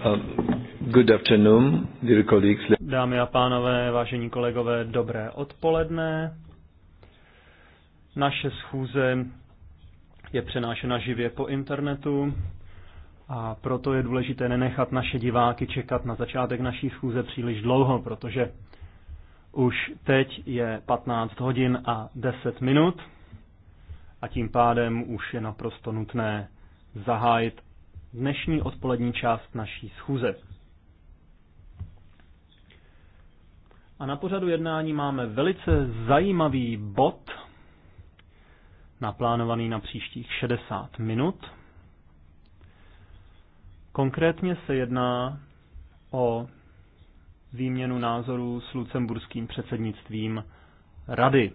Uh, good afternoon, dear colleagues. Dámy a pánové, vážení kolegové, dobré odpoledne. Naše schůze je přenášena živě po internetu a proto je důležité nenechat naše diváky čekat na začátek naší schůze příliš dlouho, protože už teď je 15 hodin a 10 minut a tím pádem už je naprosto nutné zahájit dnešní odpolední část naší schůze. A na pořadu jednání máme velice zajímavý bod, naplánovaný na příštích 60 minut. Konkrétně se jedná o výměnu názorů s lucemburským předsednictvím Rady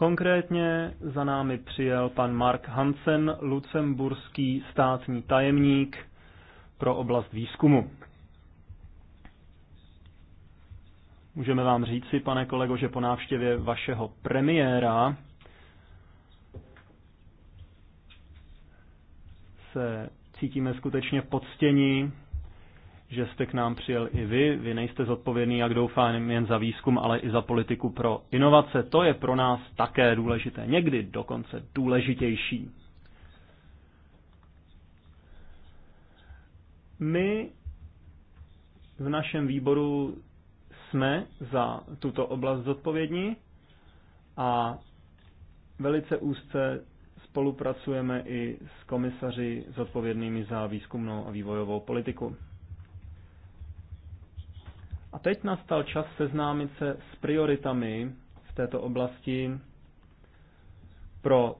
Konkrétně za námi přijel pan Mark Hansen, lucemburský státní tajemník pro oblast výzkumu. Můžeme vám říci, pane kolego, že po návštěvě vašeho premiéra se cítíme skutečně poctěni že jste k nám přijel i vy. Vy nejste zodpovědný, jak doufám, jen za výzkum, ale i za politiku pro inovace. To je pro nás také důležité, někdy dokonce důležitější. My v našem výboru jsme za tuto oblast zodpovědní a velice úzce spolupracujeme i s komisaři zodpovědnými za výzkumnou a vývojovou politiku. A teď nastal čas seznámit se s prioritami v této oblasti pro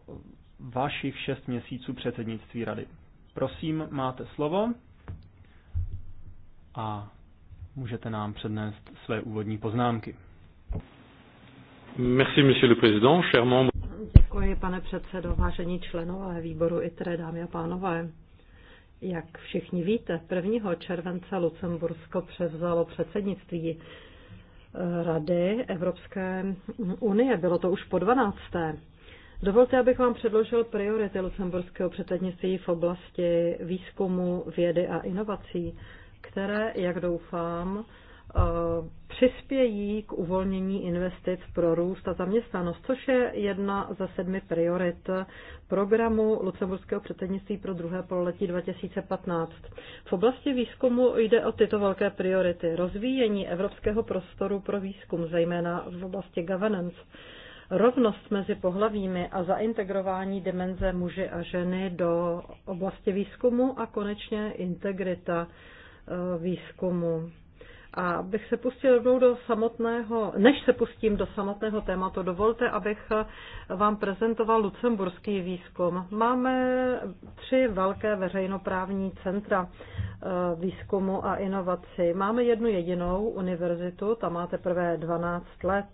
vašich šest měsíců předsednictví rady. Prosím, máte slovo a můžete nám přednést své úvodní poznámky. Merci, monsieur le président, cher membre. Děkuji, pane předsedo, vážení členové výboru ITRE, dámy a pánové. Jak všichni víte, 1. července Lucembursko převzalo předsednictví eh, Rady Evropské unie. Bylo to už po 12. Dovolte, abych vám předložil priority lucemburského předsednictví v oblasti výzkumu, vědy a inovací, které, jak doufám, eh, přispějí k uvolnění investic pro růst a zaměstnanost, což je jedna ze sedmi priorit programu Lucemburského předsednictví pro druhé pololetí 2015. V oblasti výzkumu jde o tyto velké priority. Rozvíjení evropského prostoru pro výzkum, zejména v oblasti governance, rovnost mezi pohlavími a zaintegrování dimenze muže a ženy do oblasti výzkumu a konečně integrita eh, výzkumu. A bych se pustil rovnou do samotného, než se pustím do samotného tématu, dovolte, abych vám prezentoval lucemburský výzkum. Máme tři velké veřejnoprávní centra eh, výzkumu a inovací. Máme jednu jedinou univerzitu, ta má teprve 12 let.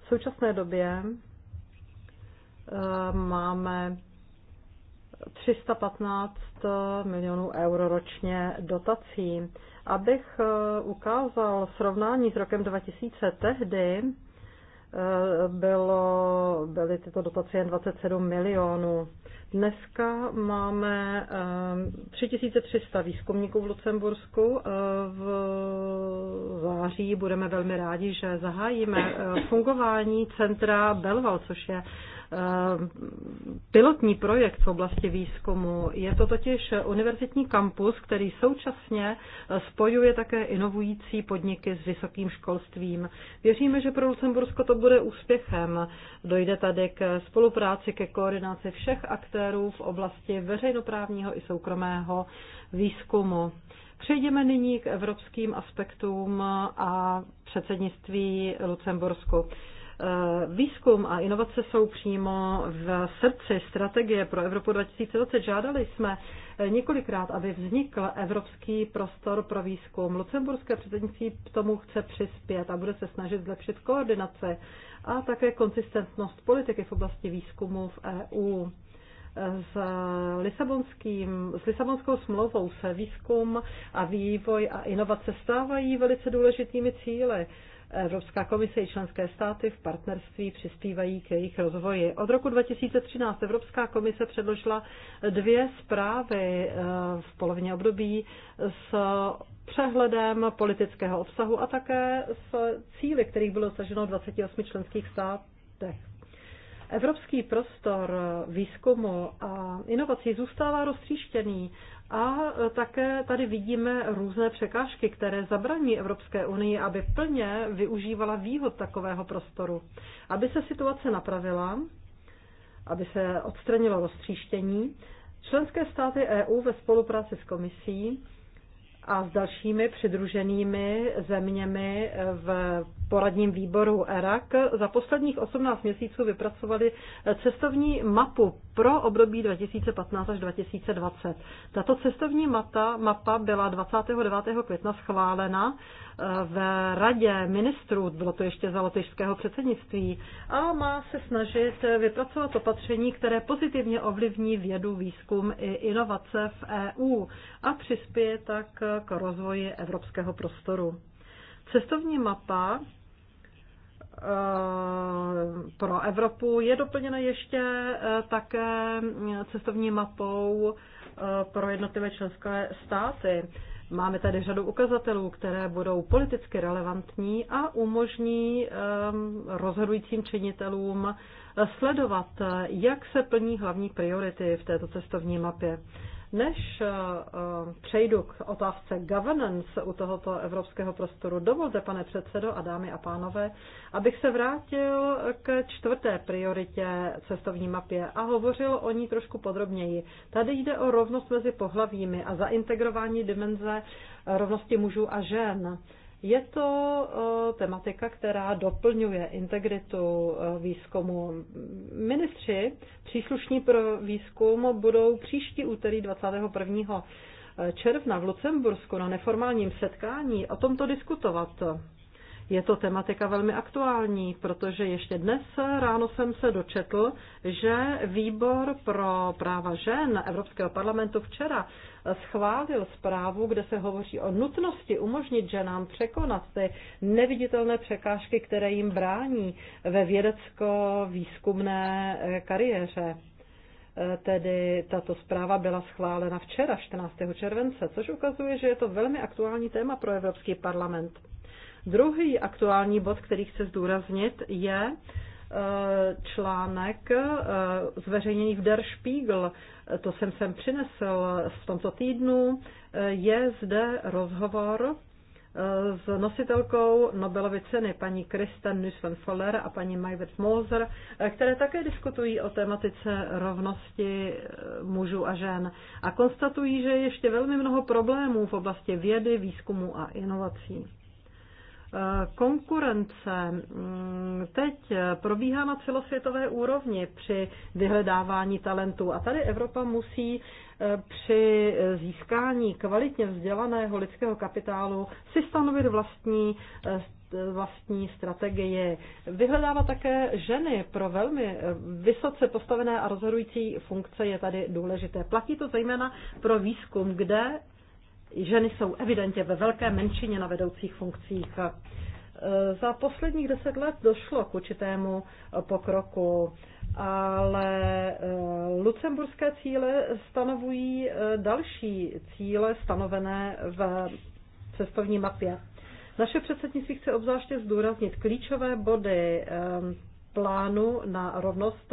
V současné době eh, máme 315 milionů euro ročně dotací Abych eh, ukázal srovnání s rokem 2000 tehdy, eh, bylo, byly tyto dotace jen 27 milionů. Dneska máme 3300 eh, výzkumníků v Lucembursku. V září budeme velmi rádi, že zahájíme fungování centra Belval, což je Eh, pilotní projekt v oblasti výzkumu. Je to totiž univerzitní kampus, který současně eh, spojuje také inovující podniky s vysokým školstvím. Věříme, že pro Lucembursko to bude úspěchem. Dojde tady k spolupráci, ke koordinaci všech aktérů v oblasti veřejnoprávního i soukromého výzkumu. Přejdeme nyní k evropským aspektům a předsednictví Lucembursku. Eh, výzkum a inovace jsou přímo v srdci strategie pro Evropu 2020. Žádali jsme eh, několikrát, aby vznikl evropský prostor pro výzkum. Lucemburské předsednictví k tomu chce přispět a bude se snažit zlepšit koordinace a také konsistentnost politiky v oblasti výzkumu v EU. Eh, s, Lisabonským, s Lisabonskou smlouvou se výzkum a vývoj a inovace stávají velice důležitými cíly Evropská komise i členské státy v partnerství přispívají k jejich rozvoji. Od roku 2013 Evropská komise předložila dvě zprávy eh, v polovině období s přehledem politického obsahu a také s cíly, kterých bylo dosaženo 28 členských státech. Evropský prostor výzkumu a inovací zůstává roztříštěný a e, také tady vidíme různé překážky, které zabraní Evropské unii, aby plně využívala výhod takového prostoru. Aby se situace napravila, aby se odstranilo roztříštění, členské státy EU ve spolupráci s komisí a s dalšími přidruženými zeměmi v poradním výboru ERAK za posledních 18 měsíců vypracovali cestovní mapu pro období 2015 až 2020. Tato cestovní mapa, mapa byla 29. května schválena eh, ve Radě ministrů, bylo to ještě za lotyšského předsednictví, a má se snažit vypracovat opatření, které pozitivně ovlivní vědu, výzkum i inovace v EU a přispěje tak k rozvoji evropského prostoru. Cestovní mapa Eh, pro Evropu je doplněna ještě eh, také cestovní mapou eh, pro jednotlivé členské státy. Máme tady řadu ukazatelů, které budou politicky relevantní a umožní rozhodujícím činitelům sledovat, jak se plní hlavní priority v této cestovní mapě. Než eh, eh, přejdu k otázce governance u tohoto evropského prostoru, dovolte, pane předsedo a dámy a pánové, abych se vrátil k čtvrté prioritě cestovní mapě a hovořil o ní trošku podrobněji. Tady jde o rovnost mezi pohlavími a zaintegrování dimenze rovnosti mužů a žen. Je to eh, tematika, která doplňuje integritu eh, výzkumu. Ministři příslušní pro výzkum budou příští úterý 21 eh, června v Lucembursku na neformálním setkání o tomto diskutovat. Je to tematika velmi aktuální, protože ještě dnes ráno jsem se dočetl, že výbor pro práva žen Evropského parlamentu včera schválil zprávu, kde se hovoří o nutnosti umožnit ženám překonat ty neviditelné překážky, které jim brání ve vědecko-výzkumné eh, kariéře. Eh, tedy tato zpráva byla schválena včera, 14. července, což ukazuje, že je to velmi aktuální téma pro Evropský parlament. Druhý aktuální bod, který chci zdůraznit, je Eh, článek eh, zveřejněný v Der Spiegel, to jsem sem přinesl v tomto týdnu, eh, je zde rozhovor s nositelkou Nobelovy ceny paní Kristen Nussven Foller a paní Majvet Moser, které také diskutují o tematice rovnosti mužů a žen a konstatují, že je ještě velmi mnoho problémů v oblasti vědy, výzkumu a inovací. Konkurence mm, teď probíhá na celosvětové úrovni při vyhledávání talentů a tady Evropa musí e, při získání kvalitně vzdělaného lidského kapitálu si stanovit vlastní e, vlastní strategie. Vyhledává také ženy pro velmi e, vysoce postavené a rozhodující funkce je tady důležité. Platí to zejména pro výzkum, kde Ženy jsou evidentně ve velké menšině na vedoucích funkcích. E, za posledních deset let došlo k určitému e, pokroku, ale e, lucemburské cíle stanovují další cíle stanovené v cestovní mapě. Naše předsednictví chce obzvláště zdůraznit klíčové body plánu na rovnost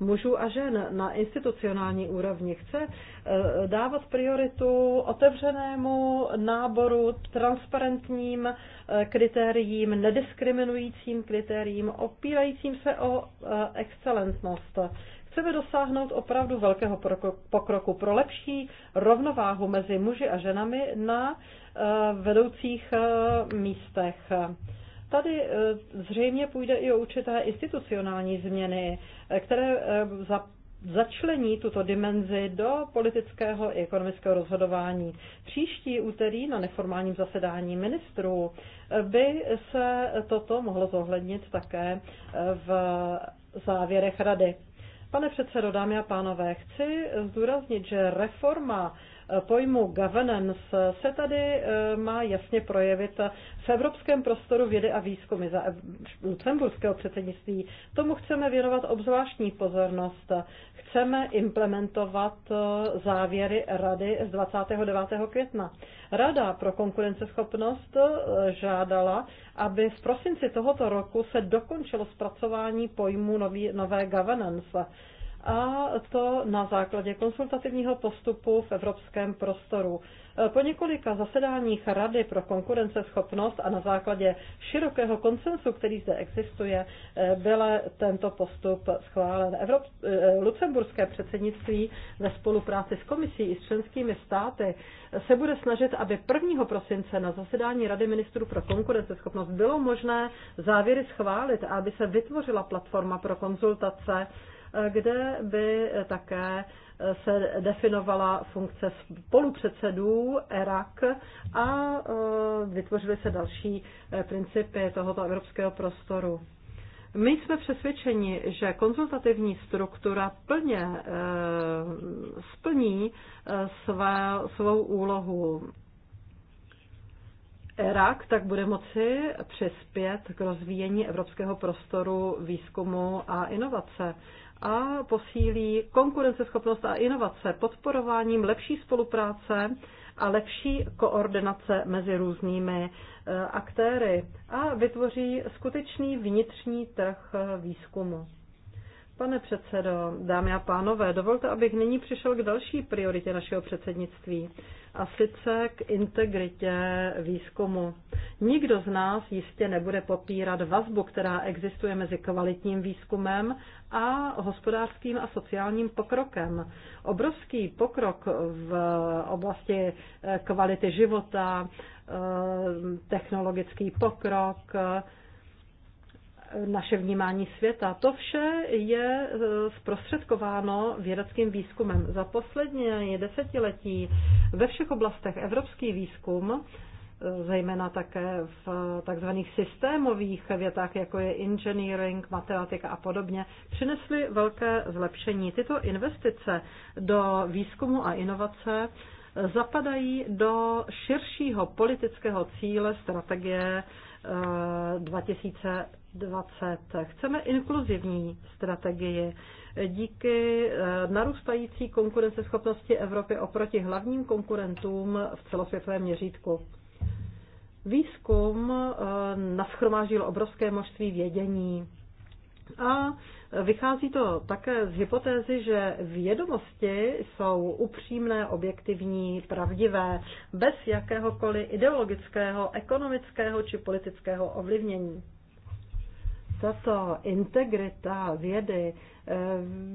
mužů a žen na institucionální úrovni. Chce eh, dávat prioritu otevřenému náboru, transparentním eh, kritériím, nediskriminujícím kritériím, opírajícím se o eh, excelentnost chceme dosáhnout opravdu velkého pokroku pro lepší rovnováhu mezi muži a ženami na vedoucích místech. Tady eh, zřejmě půjde i o určité institucionální změny, eh, které eh, za začlení tuto dimenzi do politického i ekonomického rozhodování. Příští úterý na neformálním zasedání ministrů by se toto mohlo zohlednit také v závěrech rady. Pane předsedo, dámy a pánové, chci zdůraznit, že reforma pojmu governance se tady e, má jasně projevit v evropském prostoru vědy a výzkumy za lucemburského předsednictví. Tomu chceme věnovat obzvláštní pozornost. Chceme implementovat e, závěry Rady z 29. května. Rada pro konkurenceschopnost e, žádala, aby v prosinci tohoto roku se dokončilo zpracování pojmu nový, nové governance a to na základě konsultativního postupu v evropském prostoru. Po několika zasedáních Rady pro konkurenceschopnost a na základě širokého konsensu, který zde existuje, byl tento postup schválen. Evrop... Eh, Lucemburské předsednictví ve spolupráci s komisí i s členskými státy se bude snažit, aby 1. prosince na zasedání Rady ministrů pro konkurenceschopnost bylo možné závěry schválit a aby se vytvořila platforma pro konzultace kde by také se definovala funkce spolupředsedů ERAK a e, vytvořily se další e, principy tohoto evropského prostoru. My jsme přesvědčeni, že konzultativní struktura plně e, splní své, svou úlohu. ERAK tak bude moci přispět k rozvíjení evropského prostoru výzkumu a inovace a posílí konkurenceschopnost a inovace podporováním lepší spolupráce a lepší koordinace mezi různými eh, aktéry a vytvoří skutečný vnitřní trh eh, výzkumu. Pane předsedo, dámy a pánové, dovolte, abych nyní přišel k další prioritě našeho předsednictví a sice k integritě výzkumu. Nikdo z nás jistě nebude popírat vazbu, která existuje mezi kvalitním výzkumem a hospodářským a sociálním pokrokem. Obrovský pokrok v oblasti eh, kvality života, eh, technologický pokrok, naše vnímání světa. To vše je eh, zprostředkováno vědeckým výzkumem. Za poslední desetiletí ve všech oblastech evropský výzkum, eh, zejména také v takzvaných systémových větách, jako je engineering, matematika a podobně, přinesly velké zlepšení. Tyto investice do výzkumu a inovace eh, zapadají do širšího politického cíle strategie 2000 2020. Chceme inkluzivní strategii. Díky eh, narůstající konkurenceschopnosti Evropy oproti hlavním konkurentům v celosvětovém měřítku. Výzkum eh, naschromážil obrovské množství vědění a vychází to také z hypotézy, že vědomosti jsou upřímné, objektivní, pravdivé, bez jakéhokoliv ideologického, ekonomického či politického ovlivnění. Tato integrita vědy eh,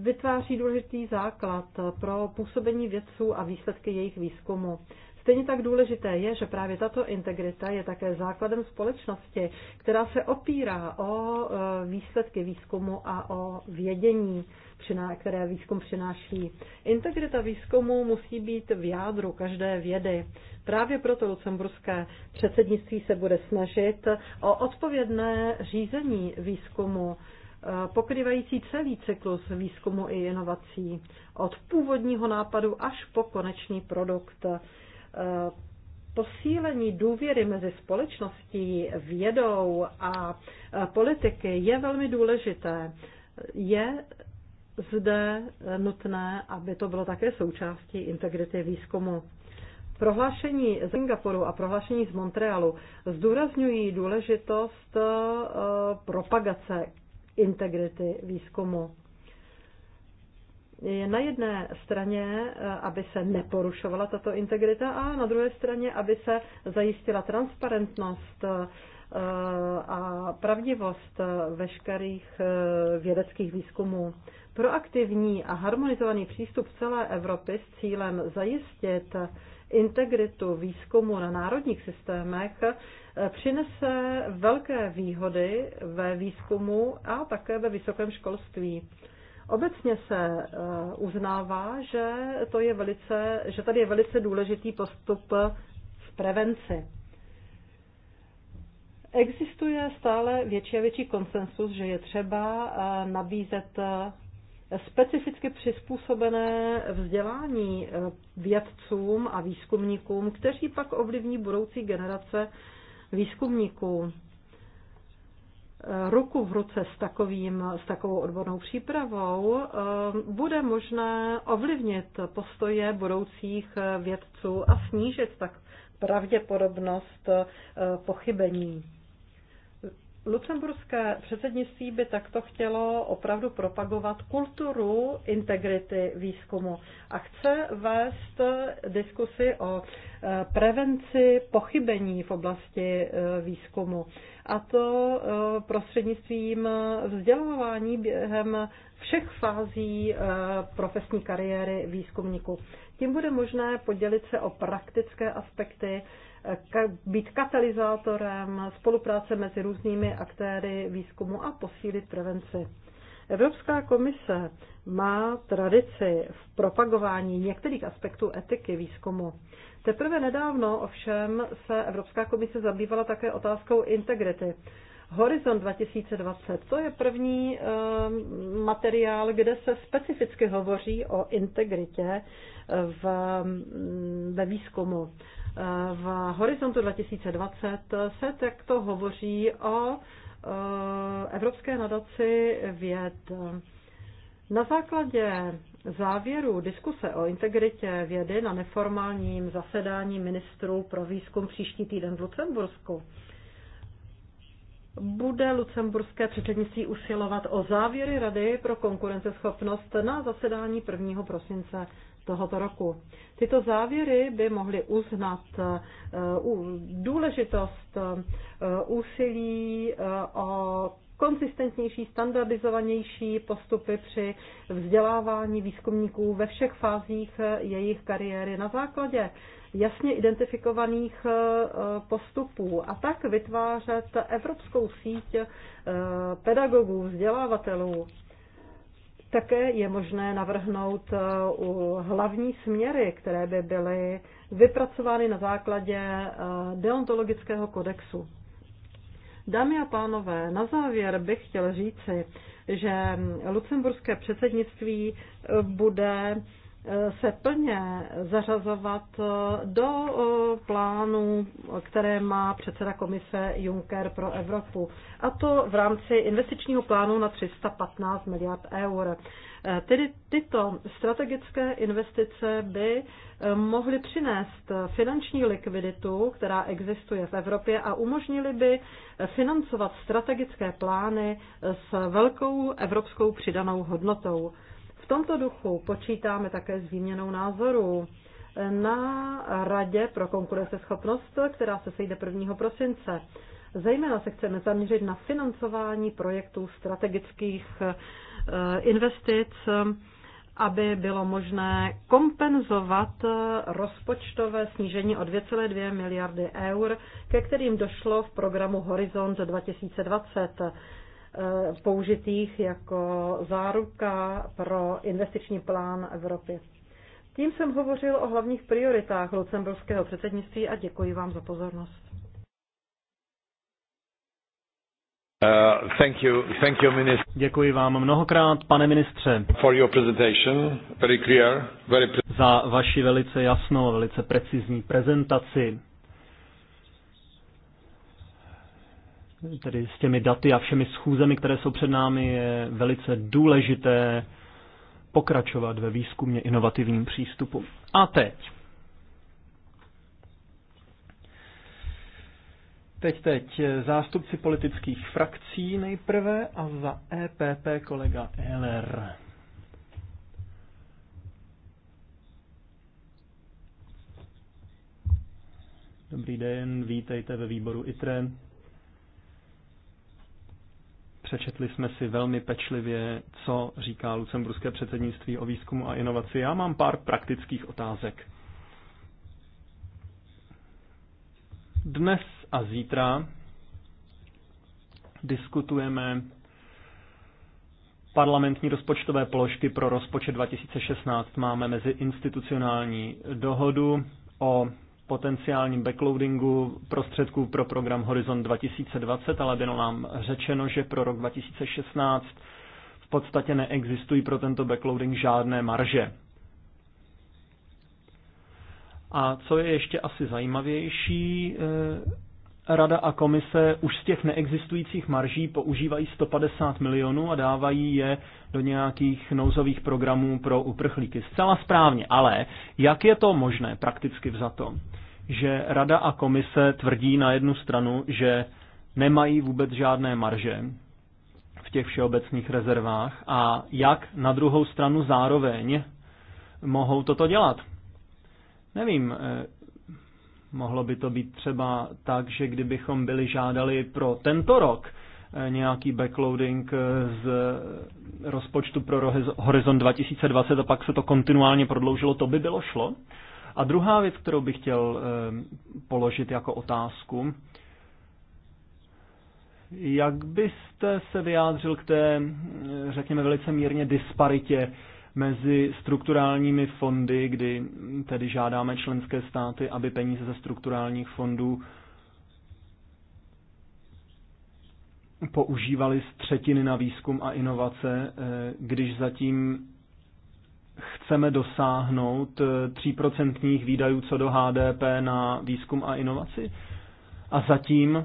vytváří důležitý základ pro působení vědců a výsledky jejich výzkumu. Stejně tak důležité je, že právě tato integrita je také základem společnosti, která se opírá o eh, výsledky výzkumu a o vědění které výzkum přináší. Integrita výzkumu musí být v jádru každé vědy. Právě proto lucemburské předsednictví se bude snažit o odpovědné řízení výzkumu, eh, pokrývající celý cyklus výzkumu i inovací, od původního nápadu až po konečný produkt. Eh, posílení důvěry mezi společností, vědou a eh, politiky je velmi důležité. Je zde nutné, aby to bylo také součástí integrity výzkumu. Prohlášení z Singapuru a prohlášení z Montrealu zdůrazňují důležitost eh, propagace integrity výzkumu. Je na jedné straně, eh, aby se neporušovala tato integrita a na druhé straně, aby se zajistila transparentnost eh, a pravdivost veškerých vědeckých výzkumů. Proaktivní a harmonizovaný přístup celé Evropy s cílem zajistit integritu výzkumu na národních systémech eh, přinese velké výhody ve výzkumu a také ve vysokém školství. Obecně se eh, uznává, že, to je velice, že tady je velice důležitý postup v prevenci. Existuje stále větší a větší konsensus, že je třeba eh, nabízet specificky přizpůsobené vzdělání eh, vědcům a výzkumníkům, kteří pak ovlivní budoucí generace výzkumníků eh, ruku v ruce s, takovým, s takovou odbornou přípravou eh, bude možné ovlivnit postoje budoucích vědců a snížit tak pravděpodobnost pochybení. Lucemburské předsednictví by takto chtělo opravdu propagovat kulturu integrity výzkumu a chce vést diskusy o eh, prevenci pochybení v oblasti eh, výzkumu. A to eh, prostřednictvím vzdělávání během všech fází profesní kariéry výzkumníků. Tím bude možné podělit se o praktické aspekty být katalyzátorem spolupráce mezi různými aktéry výzkumu a posílit prevenci. Evropská komise má tradici v propagování některých aspektů etiky výzkumu. Teprve nedávno ovšem se Evropská komise zabývala také otázkou integrity. Horizont 2020, to je první eh, materiál, kde se specificky hovoří o integritě v, mm, ve výzkumu. V horizontu 2020 se takto hovoří o eh, Evropské nadaci věd. Na základě závěru diskuse o integritě vědy na neformálním zasedání ministrů pro výzkum příští týden v Lucembursku bude lucemburské předsednictví usilovat o závěry Rady pro konkurenceschopnost na zasedání 1. prosince tohoto roku. Tyto závěry by mohly uznat eh, důležitost eh, úsilí eh, o konsistentnější, standardizovanější postupy při vzdělávání výzkumníků ve všech fázích jejich kariéry na základě jasně identifikovaných postupů a tak vytvářet evropskou síť pedagogů, vzdělávatelů také je možné navrhnout eh, hlavní směry, které by byly vypracovány na základě eh, deontologického kodexu. Dámy a pánové, na závěr bych chtěl říci, že lucemburské předsednictví eh, bude se plně zařazovat do eh, plánů, které má předseda komise Juncker pro Evropu. A to v rámci investičního plánu na 315 miliard eur. Eh, tedy tyto strategické investice by eh, mohly přinést finanční likviditu, která existuje v Evropě a umožnily by financovat strategické plány s velkou evropskou přidanou hodnotou tomto duchu počítáme také s výměnou názorů na Radě pro konkurenceschopnost, která se sejde 1. prosince. Zejména se chceme zaměřit na financování projektů strategických eh, investic, aby bylo možné kompenzovat eh, rozpočtové snížení o 2,2 miliardy eur, ke kterým došlo v programu Horizont 2020. Eh, použitých jako záruka pro investiční plán Evropy. Tím jsem hovořil o hlavních prioritách lucemburského předsednictví a děkuji vám za pozornost. Uh, thank you, thank you, minister. Děkuji vám mnohokrát, pane ministře, for your presentation, very clear, very pre- za vaši velice jasnou, velice precizní prezentaci. tedy s těmi daty a všemi schůzemi, které jsou před námi, je velice důležité pokračovat ve výzkumně inovativním přístupu. A teď. Teď, teď zástupci politických frakcí nejprve a za EPP kolega Eller. Dobrý den, vítejte ve výboru ITRE. Přečetli jsme si velmi pečlivě, co říká lucemburské předsednictví o výzkumu a inovaci. Já mám pár praktických otázek. Dnes a zítra diskutujeme parlamentní rozpočtové položky pro rozpočet 2016. Máme mezi institucionální dohodu o potenciálním backloadingu prostředků pro program Horizon 2020, ale bylo nám řečeno, že pro rok 2016 v podstatě neexistují pro tento backloading žádné marže. A co je ještě asi zajímavější, eh, Rada a komise už z těch neexistujících marží používají 150 milionů a dávají je do nějakých nouzových programů pro uprchlíky. Zcela správně, ale jak je to možné prakticky vzato, že Rada a komise tvrdí na jednu stranu, že nemají vůbec žádné marže v těch všeobecných rezervách a jak na druhou stranu zároveň mohou toto dělat? Nevím, eh, Mohlo by to být třeba tak, že kdybychom byli žádali pro tento rok eh, nějaký backloading eh, z rozpočtu pro Horizon 2020 a pak se to kontinuálně prodloužilo, to by bylo šlo. A druhá věc, kterou bych chtěl eh, položit jako otázku, jak byste se vyjádřil k té, řekněme, velice mírně disparitě mezi strukturálními fondy, kdy tedy žádáme členské státy, aby peníze ze strukturálních fondů používali z třetiny na výzkum a inovace, eh, když zatím chceme dosáhnout 3% eh, výdajů co do HDP na výzkum a inovaci. A zatím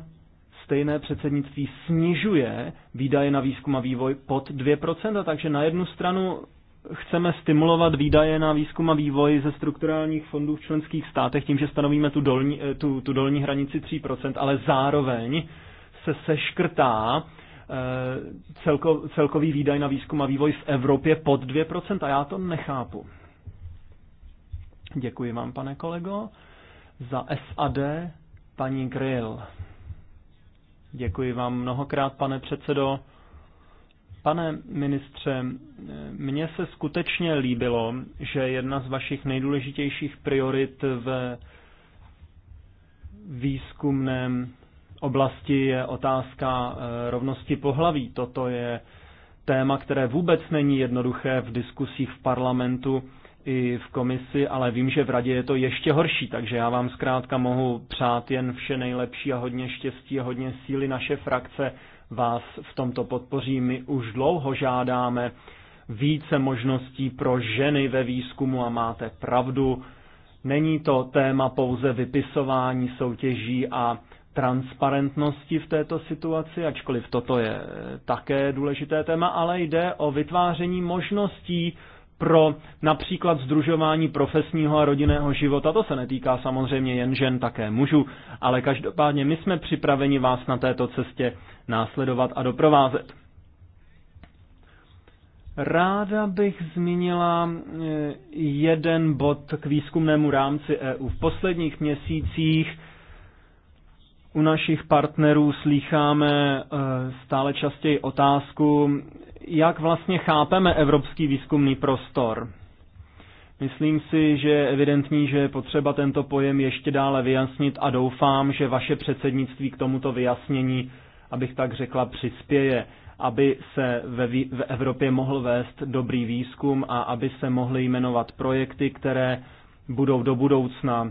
stejné předsednictví snižuje výdaje na výzkum a vývoj pod 2%, takže na jednu stranu chceme stimulovat výdaje na výzkum a vývoj ze strukturálních fondů v členských státech tím, že stanovíme tu dolní, eh, tu, tu dolní hranici 3%, ale zároveň se seškrtá eh, celko, celkový výdaj na výzkum a vývoj v Evropě pod 2% a já to nechápu. Děkuji vám, pane kolego. Za SAD paní Grill. Děkuji vám mnohokrát, pane předsedo. Pane ministře, mně se skutečně líbilo, že jedna z vašich nejdůležitějších priorit v výzkumném oblasti je otázka eh, rovnosti pohlaví. Toto je téma, které vůbec není jednoduché v diskusích v parlamentu i v komisi, ale vím, že v radě je to ještě horší, takže já vám zkrátka mohu přát jen vše nejlepší a hodně štěstí a hodně síly. Naše frakce vás v tomto podpoří. My už dlouho žádáme více možností pro ženy ve výzkumu a máte pravdu. Není to téma pouze vypisování soutěží a transparentnosti v této situaci, ačkoliv toto je také důležité téma, ale jde o vytváření možností pro například združování profesního a rodinného života. To se netýká samozřejmě jen žen, také mužů, ale každopádně my jsme připraveni vás na této cestě následovat a doprovázet. Ráda bych zmínila e, jeden bod k výzkumnému rámci EU. V posledních měsících u našich partnerů slýcháme e, stále častěji otázku, jak vlastně chápeme evropský výzkumný prostor. Myslím si, že je evidentní, že je potřeba tento pojem ještě dále vyjasnit a doufám, že vaše předsednictví k tomuto vyjasnění abych tak řekla, přispěje, aby se ve, v Evropě mohl vést dobrý výzkum a aby se mohly jmenovat projekty, které budou do budoucna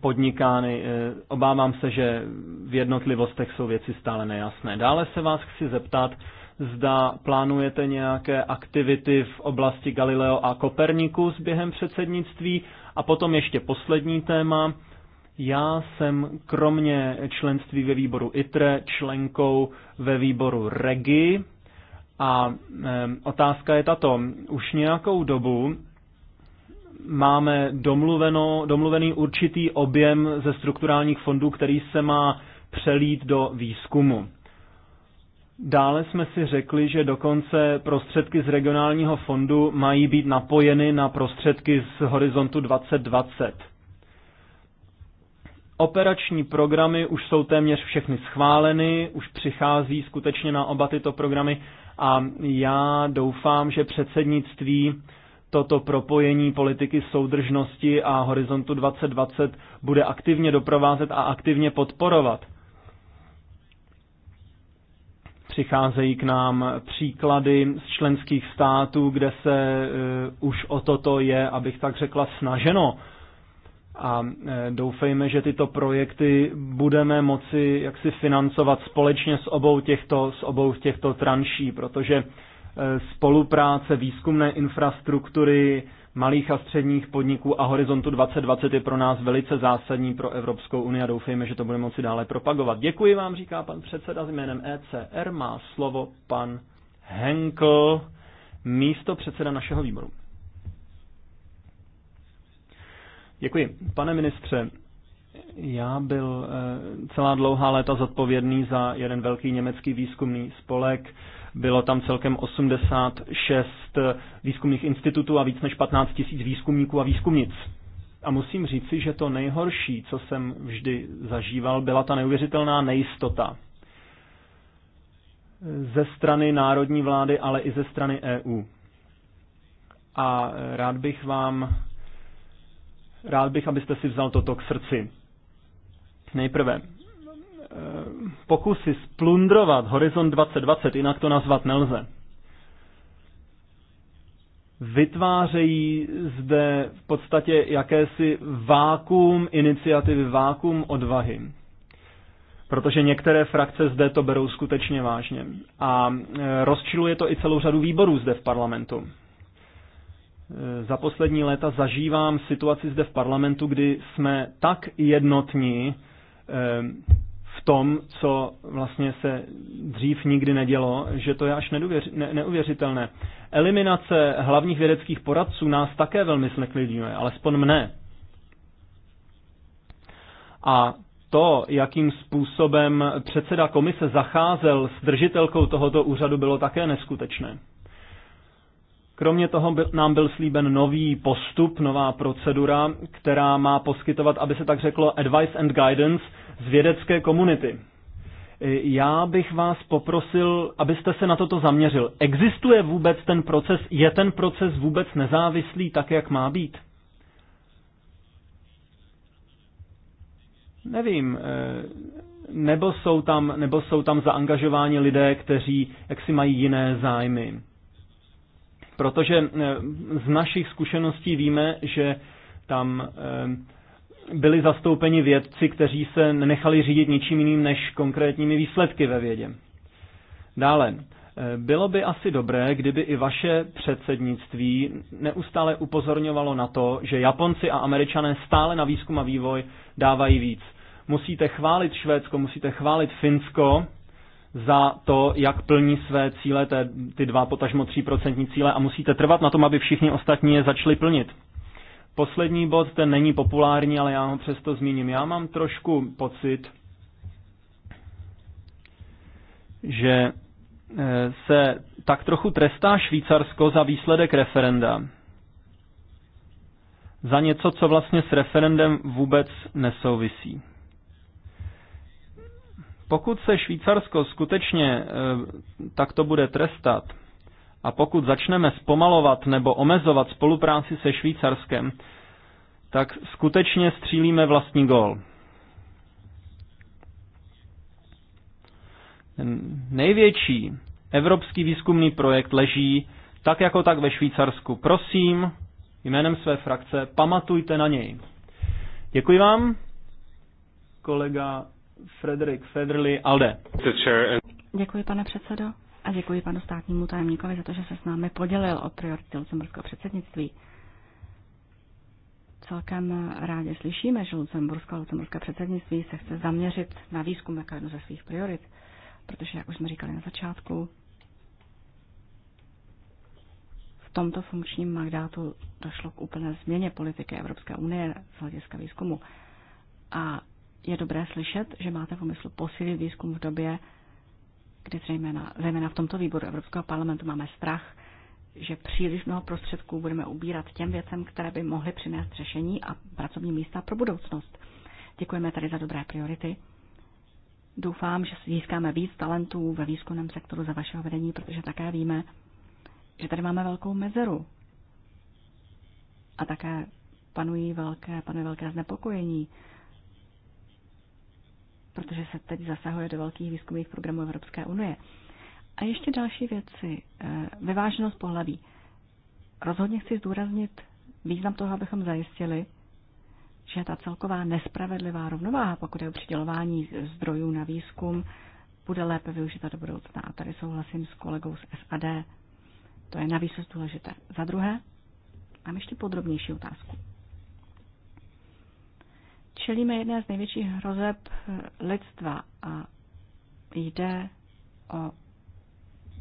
podnikány. E, obávám se, že v jednotlivostech jsou věci stále nejasné. Dále se vás chci zeptat, zda plánujete nějaké aktivity v oblasti Galileo a Kopernikus během předsednictví. A potom ještě poslední téma. Já jsem kromě členství ve výboru ITRE členkou ve výboru REGI a otázka je tato. Už nějakou dobu máme domluveno, domluvený určitý objem ze strukturálních fondů, který se má přelít do výzkumu. Dále jsme si řekli, že dokonce prostředky z regionálního fondu mají být napojeny na prostředky z horizontu 2020. Operační programy už jsou téměř všechny schváleny, už přichází skutečně na oba tyto programy a já doufám, že předsednictví toto propojení politiky soudržnosti a Horizontu 2020 bude aktivně doprovázet a aktivně podporovat. Přicházejí k nám příklady z členských států, kde se uh, už o toto je, abych tak řekla, snaženo a e, doufejme, že tyto projekty budeme moci jaksi financovat společně s obou těchto, s obou těchto tranší, protože e, spolupráce výzkumné infrastruktury malých a středních podniků a Horizontu 2020 je pro nás velice zásadní pro Evropskou unii a doufejme, že to budeme moci dále propagovat. Děkuji vám, říká pan předseda s jménem ECR. Má slovo pan Henkel, místo předseda našeho výboru. Děkuji. Pane ministře, já byl eh, celá dlouhá léta zodpovědný za jeden velký německý výzkumný spolek. Bylo tam celkem 86 eh, výzkumných institutů a víc než 15 tisíc výzkumníků a výzkumnic. A musím říci, že to nejhorší, co jsem vždy zažíval, byla ta neuvěřitelná nejistota. Ze strany národní vlády, ale i ze strany EU. A eh, rád bych vám Rád bych, abyste si vzal toto k srdci. Nejprve, eh, pokusy splundrovat Horizont 2020, jinak to nazvat nelze, vytvářejí zde v podstatě jakési vákum iniciativy, vákum odvahy. Protože některé frakce zde to berou skutečně vážně. A eh, rozčiluje to i celou řadu výborů zde v parlamentu. Eh, za poslední léta zažívám situaci zde v parlamentu, kdy jsme tak jednotní eh, v tom, co vlastně se dřív nikdy nedělo, že to je až neuvěřitelné. Eliminace hlavních vědeckých poradců nás také velmi sneklidňuje, alespoň mne. A to, jakým způsobem předseda komise zacházel s držitelkou tohoto úřadu, bylo také neskutečné. Kromě toho byl, nám byl slíben nový postup, nová procedura, která má poskytovat, aby se tak řeklo, advice and guidance z vědecké komunity. Já bych vás poprosil, abyste se na toto zaměřil. Existuje vůbec ten proces? Je ten proces vůbec nezávislý tak, jak má být? Nevím. Eh, nebo jsou tam, nebo jsou tam zaangažováni lidé, kteří jaksi mají jiné zájmy. Protože eh, z našich zkušeností víme, že tam eh, byli zastoupeni vědci, kteří se nenechali řídit ničím jiným než konkrétními výsledky ve vědě. Dále, eh, bylo by asi dobré, kdyby i vaše předsednictví neustále upozorňovalo na to, že Japonci a Američané stále na výzkum a vývoj dávají víc. Musíte chválit Švédsko, musíte chválit Finsko za to, jak plní své cíle, té, ty dva potažmo 3% cíle a musíte trvat na tom, aby všichni ostatní je začali plnit. Poslední bod, ten není populární, ale já ho přesto zmíním. Já mám trošku pocit, že eh, se tak trochu trestá Švýcarsko za výsledek referenda. Za něco, co vlastně s referendem vůbec nesouvisí. Pokud se Švýcarsko skutečně e, takto bude trestat a pokud začneme zpomalovat nebo omezovat spolupráci se Švýcarskem, tak skutečně střílíme vlastní gol. Největší evropský výzkumný projekt leží tak jako tak ve Švýcarsku. Prosím, jménem své frakce, pamatujte na něj. Děkuji vám, kolega Frederik Federli Alde. Děkuji, pane předsedo, a děkuji panu státnímu tajemníkovi za to, že se s námi podělil o priority lucemburského předsednictví. Celkem rádi slyšíme, že Lucembursko a lucemburské předsednictví se chce zaměřit na výzkum jako jednu ze svých priorit, protože, jak už jsme říkali na začátku, v tomto funkčním mandátu došlo k úplné změně politiky Evropské unie z hlediska výzkumu. A je dobré slyšet, že máte v úmyslu posílit výzkum v době, kdy zejména, zejména v tomto výboru Evropského parlamentu máme strach, že příliš mnoho prostředků budeme ubírat těm věcem, které by mohly přinést řešení a pracovní místa pro budoucnost. Děkujeme tady za dobré priority. Doufám, že získáme víc talentů ve výzkumném sektoru za vašeho vedení, protože také víme, že tady máme velkou mezeru. A také panují velké, panuje velké znepokojení protože se teď zasahuje do velkých výzkumných programů Evropské unie. A ještě další věci. Eh, vyváženost pohlaví. Rozhodně chci zdůraznit význam toho, abychom zajistili, že ta celková nespravedlivá rovnováha, pokud je o přidělování zdrojů na výzkum, bude lépe využita do budoucna. A tady souhlasím s kolegou z SAD. To je navíc důležité. Za druhé, mám ještě podrobnější otázku čelíme jedné z největších hrozeb eh, lidstva a jde o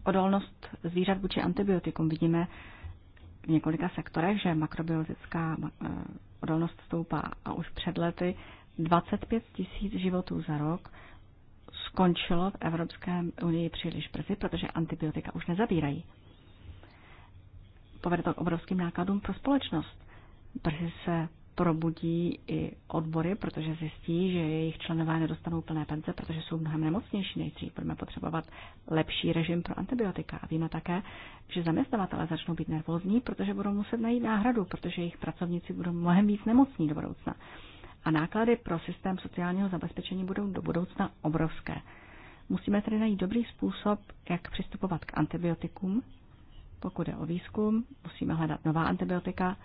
odolnost zvířat vůči antibiotikum. Vidíme v několika sektorech, že makrobiotická eh, odolnost stoupá a už před lety 25 tisíc životů za rok skončilo v Evropské unii příliš brzy, protože antibiotika už nezabírají. Povede to k obrovským nákladům pro společnost. Brzy se probudí i odbory, protože zjistí, že jejich členové nedostanou plné penze, protože jsou mnohem nemocnější nejdřív. Budeme potřebovat lepší režim pro antibiotika. A víme také, že zaměstnavatele začnou být nervózní, protože budou muset najít náhradu, protože jejich pracovníci budou mnohem víc nemocní do budoucna. A náklady pro systém sociálního zabezpečení budou do budoucna obrovské. Musíme tedy najít dobrý způsob, jak přistupovat k antibiotikům. Pokud je o výzkum, musíme hledat nová antibiotika,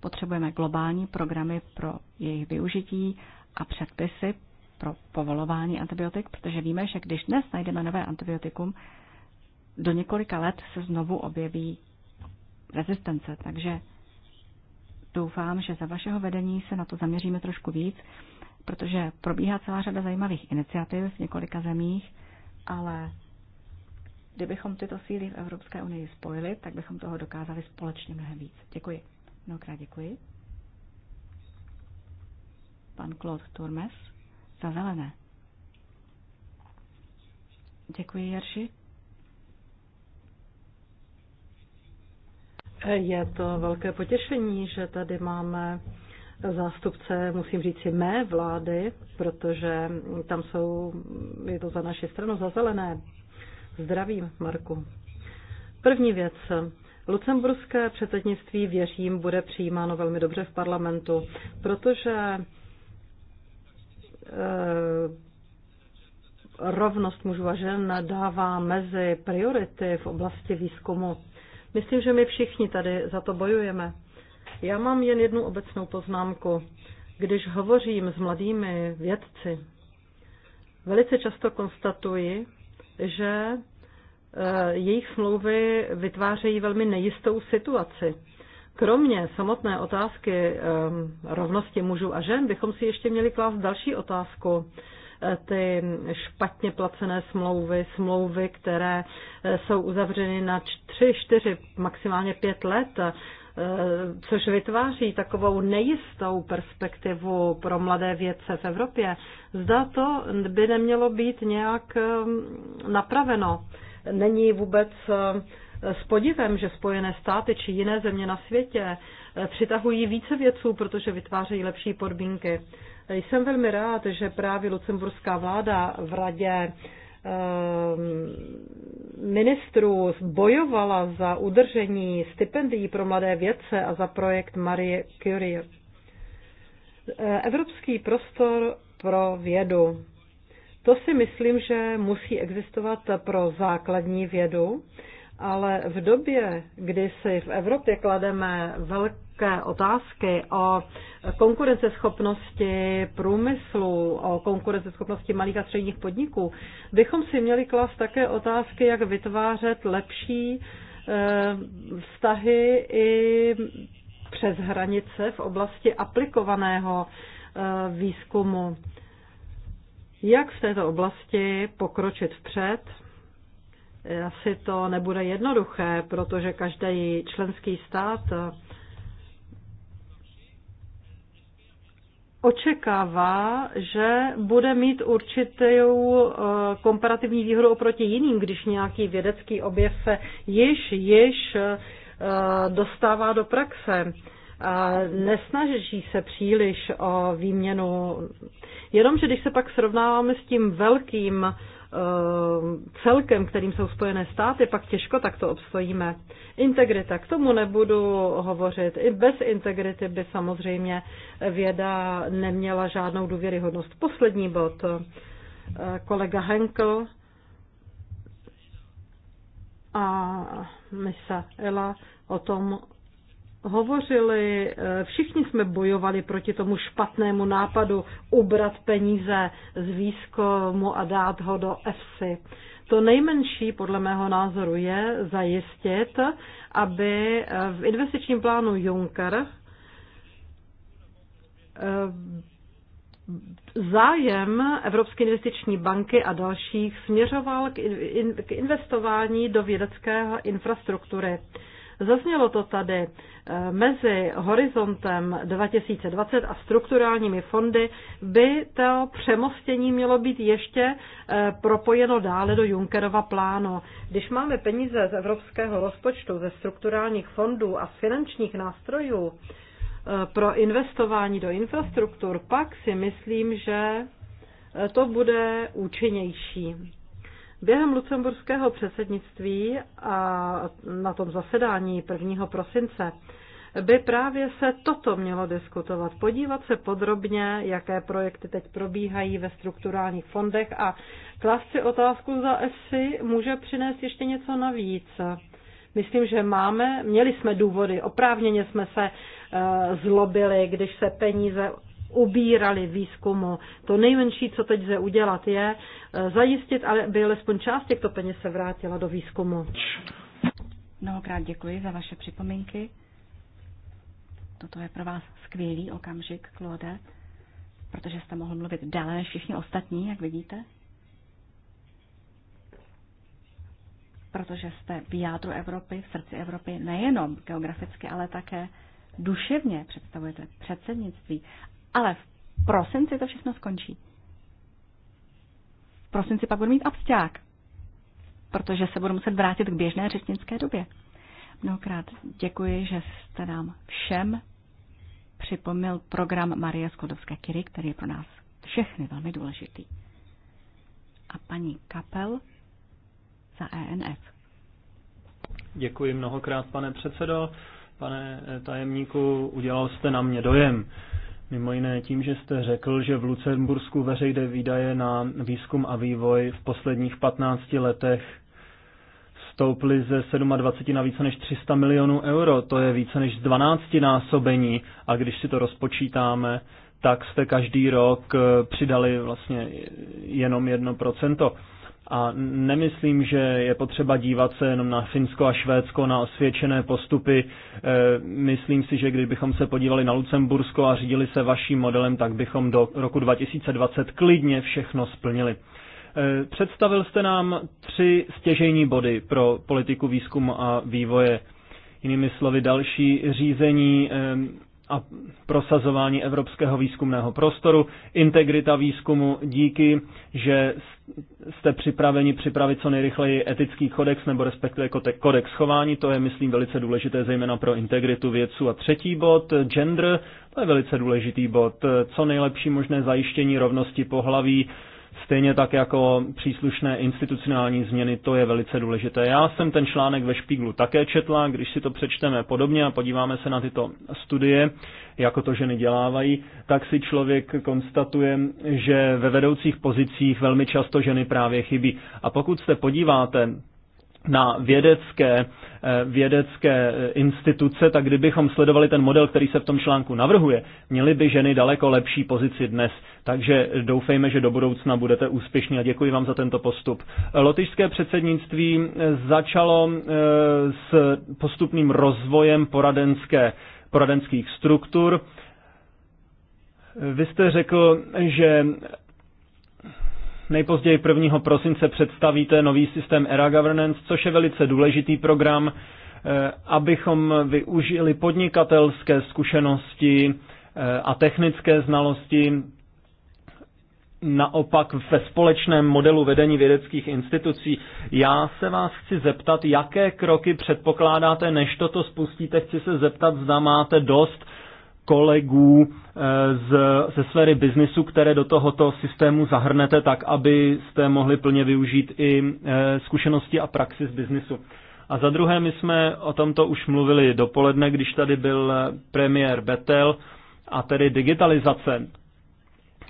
Potřebujeme globální programy pro jejich využití a předpisy pro povolování antibiotik, protože víme, že když dnes najdeme nové antibiotikum, do několika let se znovu objeví rezistence. Takže doufám, že za vašeho vedení se na to zaměříme trošku víc, protože probíhá celá řada zajímavých iniciativ v několika zemích, ale kdybychom tyto síly v Evropské unii spojili, tak bychom toho dokázali společně mnohem víc. Děkuji. Mnohokrát děkuji. Pan Claude Turmes za zelené. Děkuji, Jerži. Je to velké potěšení, že tady máme zástupce, musím říct si, mé vlády, protože tam jsou, je to za naši stranu, za zelené. Zdravím, Marku. První věc, Lucemburské předsednictví, věřím, bude přijímáno velmi dobře v parlamentu, protože eh, rovnost mužů a žen dává mezi priority v oblasti výzkumu. Myslím, že my všichni tady za to bojujeme. Já mám jen jednu obecnou poznámku. Když hovořím s mladými vědci, velice často konstatuji, že Eh, jejich smlouvy vytvářejí velmi nejistou situaci. Kromě samotné otázky eh, rovnosti mužů a žen bychom si ještě měli klást další otázku. Eh, ty špatně placené smlouvy, smlouvy, které jsou uzavřeny na 3, 4, maximálně 5 let, což vytváří takovou nejistou perspektivu pro mladé vědce v Evropě. Zda to by nemělo být nějak napraveno není vůbec eh, s podivem, že Spojené státy či jiné země na světě eh, přitahují více věců, protože vytvářejí lepší podmínky. Jsem velmi rád, že právě lucemburská vláda v radě ehm, ministrů bojovala za udržení stipendií pro mladé vědce a za projekt Marie Curie. Eh, Evropský prostor pro vědu. To si myslím, že musí existovat pro základní vědu, ale v době, kdy si v Evropě klademe velké otázky o konkurenceschopnosti průmyslu, o konkurenceschopnosti malých a středních podniků, bychom si měli klást také otázky, jak vytvářet lepší eh, vztahy i přes hranice v oblasti aplikovaného eh, výzkumu jak v této oblasti pokročit vpřed. Asi to nebude jednoduché, protože každý členský stát očekává, že bude mít určitou eh, komparativní výhodu oproti jiným, když nějaký vědecký objev se již, již eh, dostává do praxe. A nesnaží se příliš o výměnu Jenomže když se pak srovnáváme s tím velkým eh, celkem, kterým jsou Spojené státy, pak těžko takto obstojíme. Integrita, k tomu nebudu hovořit. I bez integrity by samozřejmě věda neměla žádnou důvěryhodnost. Poslední bod. Eh, kolega Henkel a Misa Ela o tom hovořili, eh, všichni jsme bojovali proti tomu špatnému nápadu ubrat peníze z výzkumu a dát ho do EFSI. To nejmenší, podle mého názoru, je zajistit, aby eh, v investičním plánu Juncker eh, zájem Evropské investiční banky a dalších směřoval k investování do vědecké infrastruktury. Zaznělo to tady. Eh, mezi horizontem 2020 a strukturálními fondy by to přemostění mělo být ještě eh, propojeno dále do Junckerova plánu. Když máme peníze z evropského rozpočtu, ze strukturálních fondů a z finančních nástrojů eh, pro investování do infrastruktur, pak si myslím, že to bude účinnější. Během lucemburského předsednictví a na tom zasedání 1. prosince by právě se toto mělo diskutovat. Podívat se podrobně, jaké projekty teď probíhají ve strukturálních fondech a klást si otázku za ESI může přinést ještě něco navíc. Myslím, že máme, měli jsme důvody, oprávněně jsme se eh, zlobili, když se peníze ubírali výzkumu. To nejmenší, co teď se udělat, je eh, zajistit, aby alespoň část těchto peněz se vrátila do výzkumu. Mnohokrát děkuji za vaše připomínky. Toto je pro vás skvělý okamžik, Claude, protože jste mohl mluvit dále než všichni ostatní, jak vidíte. Protože jste v jádru Evropy, v srdci Evropy, nejenom geograficky, ale také duševně představujete předsednictví ale v prosinci to všechno skončí. V prosinci pak budu mít absťák, protože se budu muset vrátit k běžné řečnické době. Mnohokrát děkuji, že jste nám všem připomněl program Marie Skodovské Kiry, který je pro nás všechny velmi důležitý. A paní Kapel za ENF. Děkuji mnohokrát, pane předsedo. Pane tajemníku, udělal jste na mě dojem. Mimo jiné tím, že jste řekl, že v Lucembursku veřejné výdaje na výzkum a vývoj v posledních 15 letech stouply ze 27 na více než 300 milionů euro. To je více než 12 násobení a když si to rozpočítáme, tak jste každý rok eh, přidali vlastně jenom 1%. A nemyslím, že je potřeba dívat se jenom na Finsko a Švédsko, na osvědčené postupy. E, myslím si, že kdybychom se podívali na Lucembursko a řídili se vaším modelem, tak bychom do roku 2020 klidně všechno splnili. E, představil jste nám tři stěžejní body pro politiku výzkumu a vývoje. Jinými slovy, další řízení e, a prosazování evropského výzkumného prostoru, integrita výzkumu díky, že jste připraveni připravit co nejrychleji etický kodex nebo respektive jako kodex chování, to je, myslím, velice důležité zejména pro integritu vědců. A třetí bod, gender, to je velice důležitý bod, co nejlepší možné zajištění rovnosti pohlaví stejně tak jako příslušné institucionální změny, to je velice důležité. Já jsem ten článek ve Špíglu také četla, když si to přečteme podobně a podíváme se na tyto studie, jako to ženy dělávají, tak si člověk konstatuje, že ve vedoucích pozicích velmi často ženy právě chybí. A pokud se podíváte na vědecké, eh, vědecké eh, instituce, tak kdybychom sledovali ten model, který se v tom článku navrhuje, měly by ženy daleko lepší pozici dnes. Takže doufejme, že do budoucna budete úspěšní a děkuji vám za tento postup. Lotyšské předsednictví eh, začalo s postupným rozvojem poradenské, poradenských struktur. Vy jste řekl, že Nejpozději 1. prosince představíte nový systém ERA Governance, což je velice důležitý program, eh, abychom využili podnikatelské zkušenosti eh, a technické znalosti naopak ve společném modelu vedení vědeckých institucí. Já se vás chci zeptat, jaké kroky předpokládáte, než toto spustíte. Chci se zeptat, zda máte dost kolegů eh, z, ze sféry biznisu, které do tohoto systému zahrnete tak, abyste mohli plně využít i eh, zkušenosti a praxi z biznisu. A za druhé, my jsme o tomto už mluvili dopoledne, když tady byl eh, premiér Betel, a tedy digitalizace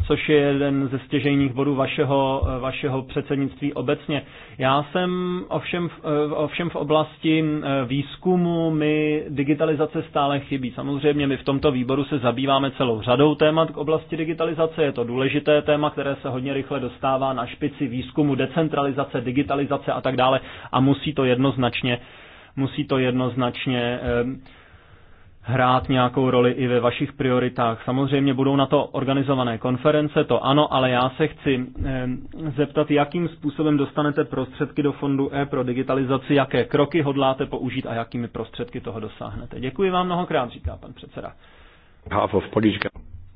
což je jeden ze stěžejních bodů vašeho, vašeho předsednictví obecně. Já jsem ovšem, eh, ovšem v oblasti eh, výzkumu mi digitalizace stále chybí. Samozřejmě my v tomto výboru se zabýváme celou řadou témat k oblasti digitalizace. Je to důležité téma, které se hodně rychle dostává na špici výzkumu, decentralizace, digitalizace a tak dále a musí to jednoznačně musí to jednoznačně eh, hrát nějakou roli i ve vašich prioritách. Samozřejmě budou na to organizované konference, to ano, ale já se chci eh, zeptat, jakým způsobem dostanete prostředky do fondu E pro digitalizaci, jaké kroky hodláte použít a jakými prostředky toho dosáhnete. Děkuji vám mnohokrát, říká pan předseda.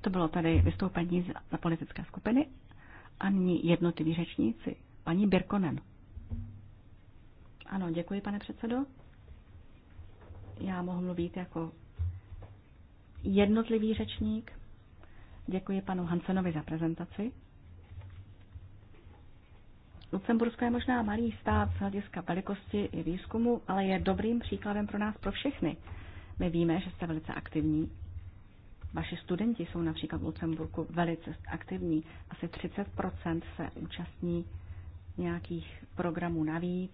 To bylo tady vystoupení za politické skupiny a nyní jednotliví řečníci. Paní Birkonen. Ano, děkuji, pane předsedo. Já mohu mluvit jako Jednotlivý řečník. Děkuji panu Hansenovi za prezentaci. Lucembursko je možná malý stát z hlediska velikosti i výzkumu, ale je dobrým příkladem pro nás, pro všechny. My víme, že jste velice aktivní. Vaši studenti jsou například v Lucemburku velice aktivní. Asi 30 se účastní nějakých programů navíc,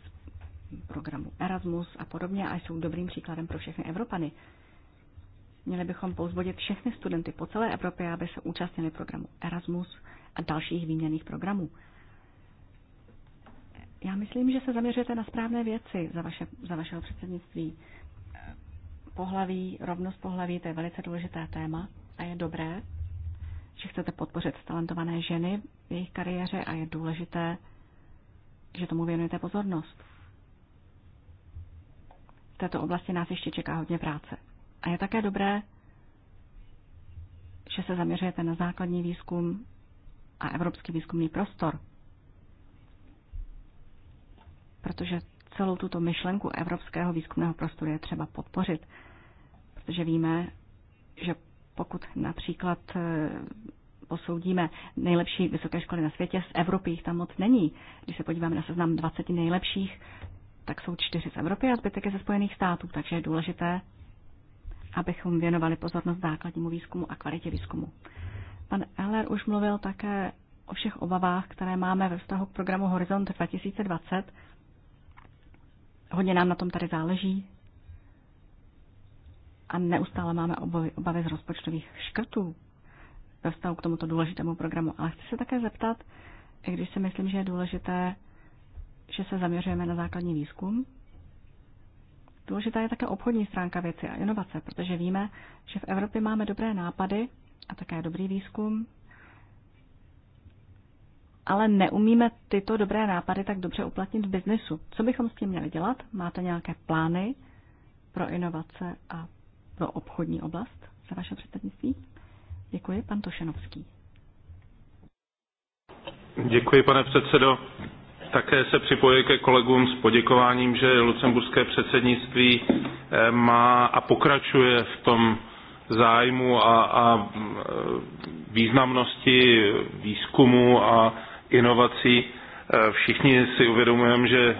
programu Erasmus a podobně a jsou dobrým příkladem pro všechny Evropany. Měli bychom pouzbudit všechny studenty po celé Evropě, aby se účastnili programu Erasmus a dalších výměných programů. Já myslím, že se zaměřujete na správné věci za, vaše, za vašeho předsednictví. Pohlaví, rovnost pohlaví, to je velice důležité téma a je dobré, že chcete podpořit talentované ženy v jejich kariéře a je důležité, že tomu věnujete pozornost. V této oblasti nás ještě čeká hodně práce. A je také dobré, že se zaměřujete na základní výzkum a evropský výzkumný prostor. Protože celou tuto myšlenku evropského výzkumného prostoru je třeba podpořit. Protože víme, že pokud například eh, posoudíme nejlepší vysoké školy na světě, z Evropy jich tam moc není. Když se podíváme na seznam 20 nejlepších, tak jsou čtyři z Evropy a zbytek je ze Spojených států, takže je důležité, abychom věnovali pozornost základnímu výzkumu a kvalitě výzkumu. Pan Eller už mluvil také o všech obavách, které máme ve vztahu k programu Horizont 2020. Hodně nám na tom tady záleží a neustále máme obavy, obavy z rozpočtových škrtů ve vztahu k tomuto důležitému programu. Ale chci se také zeptat, i když si myslím, že je důležité, že se zaměřujeme na základní výzkum, Důležitá je také obchodní stránka věci a inovace, protože víme, že v Evropě máme dobré nápady a také dobrý výzkum, ale neumíme tyto dobré nápady tak dobře uplatnit v biznesu. Co bychom s tím měli dělat? Máte nějaké plány pro inovace a pro obchodní oblast za vaše předsednictví? Děkuji, pan Tošenovský. Děkuji, pane předsedo. Také se připojuji ke kolegům s poděkováním, že lucemburské předsednictví eh, má a pokračuje v tom zájmu a, a eh, významnosti výzkumu a inovací. Eh, všichni si uvědomujeme, že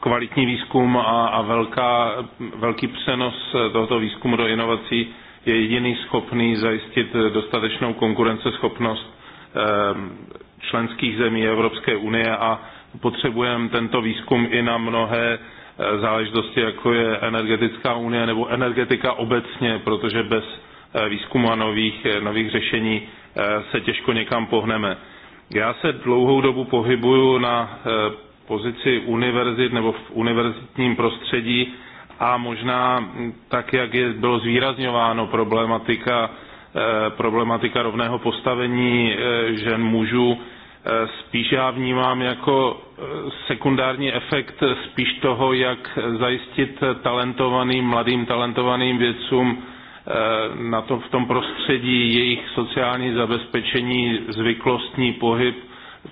kvalitní výzkum a, a velká, velký přenos tohoto výzkumu do inovací je jediný schopný zajistit dostatečnou konkurenceschopnost členských zemí Evropské unie a potřebujeme tento výzkum i na mnohé eh, záležitosti, jako je energetická unie nebo energetika obecně, protože bez eh, výzkumu a nových, eh, nových řešení se těžko někam pohneme. Já se dlouhou dobu pohybuju na pozici univerzit nebo v univerzitním prostředí a možná mm, tak, jak je, bylo zvýrazňováno problematika Eh, problematika rovného postavení eh, žen mužů eh, spíš já vnímám jako sekundární efekt spíš toho, jak zajistit talentovaným, mladým talentovaným vědcům na to, v tom prostředí jejich sociální zabezpečení, zvyklostní pohyb,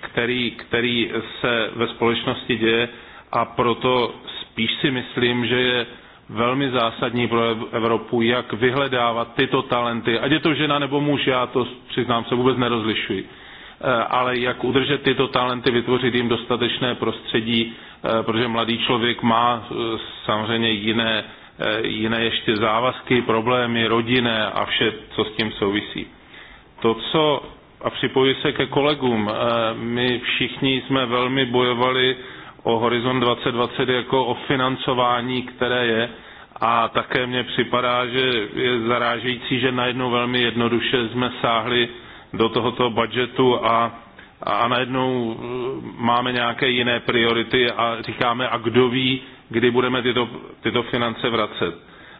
který, který se ve společnosti děje a proto spíš si myslím, že je velmi zásadní pro Evropu, jak vyhledávat tyto talenty, ať je to žena nebo muž, já to přiznám se vůbec nerozlišuji, eh, ale jak udržet tyto talenty, vytvořit jim dostatečné prostředí, eh, protože mladý člověk má eh, samozřejmě jiné, jiné ještě závazky, problémy, rodinné a vše, co s tím souvisí. To, co, a připojuji se ke kolegům, my všichni jsme velmi bojovali o Horizon 2020 jako o financování, které je. A také mně připadá, že je zarážející, že najednou velmi jednoduše jsme sáhli do tohoto budžetu a, a najednou eh, máme nějaké jiné priority a říkáme, a kdo ví, kdy budeme tyto, tyto finance vracet.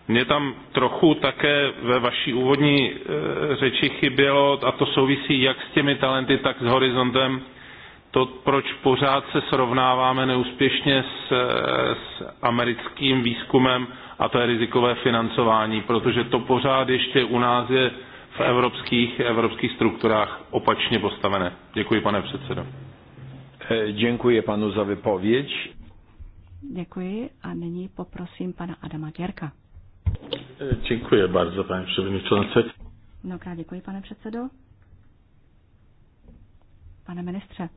Mně tam trochu také ve vaší úvodní e, řeči chybělo, a to souvisí jak s těmi talenty, tak s horizontem to, proč pořád se srovnáváme neúspěšně s, s americkým výzkumem, a to je rizikové financování, protože to pořád ještě u nás je v evropských, evropských strukturách opačně postavené. Děkuji, pane předsedo. Eh, děkuji panu za vypověď. Děkuji a nyní poprosím pana Adama Děrka. Eh, děkuji bardzo, pane předsedo. Mnohokrát děkuji, pane předsedo. Pane ministře.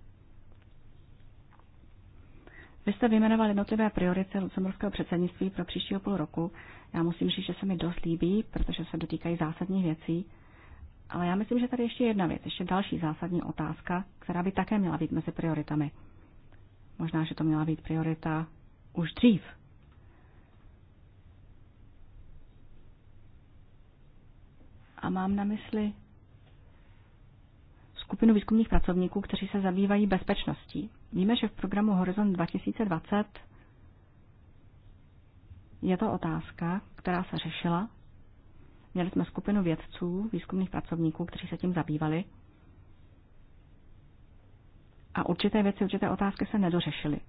Vy jste vyjmenoval jednotlivé priority lucemburského předsednictví pro příštího půl roku. Já musím říct, že se mi dost líbí, protože se dotýkají zásadních věcí. Ale já myslím, že tady ještě jedna věc, ještě další zásadní otázka, která by také měla být mezi prioritami. Možná, že to měla být priorita už dřív. A mám na mysli skupinu výzkumných pracovníků, kteří se zabývají bezpečností Víme, že v programu Horizon 2020 je to otázka, která se řešila. Měli jsme skupinu vědců, výzkumných pracovníků, kteří se tím zabývali. A určité věci, určité otázky se nedořešily.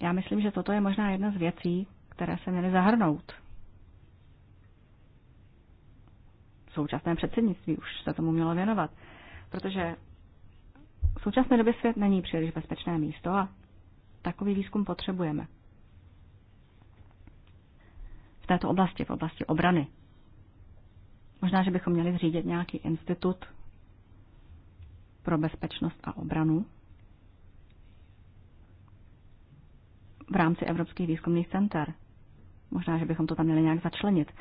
Já myslím, že toto je možná jedna z věcí, které se měly zahrnout. Současné předsednictví už se tomu mělo věnovat, protože v současné době svět není příliš bezpečné místo a takový výzkum potřebujeme. V této oblasti, v oblasti obrany. Možná, že bychom měli zřídit nějaký institut pro bezpečnost a obranu v rámci Evropských výzkumných center. Možná, že bychom to tam měli nějak začlenit.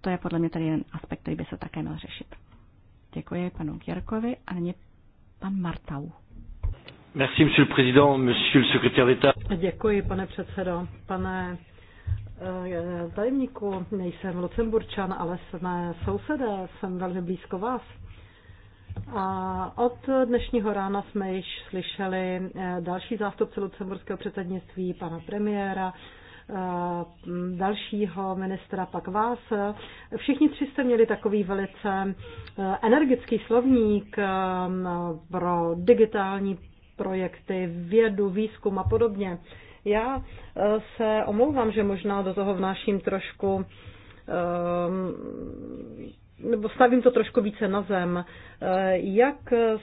To je podle mě tady jeden aspekt, který by se také měl řešit. Děkuji panu Kjerkovi a nyní pan Martau. Merci, monsieur le président, monsieur le secrétaire d'État. Děkuji, pane předsedo. Pane eh, tajemníku, nejsem Lucemburčan, ale jsme sousedé, jsem velmi blízko vás. A od dnešního rána jsme již slyšeli eh, další zástupce lucemburského předsednictví, pana premiéra, Eh, dalšího ministra, pak vás. Všichni tři jste měli takový velice eh, energický slovník eh, pro digitální projekty, vědu, výzkum a podobně. Já se omlouvám, že možná do toho vnáším trošku nebo stavím to trošku více na zem, eh, jak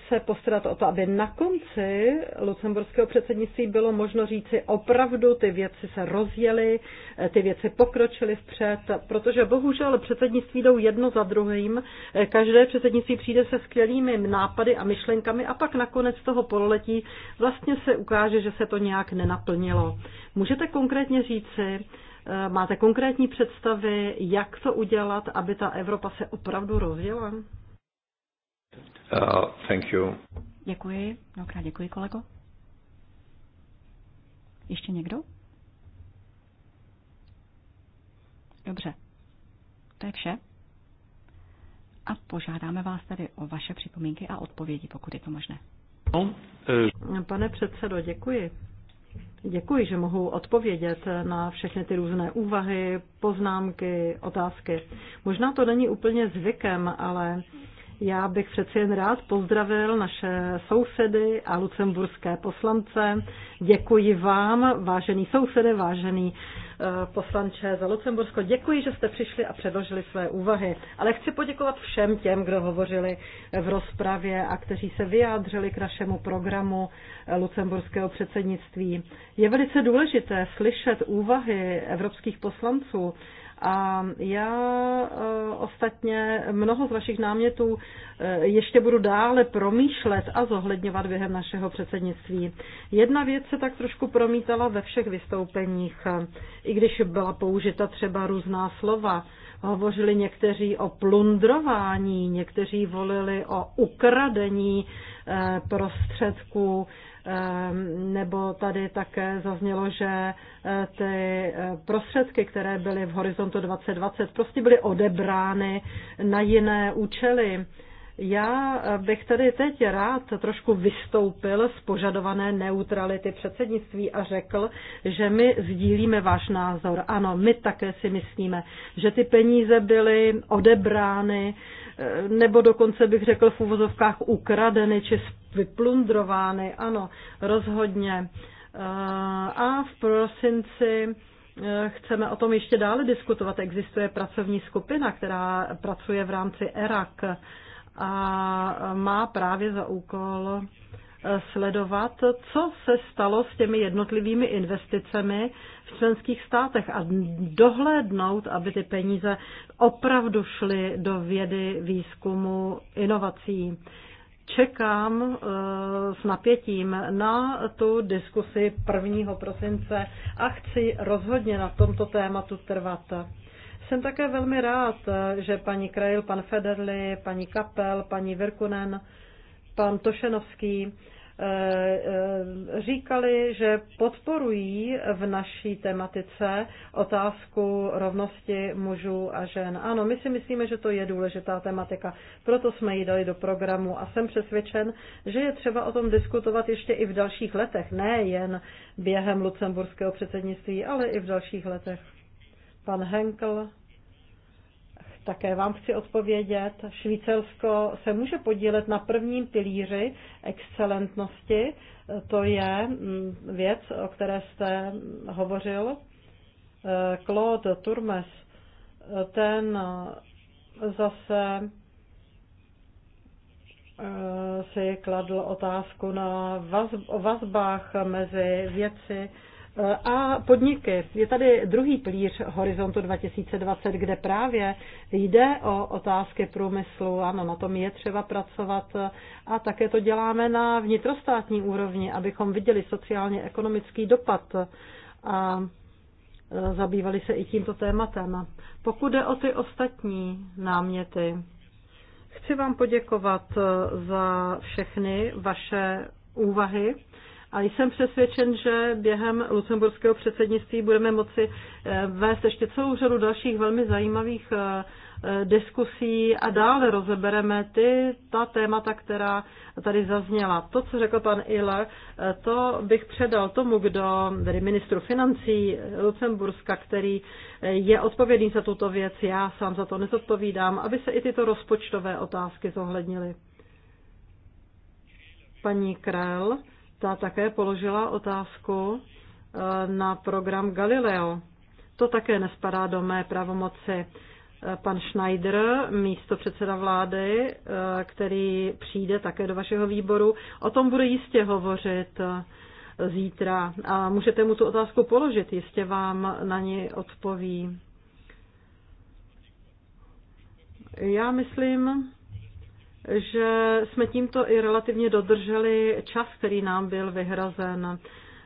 se postarat o to, aby na konci lucemburského předsednictví bylo možno říci opravdu, ty věci se rozjeli, eh, ty věci pokročily vpřed, protože bohužel předsednictví jdou jedno za druhým, eh, každé předsednictví přijde se skvělými nápady a myšlenkami a pak nakonec toho pololetí vlastně se ukáže, že se to nějak nenaplnilo. Můžete konkrétně říci, Eh, máte konkrétní představy, jak to udělat, aby ta Evropa se opravdu rozjela? Uh, thank you. Děkuji. Mnohokrát děkuji, kolego. Ještě někdo? Dobře. To je vše. A požádáme vás tedy o vaše připomínky a odpovědi, pokud je to možné. Pane předsedo, děkuji. Děkuji, že mohu odpovědět na všechny ty různé úvahy, poznámky, otázky. Možná to není úplně zvykem, ale já bych přeci jen rád pozdravil naše sousedy a lucemburské poslance. Děkuji vám, vážený sousede, vážený eh, poslanče za Lucembursko. Děkuji, že jste přišli a předložili své úvahy. Ale chci poděkovat všem těm, kdo hovořili v rozpravě a kteří se vyjádřili k našemu programu eh, lucemburského předsednictví. Je velice důležité slyšet úvahy evropských poslanců, a já e, ostatně mnoho z vašich námětů e, ještě budu dále promýšlet a zohledňovat během našeho předsednictví. Jedna věc se tak trošku promítala ve všech vystoupeních, e, i když byla použita třeba různá slova. Hovořili někteří o plundrování, někteří volili o ukradení prostředků, Ehm, nebo tady také zaznělo, že eh, ty eh, prostředky, které byly v horizontu 2020, prostě byly odebrány na jiné účely. Já eh, bych tady teď rád trošku vystoupil z požadované neutrality předsednictví a řekl, že my sdílíme váš názor. Ano, my také si myslíme, že ty peníze byly odebrány Eh, nebo dokonce bych řekl v uvozovkách ukradeny či vyplundrovány, ano, rozhodně. Eh, a v prosinci eh, chceme o tom ještě dále diskutovat. Existuje pracovní skupina, která pracuje v rámci ERAK a má právě za úkol sledovat, co se stalo s těmi jednotlivými investicemi v členských státech a dohlédnout, aby ty peníze opravdu šly do vědy, výzkumu, inovací. Čekám eh, s napětím na tu diskusi 1. prosince a chci rozhodně na tomto tématu trvat jsem také velmi rád, eh, že paní Krajl, pan Federli, paní Kapel, paní Virkunen pan Tošenovský, eh, eh, říkali, že podporují v naší tematice otázku rovnosti mužů a žen. Ano, my si myslíme, že to je důležitá tematika, proto jsme ji dali do programu a jsem přesvědčen, že je třeba o tom diskutovat ještě i v dalších letech, ne jen během lucemburského předsednictví, ale i v dalších letech. Pan Henkel. Také vám chci odpovědět, Švýcarsko se může podílet na prvním pilíři excelentnosti, to je mm, věc, o které jste hovořil. Eh, Claude Turmes, eh, ten eh, zase si kladl otázku na vazb, o vazbách mezi věci a podniky. Je tady druhý plíř Horizontu 2020, kde právě jde o otázky průmyslu. Ano, na tom je třeba pracovat a také to děláme na vnitrostátní úrovni, abychom viděli sociálně-ekonomický dopad a e, zabývali se i tímto tématem. Pokud jde o ty ostatní náměty, chci vám poděkovat e, za všechny vaše úvahy. A jsem přesvědčen, že během lucemburského předsednictví budeme moci eh, vést ještě celou řadu dalších velmi zajímavých eh, eh, diskusí a dále rozebereme ty, ta témata, která tady zazněla. To, co řekl pan Ila, to bych předal tomu, kdo, tedy ministru financí Lucemburska, který je odpovědný za tuto věc, já sám za to nezodpovídám, aby se i tyto rozpočtové otázky zohlednily. Paní Krell ta také položila otázku eh, na program Galileo. To také nespadá do mé pravomoci. Eh, pan Schneider, místo předseda vlády, eh, který přijde také do vašeho výboru, o tom bude jistě hovořit zítra. A můžete mu tu otázku položit, jistě vám na ní odpoví. Já myslím, že jsme tímto i relativně dodrželi čas, který nám byl vyhrazen.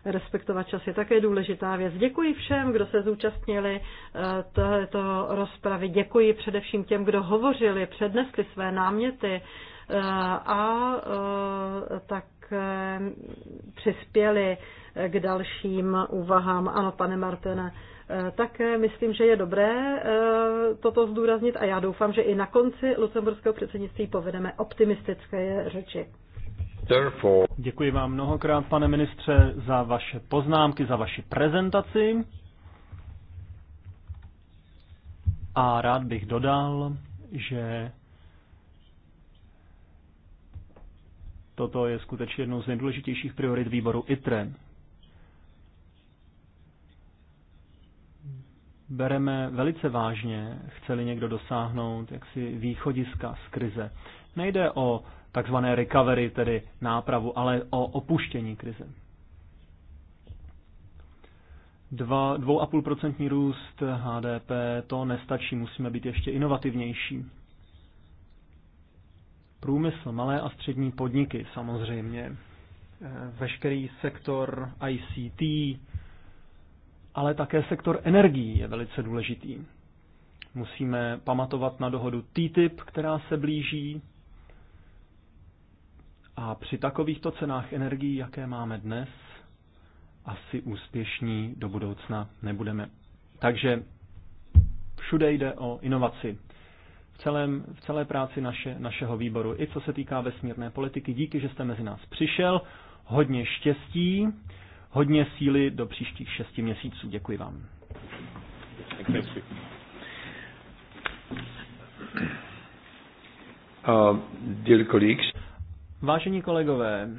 Respektovat čas je také důležitá věc. Děkuji všem, kdo se zúčastnili eh, této rozpravy. Děkuji především těm, kdo hovořili, přednesli své náměty eh, a eh, tak Eh, přispěli k dalším úvahám. Ano, pane Martene, eh, Tak eh, myslím, že je dobré toto zdůraznit a já doufám, že i na konci lucemburského předsednictví povedeme optimistické řeči. Děkuji vám mnohokrát, pane ministře, za vaše poznámky, za vaši prezentaci. A rád bych dodal, že Toto je skutečně jednou z nejdůležitějších priorit výboru ITRE. Bereme velice vážně, chceli někdo dosáhnout jaksi východiska z krize. Nejde o takzvané recovery, tedy nápravu, ale o opuštění krize. 2,5% růst HDP to nestačí, musíme být ještě inovativnější. Průmysl, malé a střední podniky samozřejmě, eh, veškerý sektor ICT, ale také sektor energií je velice důležitý. Musíme pamatovat na dohodu TTIP, která se blíží. A při takovýchto cenách energií, jaké máme dnes, asi úspěšní do budoucna nebudeme. Takže všude jde o inovaci v, celém, v celé práci naše, našeho výboru, i co se týká vesmírné politiky. Díky, že jste mezi nás přišel. Hodně štěstí, hodně síly do příštích šesti měsíců. Děkuji vám. Uh, Vážení kolegové,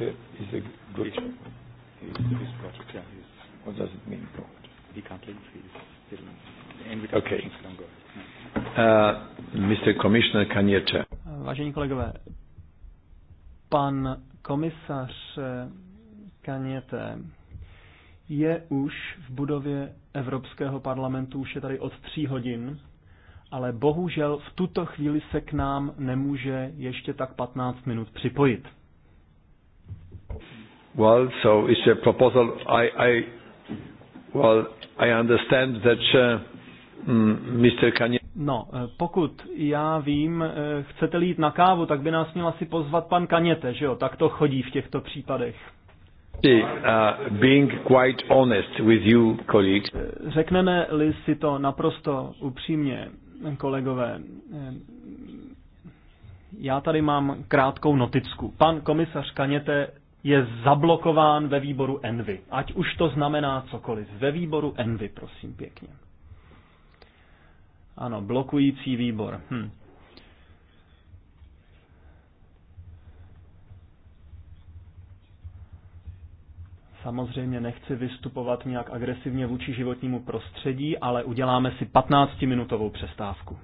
is a good, is, is project, yeah. What does it mean, blocked? We can't link fees. Okay. Uh, Mr. Commissioner Kaněte. Vážení kolegové, pan komisař Kaněte eh, je už v budově Evropského parlamentu, už je tady od tří hodin, ale bohužel v tuto chvíli se k nám nemůže ještě tak 15 minut připojit. Well, so it's a proposal I, I Well, I understand that uh, Mr. Mm, Kanye... No, eh, pokud já vím, eh, chcete jít na kávu, tak by nás měl asi pozvat pan Kaněte, že jo? Tak to chodí v těchto případech. Uh, being quite honest with you, colleagues. Eh, řekneme-li si to naprosto upřímně, kolegové, já tady mám krátkou noticku. Pan komisař Kaněte je zablokován ve výboru Envy. Ať už to znamená cokoliv. Ve výboru Envy, prosím pěkně. Ano, blokující výbor. Hm. Samozřejmě nechci vystupovat nějak agresivně vůči životnímu prostředí, ale uděláme si 15-minutovou přestávku.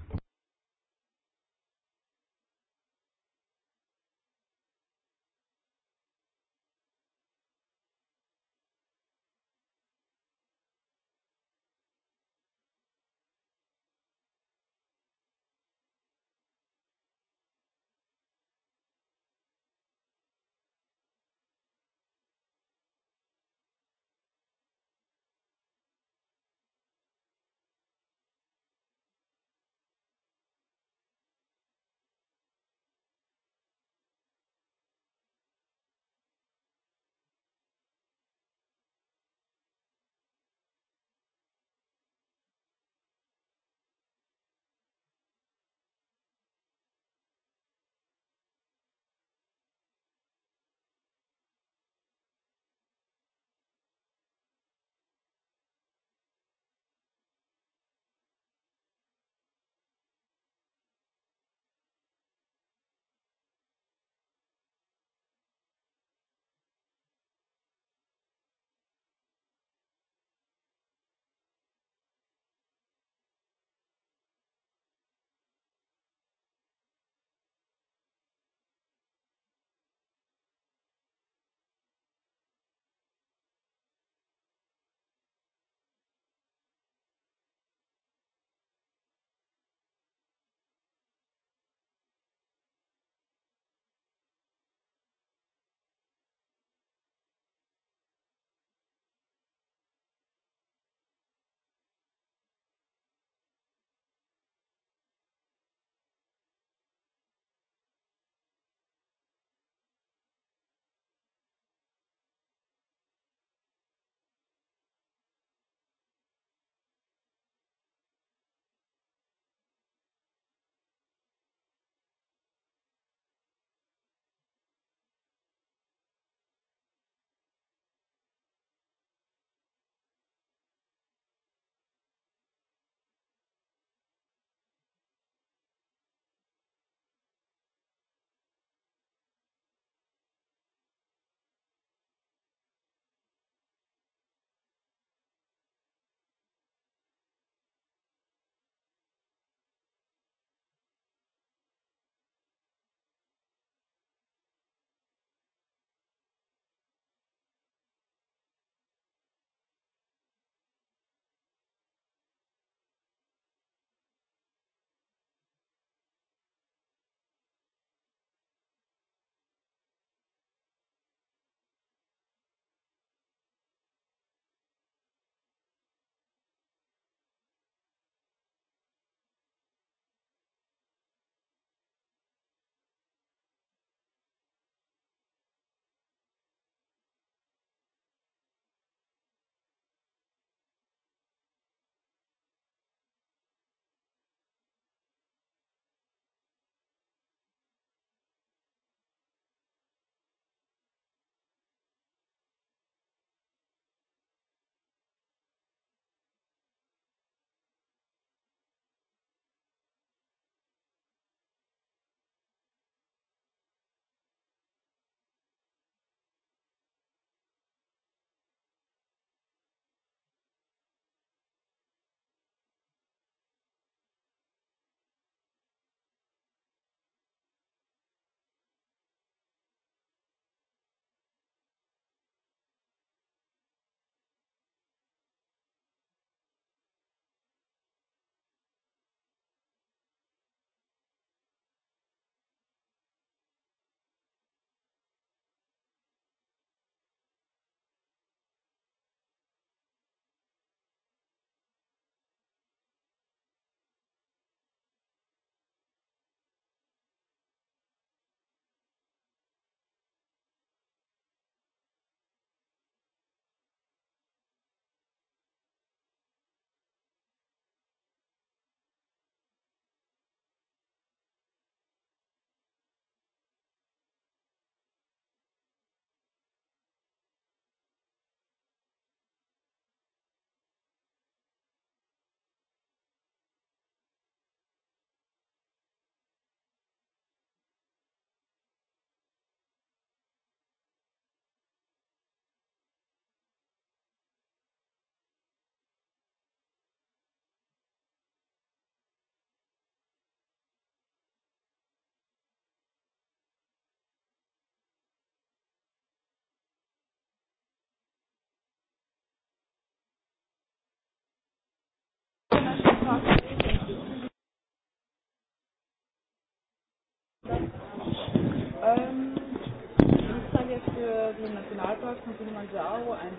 dem Nationalpark von Kilimanjaro ein.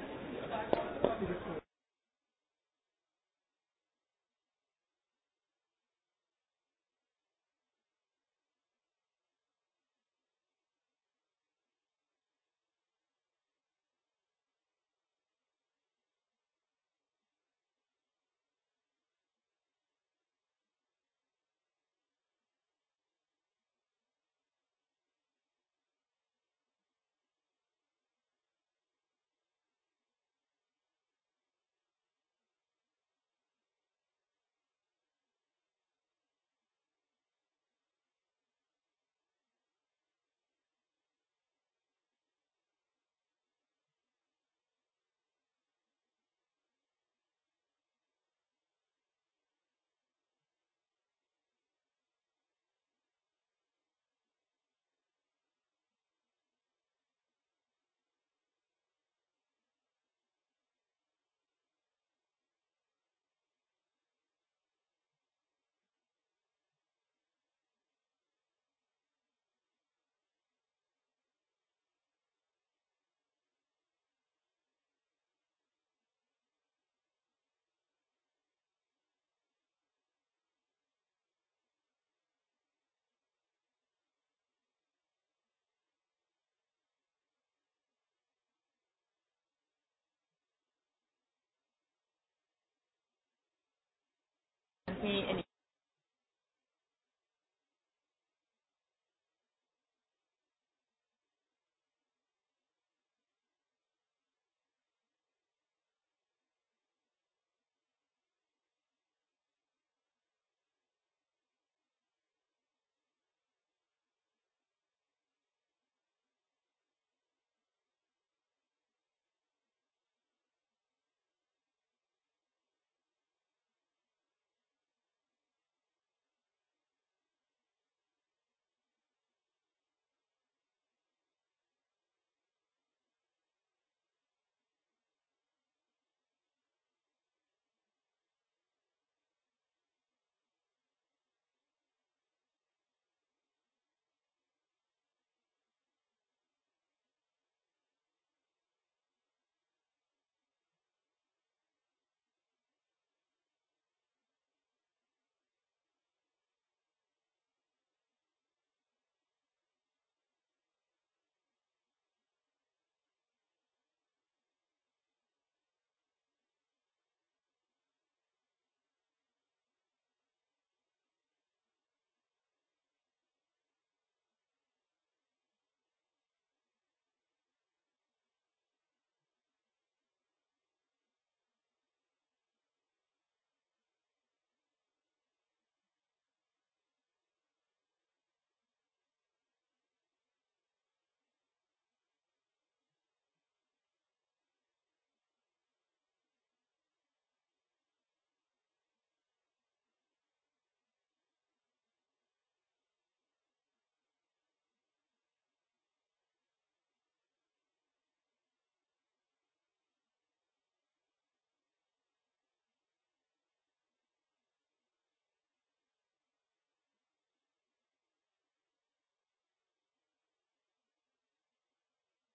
me any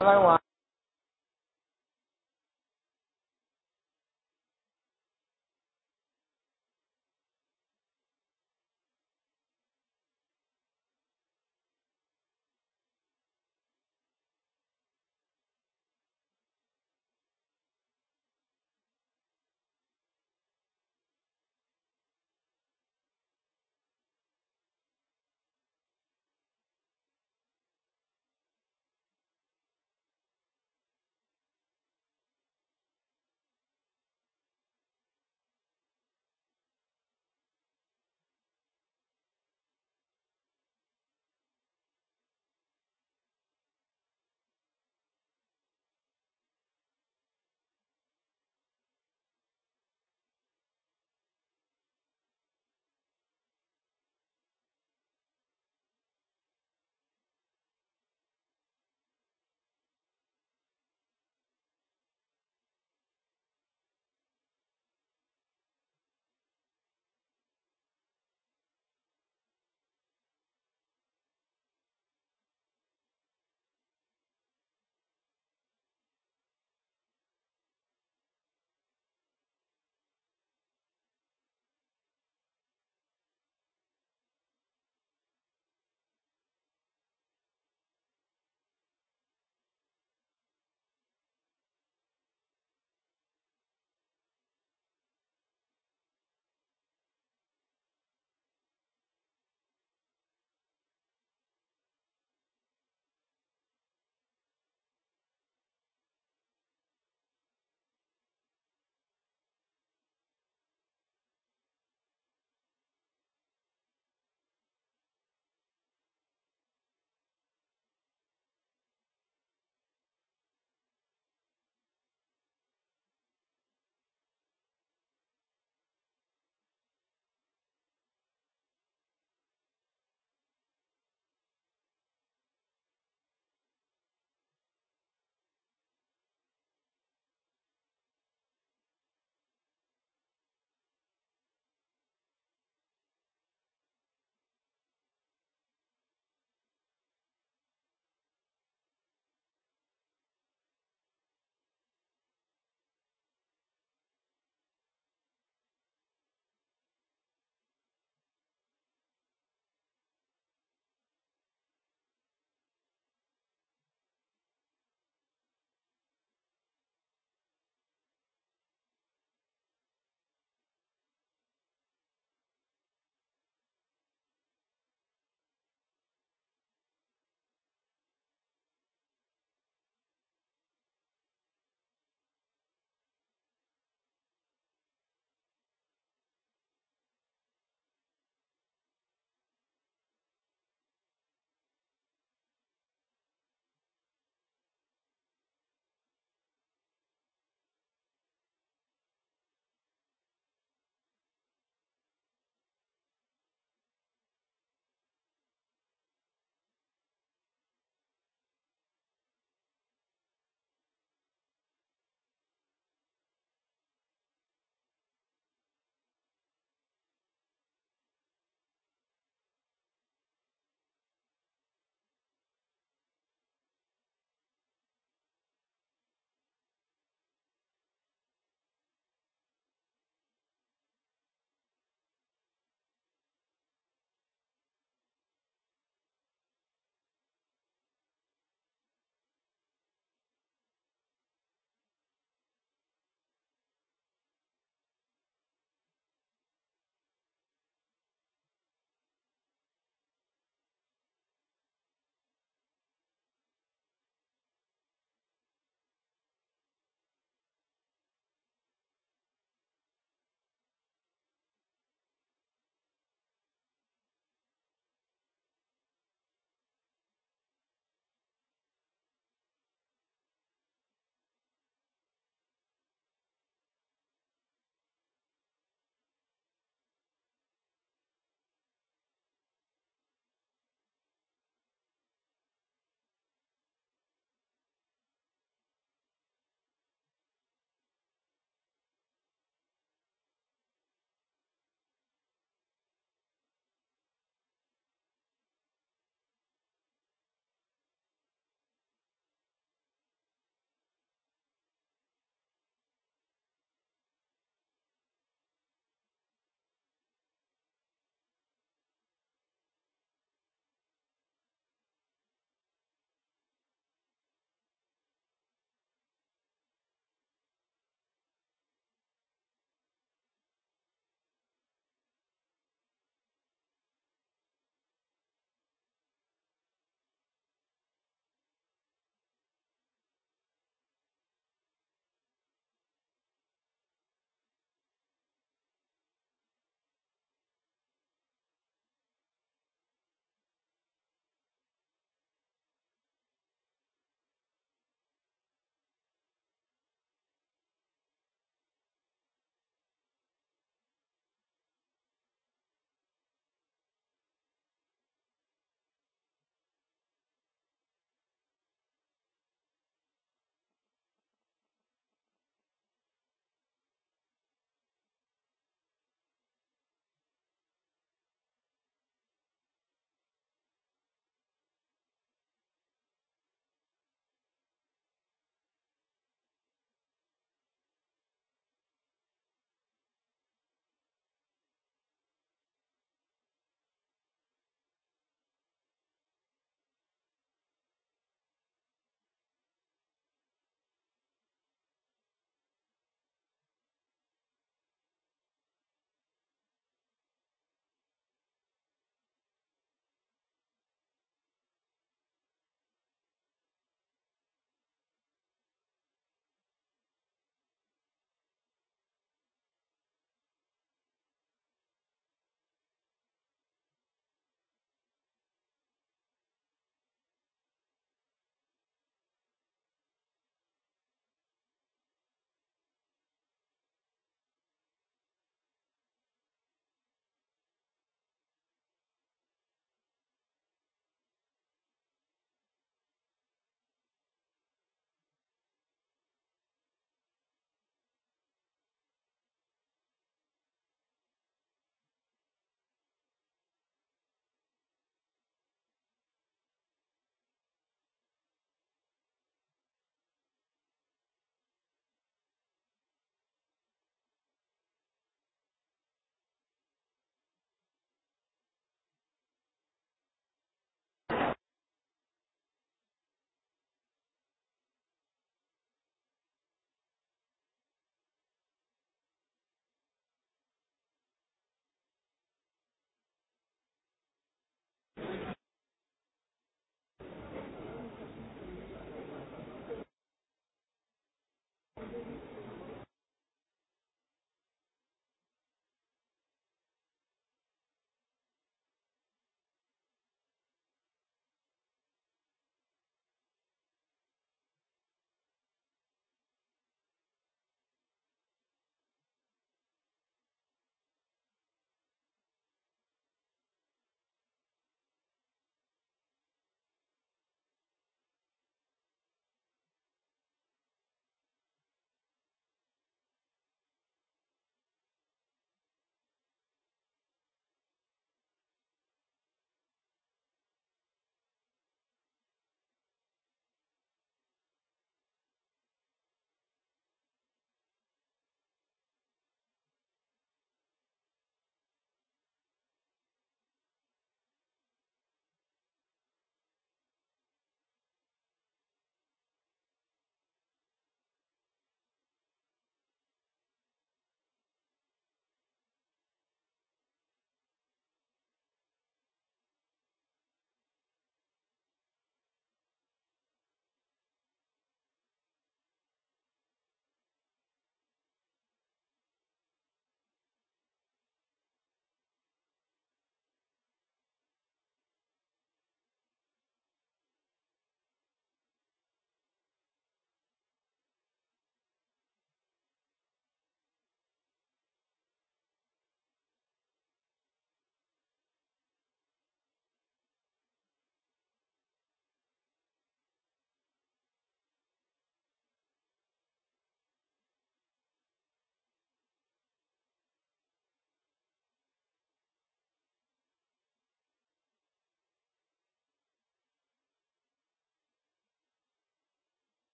Hello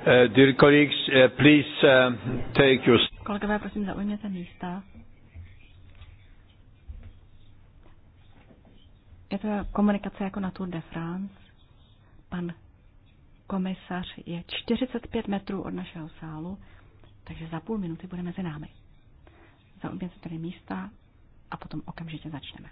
Uh, dear colleagues, uh, please uh, take your... Kolegové, prosím, zaujměte místa. Je to komunikace jako na Tour de France. Pan komisař je 45 metrů od našeho sálu, takže za půl minuty bude mezi námi. Zaujměte tedy místa a potom okamžitě začneme.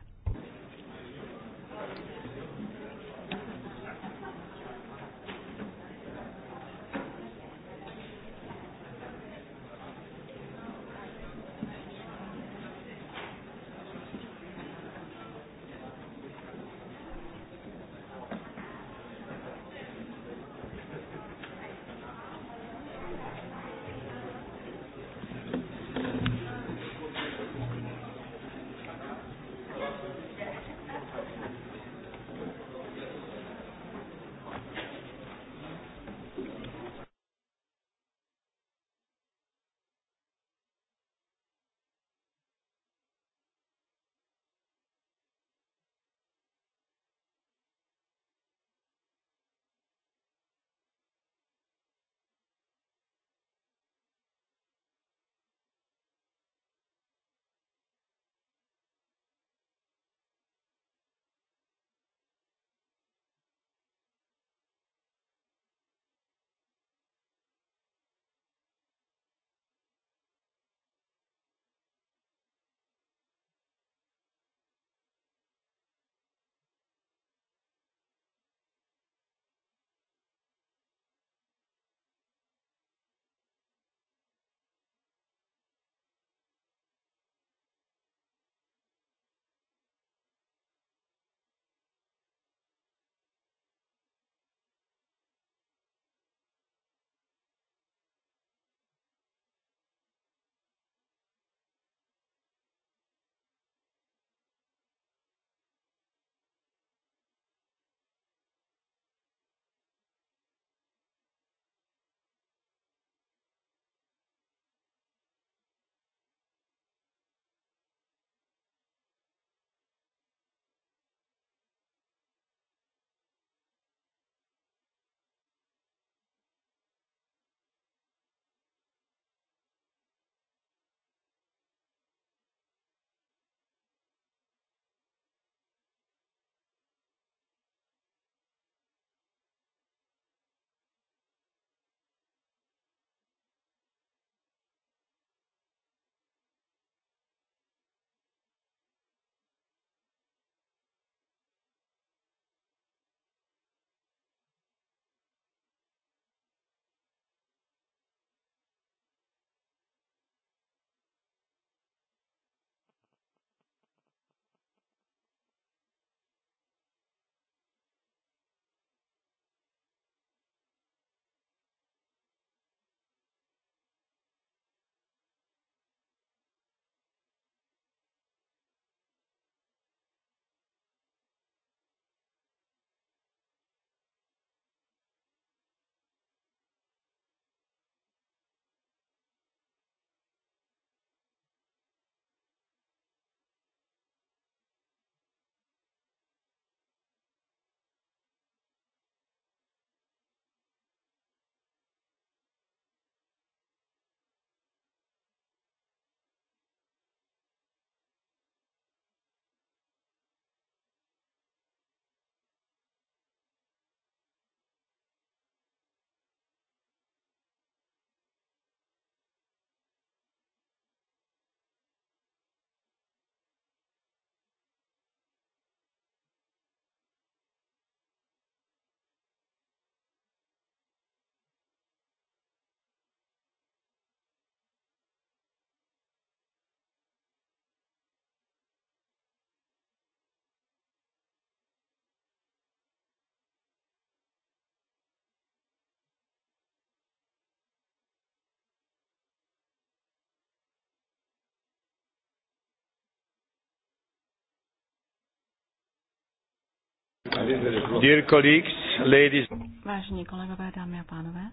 Dear colleagues, ladies. Vážení kolegové, dámy a pánové.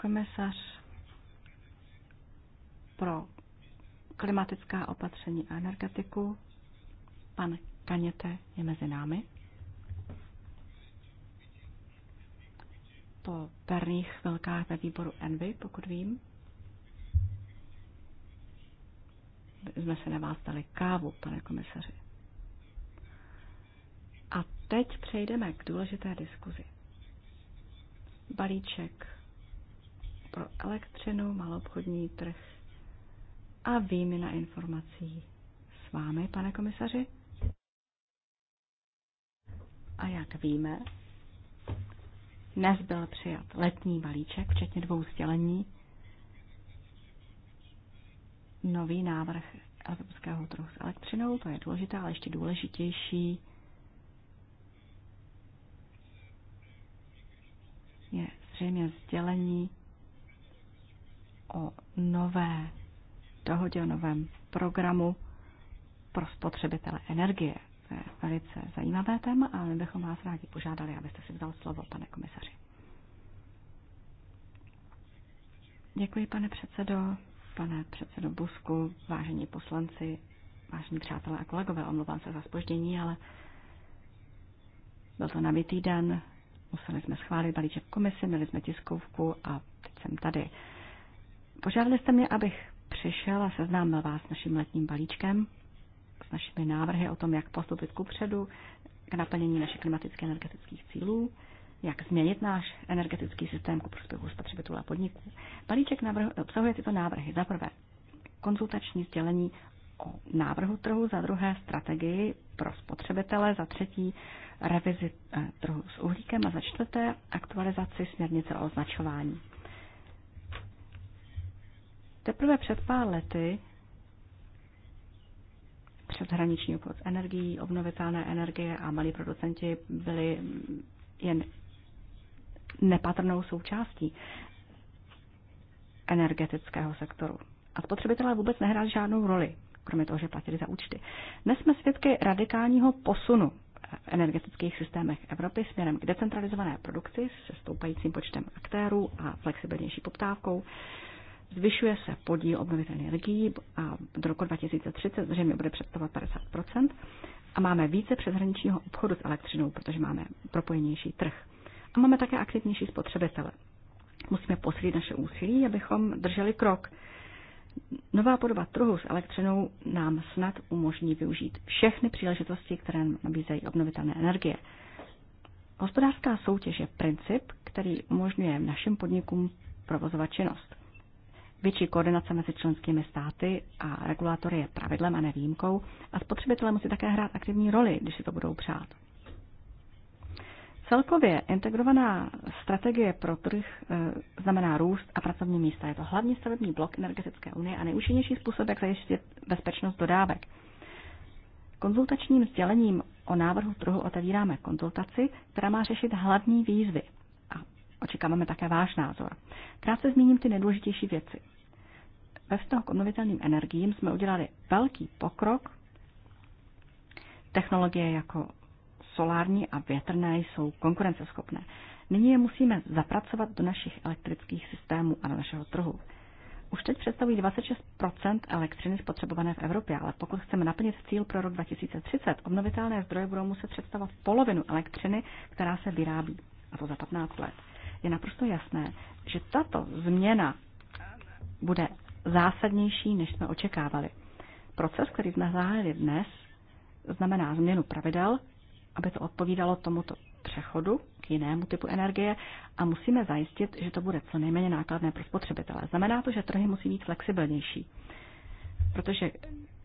Komisař pro klimatická opatření a energetiku, pan Kaněte, je mezi námi. Po perných velkách ve výboru Envy, pokud vím. jsme se na vás dali kávu, pane komisaři. A teď přejdeme k důležité diskuzi. Balíček pro elektřinu, malobchodní trh a výměna informací s vámi, pane komisaři. A jak víme, dnes byl přijat letní balíček, včetně dvou sdělení, nový návrh evropského trhu s elektřinou, to je důležité, ale ještě důležitější je zřejmě sdělení o nové dohodě, o novém programu pro spotřebitele energie. To je velice zajímavé téma, ale my bychom vás rádi požádali, abyste si vzal slovo, pane komisaři. Děkuji, pane předsedo pane předsedo Busku, vážení poslanci, vážení přátelé a kolegové, omlouvám se za spoždění, ale byl to nabitý den, museli jsme schválit balíček komisi, měli jsme tiskovku a teď jsem tady. Požádali jste mě, abych přišel a seznámil vás s naším letním balíčkem, s našimi návrhy o tom, jak postupit ku předu k naplnění našich klimatických energetických cílů jak změnit náš energetický systém ku prospěchu spotřebitelů a podniků. Balíček navrh, obsahuje tyto návrhy. Za prvé, konzultační sdělení o návrhu trhu, za druhé strategii pro spotřebitele, za třetí revizi eh, trhu s uhlíkem a za čtvrté aktualizaci směrnice o označování. Teprve před pár lety hraniční obchod s energií, obnovitelné energie a malí producenti byli jen nepatrnou součástí energetického sektoru. A spotřebitelé vůbec nehráli žádnou roli, kromě toho, že platili za účty. Dnes jsme svědky radikálního posunu v energetických systémech Evropy směrem k decentralizované produkci se stoupajícím počtem aktérů a flexibilnější poptávkou. Zvyšuje se podíl obnovitelných energií a do roku 2030 zřejmě bude představovat 50 a máme více přeshraničního obchodu s elektřinou, protože máme propojenější trh. A máme také aktivnější spotřebitele. Musíme posílit naše úsilí, abychom drželi krok. Nová podoba trhu s elektřinou nám snad umožní využít všechny příležitosti, které nabízejí obnovitelné energie. Hospodářská soutěž je princip, který umožňuje našim podnikům provozovat činnost. Větší koordinace mezi členskými státy a regulátory je pravidlem a nevýjimkou a spotřebitelé musí také hrát aktivní roli, když si to budou přát. Celkově integrovaná strategie pro trh eh, znamená růst a pracovní místa. Je to hlavní stavební blok energetické unie a nejúčinnější způsob, jak zajistit bezpečnost dodávek. Konzultačním sdělením o návrhu trhu otevíráme konzultaci, která má řešit hlavní výzvy. A očekáváme také váš názor. Krátce zmíním ty nejdůležitější věci. Ve vztahu k obnovitelným energiím jsme udělali velký pokrok. Technologie jako solární a větrné jsou konkurenceschopné. Nyní je musíme zapracovat do našich elektrických systémů a do našeho trhu. Už teď představují 26 elektřiny spotřebované v Evropě, ale pokud chceme naplnit cíl pro rok 2030, obnovitelné zdroje budou muset představovat polovinu elektřiny, která se vyrábí, a to za 15 let. Je naprosto jasné, že tato změna bude zásadnější, než jsme očekávali. Proces, který jsme zahájili dnes, znamená změnu pravidel, aby to odpovídalo tomuto přechodu k jinému typu energie a musíme zajistit, že to bude co nejméně nákladné pro spotřebitele. Znamená to, že trhy musí být flexibilnější, protože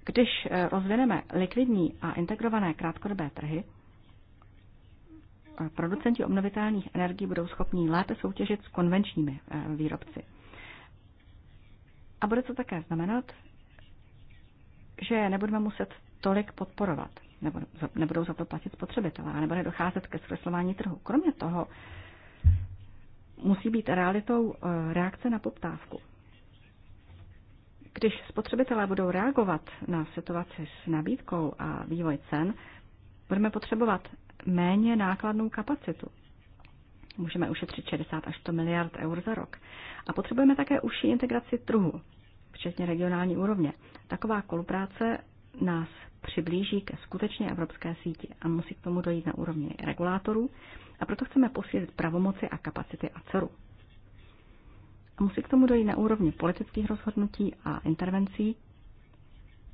když eh, rozvineme likvidní a integrované krátkodobé trhy, eh, producenti obnovitelných energií budou schopni lépe soutěžit s konvenčními eh, výrobci. A bude to také znamenat, že nebudeme muset tolik podporovat nebo nebudou za to platit spotřebitelé, nebo nedocházet ke zkreslování trhu. Kromě toho musí být realitou eh, reakce na poptávku. Když spotřebitelé budou reagovat na situaci s nabídkou a vývoj cen, budeme potřebovat méně nákladnou kapacitu. Můžeme ušetřit 60 až 100 miliard eur za rok. A potřebujeme také užší integraci trhu, včetně regionální úrovně. Taková kolupráce nás přiblíží ke skutečně evropské síti a musí k tomu dojít na úrovni regulátorů a proto chceme posílit pravomoci a kapacity ACERu. A musí k tomu dojít na úrovni politických rozhodnutí a intervencí,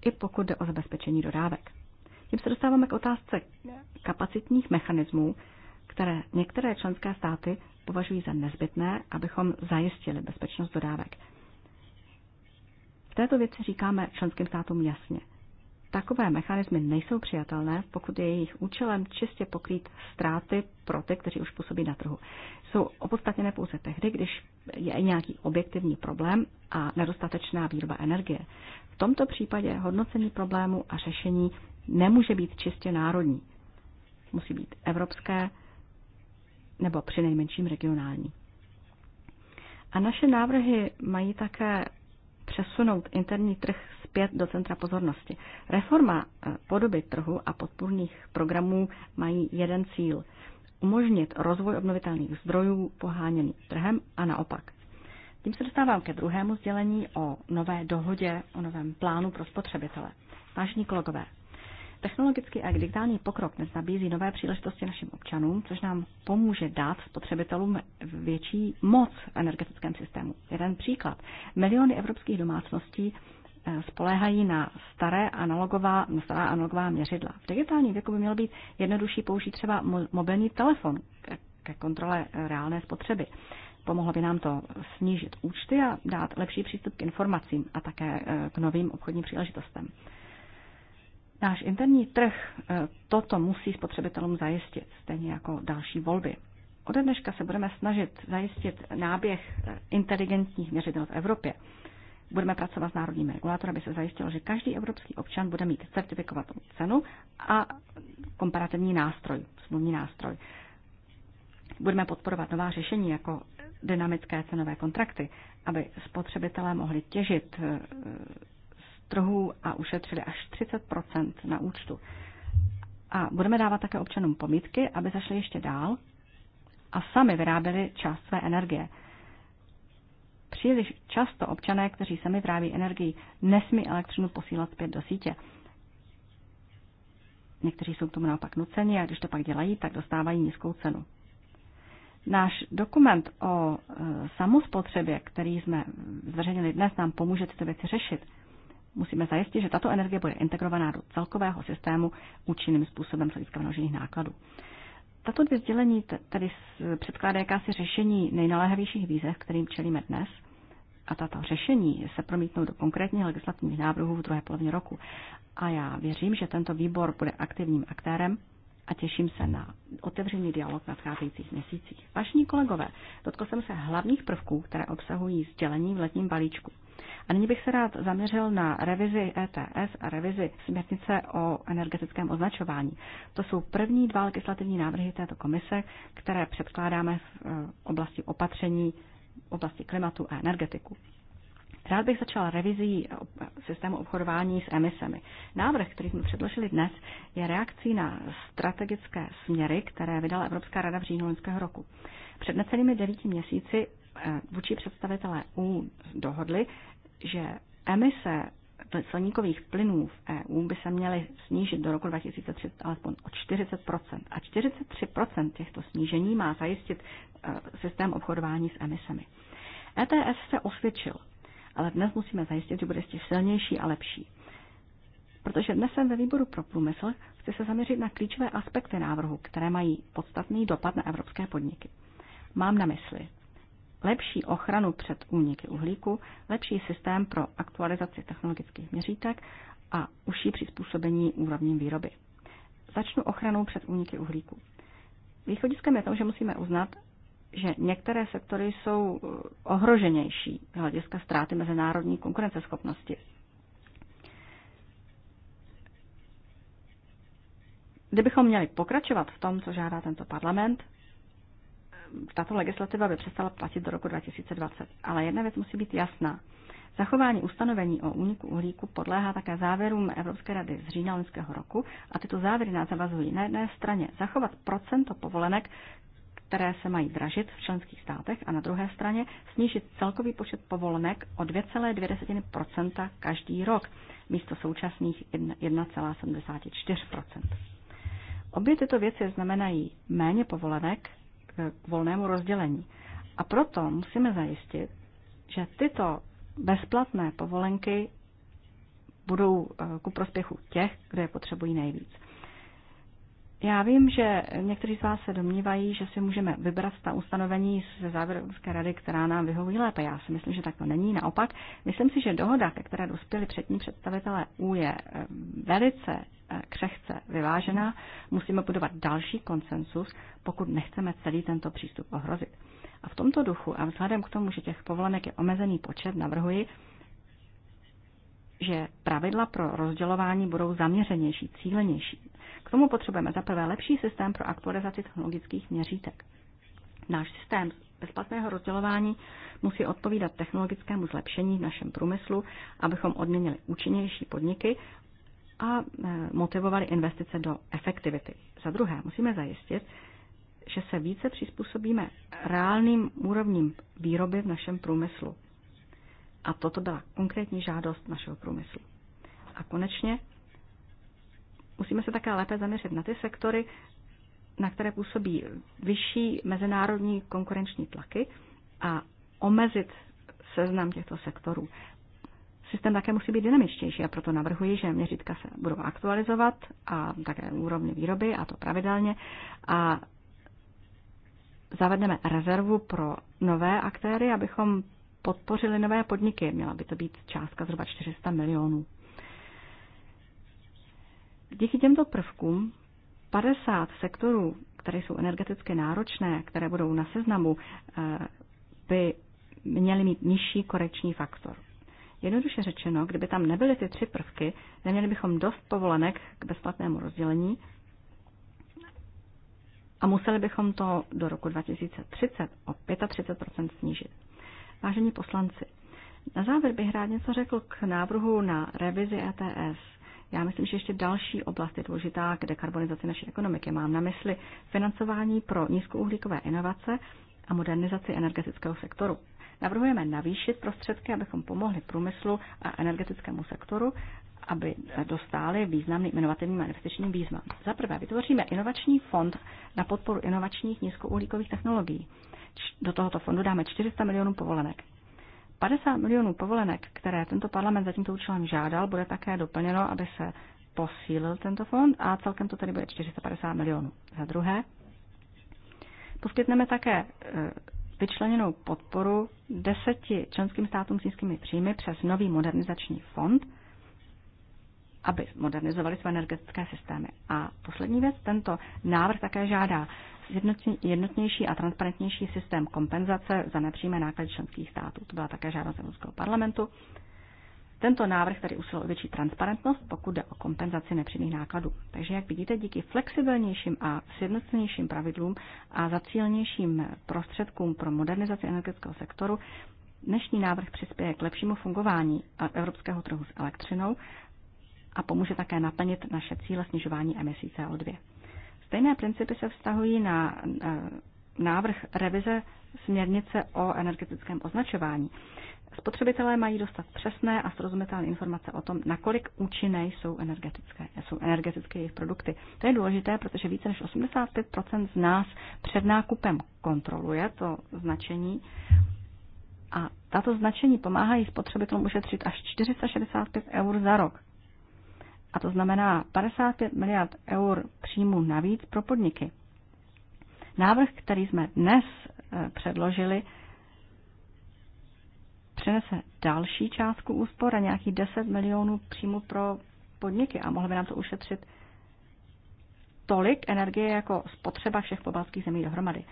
i pokud jde o zabezpečení dodávek. Tím se dostáváme k otázce kapacitních mechanismů, které některé členské státy považují za nezbytné, abychom zajistili bezpečnost dodávek. V této věci říkáme členským státům jasně – Takové mechanismy nejsou přijatelné, pokud je jejich účelem čistě pokrýt ztráty pro ty, kteří už působí na trhu. Jsou opodstatněné pouze tehdy, když je nějaký objektivní problém a nedostatečná výroba energie. V tomto případě hodnocení problému a řešení nemůže být čistě národní. Musí být evropské nebo při nejmenším regionální. A naše návrhy mají také přesunout interní trh zpět do centra pozornosti. Reforma eh, podoby trhu a podpůrných programů mají jeden cíl umožnit rozvoj obnovitelných zdrojů poháněný trhem a naopak. Tím se dostávám ke druhému sdělení o nové dohodě, o novém plánu pro spotřebitele. Vážení kolegové, technologický a digitální pokrok dnes nabízí nové příležitosti našim občanům, což nám pomůže dát spotřebitelům větší moc v energetickém systému. Jeden příklad. Miliony evropských domácností Eh, spoléhají na staré analogová, na stará analogová měřidla. V digitálním věku by mělo být jednodušší použít třeba mobilní telefon ke kontrole eh, reálné spotřeby. Pomohlo by nám to snížit účty a dát lepší přístup k informacím a také eh, k novým obchodním příležitostem. Náš interní trh toto musí spotřebitelům zajistit, stejně jako další volby. Ode dneška se budeme snažit zajistit náběh inteligentních měřidel v Evropě. Budeme pracovat s národními regulátory, aby se zajistilo, že každý evropský občan bude mít certifikovanou cenu a komparativní nástroj, smluvní nástroj. Budeme podporovat nová řešení jako dynamické cenové kontrakty, aby spotřebitelé mohli těžit eh, z trhů a ušetřili až 30 na účtu. A budeme dávat také občanům pomítky, aby zašli ještě dál a sami vyráběli část své energie. Příliš často občané, kteří sami vyrábí energii, nesmí elektřinu posílat zpět do sítě. Někteří jsou k tomu naopak nuceni a když to pak dělají, tak dostávají nízkou cenu. Náš dokument o e, samospotřebě, který jsme zveřejnili dnes, nám pomůže tyto věci řešit. Musíme zajistit, že tato energie bude integrovaná do celkového systému účinným způsobem z hlediska množených nákladů. Tato dvě sdělení tedy předkládá jakási řešení nejnaléhavějších výzev, kterým čelíme dnes a tato řešení se promítnou do konkrétních legislativních návrhů v druhé polovině roku. A já věřím, že tento výbor bude aktivním aktérem a těším se na otevřený dialog v nadcházejících měsících. Vážení kolegové, dotkl jsem se hlavních prvků, které obsahují sdělení v letním balíčku. A nyní bych se rád zaměřil na revizi ETS a revizi směrnice o energetickém označování. To jsou první dva legislativní návrhy této komise, které předkládáme v eh, oblasti opatření oblasti klimatu a energetiku. Rád bych začal revizí systému obchodování s emisemi. Návrh, který jsme předložili dnes, je reakcí na strategické směry, které vydala Evropská rada v říjnu loňského roku. Před necelými devíti měsíci eh, vůči představitelé EU dohodli, že emise skleníkových plynů v EU by se měly snížit do roku 2030 alespoň o 40 A 43 těchto snížení má zajistit eh, systém obchodování s emisemi. ETS se osvědčil, ale dnes musíme zajistit, že bude ještě silnější a lepší. Protože dnes jsem ve výboru pro průmysl, chci se zaměřit na klíčové aspekty návrhu, které mají podstatný dopad na evropské podniky. Mám na mysli lepší ochranu před úniky uhlíku, lepší systém pro aktualizaci technologických měřítek a užší přizpůsobení úrovním výroby. Začnu ochranou před úniky uhlíku. Východiskem je to, že musíme uznat, že některé sektory jsou eh, ohroženější z hlediska ztráty mezinárodní konkurenceschopnosti. Kdybychom měli pokračovat v tom, co žádá tento parlament, tato legislativa by přestala platit do roku 2020. Ale jedna věc musí být jasná. Zachování ustanovení o úniku uhlíku podléhá také závěrům Evropské rady z října loňského roku a tyto závěry nás zavazují na jedné straně zachovat procento povolenek, které se mají dražit v členských státech a na druhé straně snížit celkový počet povolenek o 2,2 každý rok místo současných 1,74 Obě tyto věci znamenají méně povolenek Eh, k volnému rozdělení. A proto musíme zajistit, že tyto bezplatné povolenky budou eh, ku prospěchu těch, kdo je potřebují nejvíc. Já vím, že někteří z vás se domnívají, že si můžeme vybrat ta ustanovení ze závěrovské rady, která nám vyhoví lépe. Já si myslím, že tak to není. Naopak, myslím si, že dohoda, ke které dospěli přední představitelé EU, je eh, velice Eh, křehce vyvážená, musíme budovat další konsensus, pokud nechceme celý tento přístup ohrozit. A v tomto duchu a vzhledem k tomu, že těch povolenek je omezený počet, navrhuji, že pravidla pro rozdělování budou zaměřenější, cílenější. K tomu potřebujeme zaprvé lepší systém pro aktualizaci technologických měřítek. Náš systém bezplatného rozdělování musí odpovídat technologickému zlepšení v našem průmyslu, abychom odměnili účinnější podniky a e, motivovali investice do efektivity. Za druhé, musíme zajistit, že se více přizpůsobíme reálným úrovním výroby v našem průmyslu. A toto byla konkrétní žádost našeho průmyslu. A konečně musíme se také lépe zaměřit na ty sektory, na které působí vyšší mezinárodní konkurenční tlaky a omezit seznam těchto sektorů systém také musí být dynamičtější a proto navrhuji, že měřítka se budou aktualizovat a také úrovně výroby a to pravidelně a zavedeme rezervu pro nové aktéry, abychom podpořili nové podniky. Měla by to být částka zhruba 400 milionů. Díky těmto prvkům 50 sektorů, které jsou energeticky náročné, které budou na seznamu, eh, by měly mít nižší korekční faktor. Jednoduše řečeno, kdyby tam nebyly ty tři prvky, neměli bychom dost povolenek k bezplatnému rozdělení a museli bychom to do roku 2030 o 35 snížit. Vážení poslanci, na závěr bych rád něco řekl k návrhu na revizi ETS. Já myslím, že ještě další oblast je důležitá k dekarbonizaci naší ekonomiky. Mám na mysli financování pro nízkouhlíkové inovace a modernizaci energetického sektoru. Navrhujeme navýšit prostředky, abychom pomohli průmyslu a energetickému sektoru, aby dostály významným inovativním a investičním výzvám. Za prvé vytvoříme inovační fond na podporu inovačních nízkouhlíkových technologií. Do tohoto fondu dáme 400 milionů povolenek. 50 milionů povolenek, které tento parlament za tímto účelem žádal, bude také doplněno, aby se posílil tento fond a celkem to tedy bude 450 milionů. Za druhé, poskytneme také eh, vyčleněnou podporu deseti členským státům s nízkými příjmy přes nový modernizační fond, aby modernizovali své energetické systémy. A poslední věc, tento návrh také žádá jednotnější a transparentnější systém kompenzace za nepřímé náklady členských států. To byla také žádost Evropského parlamentu tento návrh tedy usiluje o větší transparentnost, pokud jde o kompenzaci nepřímých nákladů. Takže, jak vidíte, díky flexibilnějším a sjednocenějším pravidlům a zacílnějším prostředkům pro modernizaci energetického sektoru, dnešní návrh přispěje k lepšímu fungování evropského trhu s elektřinou a pomůže také naplnit naše cíle snižování emisí CO2. Stejné principy se vztahují na návrh revize směrnice o energetickém označování. Spotřebitelé mají dostat přesné a srozumitelné informace o tom, nakolik účinné jsou energetické, jsou energetické jejich produkty. To je důležité, protože více než 85 z nás před nákupem kontroluje to značení a tato značení pomáhají spotřebitelům ušetřit až 465 eur za rok. A to znamená 55 miliard eur příjmu navíc pro podniky. Návrh, který jsme dnes eh, předložili, přinese další částku úspor a nějakých 10 milionů příjmu pro podniky a mohlo by nám to ušetřit tolik energie jako spotřeba všech pobalských zemí dohromady.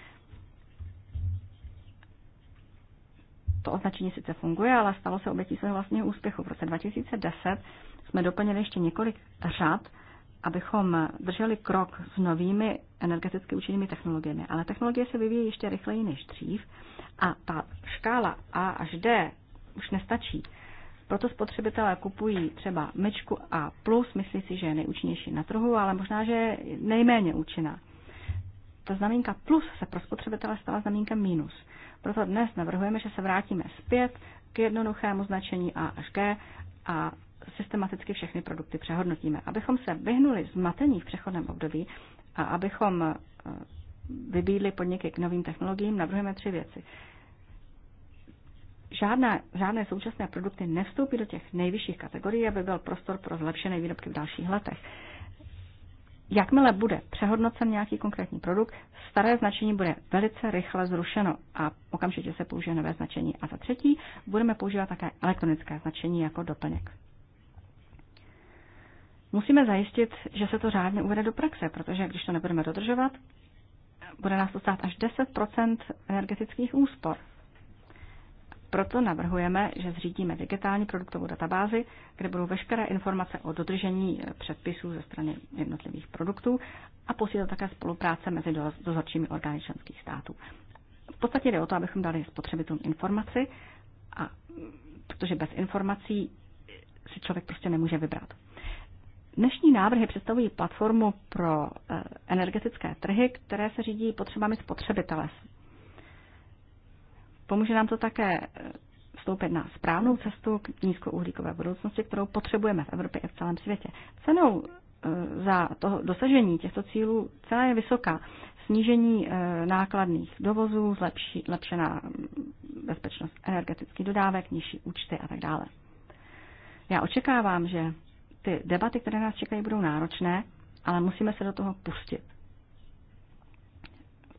To označení sice funguje, ale stalo se obětí svého vlastního úspěchu. V roce 2010 jsme doplnili ještě několik řad, abychom drželi krok s novými energeticky účinnými technologiemi. Ale technologie se vyvíjí ještě rychleji než dřív a ta škála A až D už nestačí. Proto spotřebitelé kupují třeba mečku A+, myslí si, že je nejúčinnější na trhu, ale možná, že je nejméně účinná. Ta znamínka plus se pro spotřebitele stala znamínkem minus. Proto dnes navrhujeme, že se vrátíme zpět k jednoduchému značení A až G a systematicky všechny produkty přehodnotíme. Abychom se vyhnuli zmatení v přechodném období a abychom eh, vybídli podniky k novým technologiím, navrhujeme tři věci žádné, žádné současné produkty nevstoupí do těch nejvyšších kategorií, aby byl prostor pro zlepšené výrobky v dalších letech. Jakmile bude přehodnocen nějaký konkrétní produkt, staré značení bude velice rychle zrušeno a okamžitě se použije nové značení. A za třetí, budeme používat také elektronické značení jako doplněk. Musíme zajistit, že se to řádně uvede do praxe, protože když to nebudeme dodržovat, bude nás to stát až 10 energetických úspor proto navrhujeme, že zřídíme digitální produktovou databázi, kde budou veškeré informace o dodržení eh, předpisů ze strany jednotlivých produktů a posílit také spolupráce mezi dozorčími orgány členských států. V podstatě jde o to, abychom dali spotřebitelům informaci, a, protože bez informací si člověk prostě nemůže vybrat. Dnešní návrhy představují platformu pro eh, energetické trhy, které se řídí potřebami spotřebitele Pomůže nám to také eh, vstoupit na správnou cestu k nízkouhlíkové budoucnosti, kterou potřebujeme v Evropě i v celém světě. Cenou eh, za toho dosažení těchto cílů cena je vysoká. Snížení eh, nákladných dovozů, zlepší, lepšená mm, bezpečnost energetických dodávek, nižší účty a tak dále. Já očekávám, že ty debaty, které nás čekají, budou náročné, ale musíme se do toho pustit.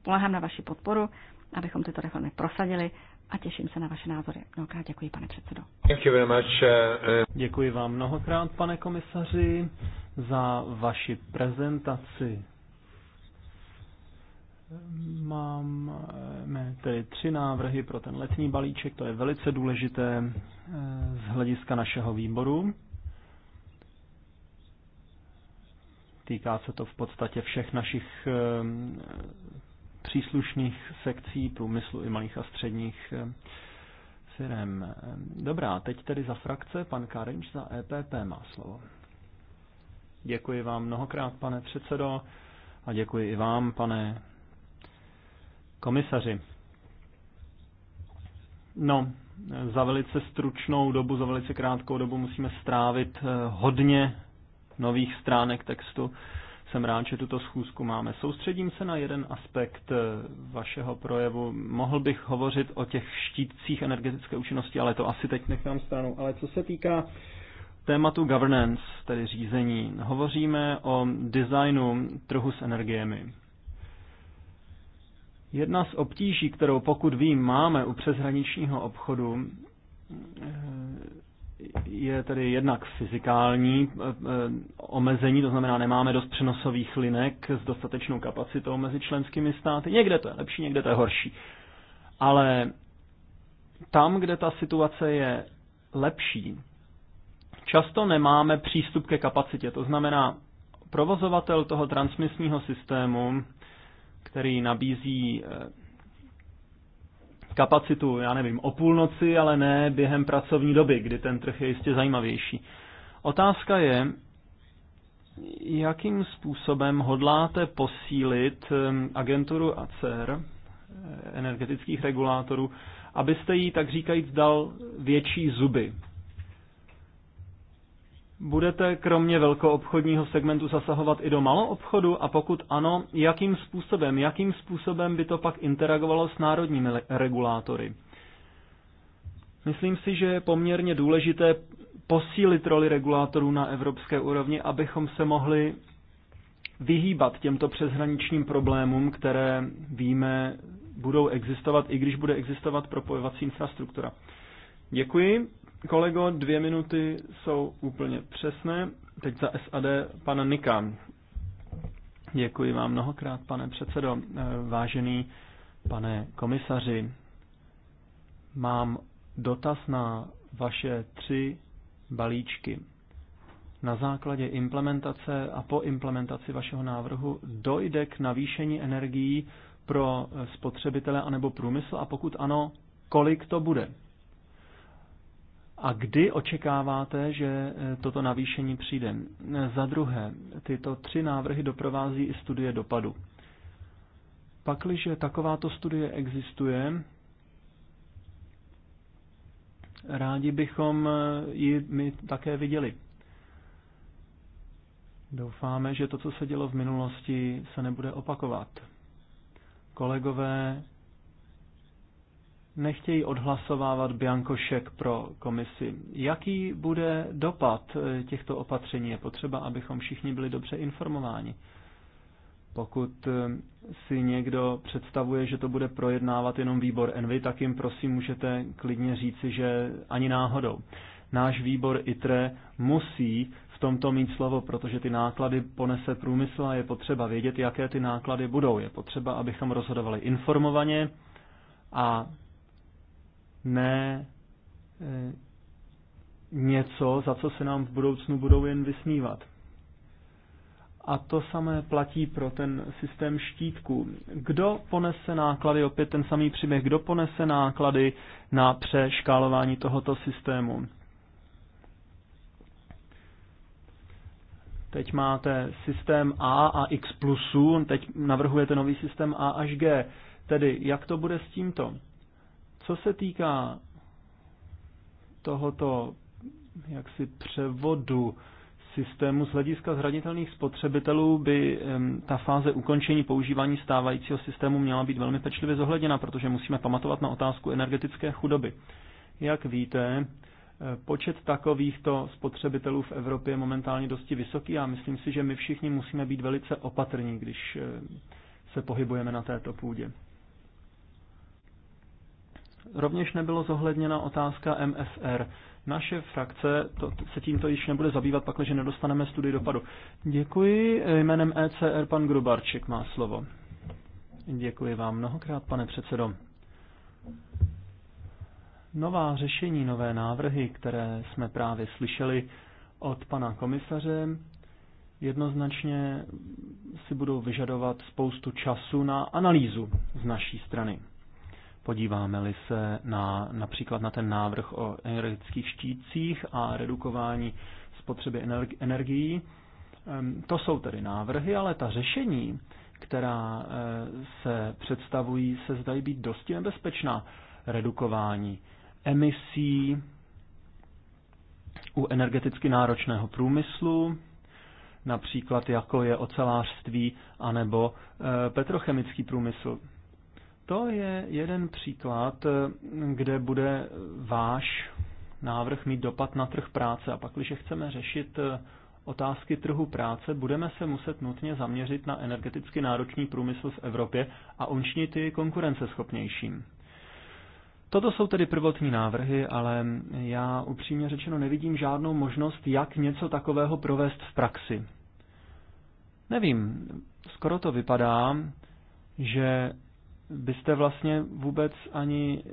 Polehám na vaši podporu abychom tyto reformy prosadili a těším se na vaše názory. Mnohokrát děkuji, pane předsedo. Uh, uh. Děkuji vám mnohokrát, pane komisaři, za vaši prezentaci. Máme eh, tedy tři návrhy pro ten letní balíček, to je velice důležité eh, z hlediska našeho výboru. Týká se to v podstatě všech našich eh, příslušných sekcí průmyslu i malých a středních eh, firm. Eh, dobrá, teď tedy za frakce pan Karinč za EPP má slovo. Děkuji vám mnohokrát, pane předsedo, a děkuji i vám, pane komisaři. No, za velice stručnou dobu, za velice krátkou dobu musíme strávit eh, hodně nových stránek textu jsem rád, že tuto schůzku máme. Soustředím se na jeden aspekt eh, vašeho projevu. Mohl bych hovořit o těch štítcích energetické účinnosti, ale to asi teď nechám stranou. Ale co se týká tématu governance, tedy řízení, hovoříme o designu trhu s energiemi. Jedna z obtíží, kterou pokud vím máme u přeshraničního obchodu, eh, je tedy jednak fyzikální eh, eh, omezení, to znamená, nemáme dost přenosových linek s dostatečnou kapacitou mezi členskými státy. Někde to je lepší, někde to je horší. Ale tam, kde ta situace je lepší, často nemáme přístup ke kapacitě. To znamená, provozovatel toho transmisního systému, který nabízí eh, kapacitu, já nevím, o půlnoci, ale ne během pracovní doby, kdy ten trh je jistě zajímavější. Otázka je, jakým způsobem hodláte posílit ehm, agenturu ACER, eh, energetických regulátorů, abyste jí, tak říkajíc, dal větší zuby, Budete kromě velkoobchodního segmentu zasahovat i do maloobchodu a pokud ano, jakým způsobem, jakým způsobem by to pak interagovalo s národními regulátory? Myslím si, že je poměrně důležité posílit roli regulátorů na evropské úrovni, abychom se mohli vyhýbat těmto přeshraničním problémům, které víme budou existovat, i když bude existovat propojovací infrastruktura. Děkuji. Kolego, dvě minuty jsou úplně přesné. Teď za SAD pana Nika. Děkuji vám mnohokrát, pane předsedo. Eh, vážený pane komisaři, mám dotaz na vaše tři balíčky. Na základě implementace a po implementaci vašeho návrhu dojde k navýšení energií pro spotřebitele anebo průmysl a pokud ano, kolik to bude? A kdy očekáváte, že eh, toto navýšení přijde? Za druhé, tyto tři návrhy doprovází i studie dopadu. Pakliže takováto studie existuje, rádi bychom eh, ji my také viděli. Doufáme, že to, co se dělo v minulosti, se nebude opakovat. Kolegové nechtějí odhlasovávat biankošek pro komisi. Jaký bude dopad eh, těchto opatření? Je potřeba, abychom všichni byli dobře informováni. Pokud eh, si někdo představuje, že to bude projednávat jenom výbor Envy, tak jim prosím můžete klidně říci, že ani náhodou. Náš výbor ITRE musí v tomto mít slovo, protože ty náklady ponese průmysl a je potřeba vědět, jaké ty náklady budou. Je potřeba, abychom rozhodovali informovaně a ne eh, něco, za co se nám v budoucnu budou jen vysmívat. A to samé platí pro ten systém štítků. Kdo ponese náklady, opět ten samý příběh, kdo ponese náklady na přeškálování tohoto systému? Teď máte systém A a X plusů, teď navrhujete nový systém A až G. Tedy jak to bude s tímto? Co se týká tohoto jaksi převodu systému z hlediska zranitelných spotřebitelů by ta fáze ukončení používání stávajícího systému měla být velmi pečlivě zohledněna, protože musíme pamatovat na otázku energetické chudoby. Jak víte, eh, počet takovýchto spotřebitelů v Evropě je momentálně dosti vysoký a myslím si, že my všichni musíme být velice opatrní, když eh, se pohybujeme na této půdě. Rovněž nebylo zohledněna otázka MSR. Naše frakce to, se tímto již nebude zabývat, pakliže nedostaneme studii dopadu. Děkuji. Jménem ECR pan Grubarček má slovo. Děkuji vám mnohokrát, pane předsedo. Nová řešení, nové návrhy, které jsme právě slyšeli od pana komisaře, jednoznačně si budou vyžadovat spoustu času na analýzu z naší strany. Podíváme-li se na, například na ten návrh o energetických štítcích a redukování spotřeby energií, to jsou tedy návrhy, ale ta řešení, která eh, se představují, se zdají být dosti nebezpečná. Redukování emisí u energeticky náročného průmyslu, například jako je ocelářství anebo eh, petrochemický průmysl. To je jeden příklad, kde bude váš návrh mít dopad na trh práce. A pak, když chceme řešit eh, otázky trhu práce, budeme se muset nutně zaměřit na energeticky náročný průmysl v Evropě a učinit ji konkurenceschopnějším. Toto jsou tedy prvotní návrhy, ale já upřímně řečeno nevidím žádnou možnost, jak něco takového provést v praxi. Nevím, skoro to vypadá, že byste vlastně vůbec ani eh,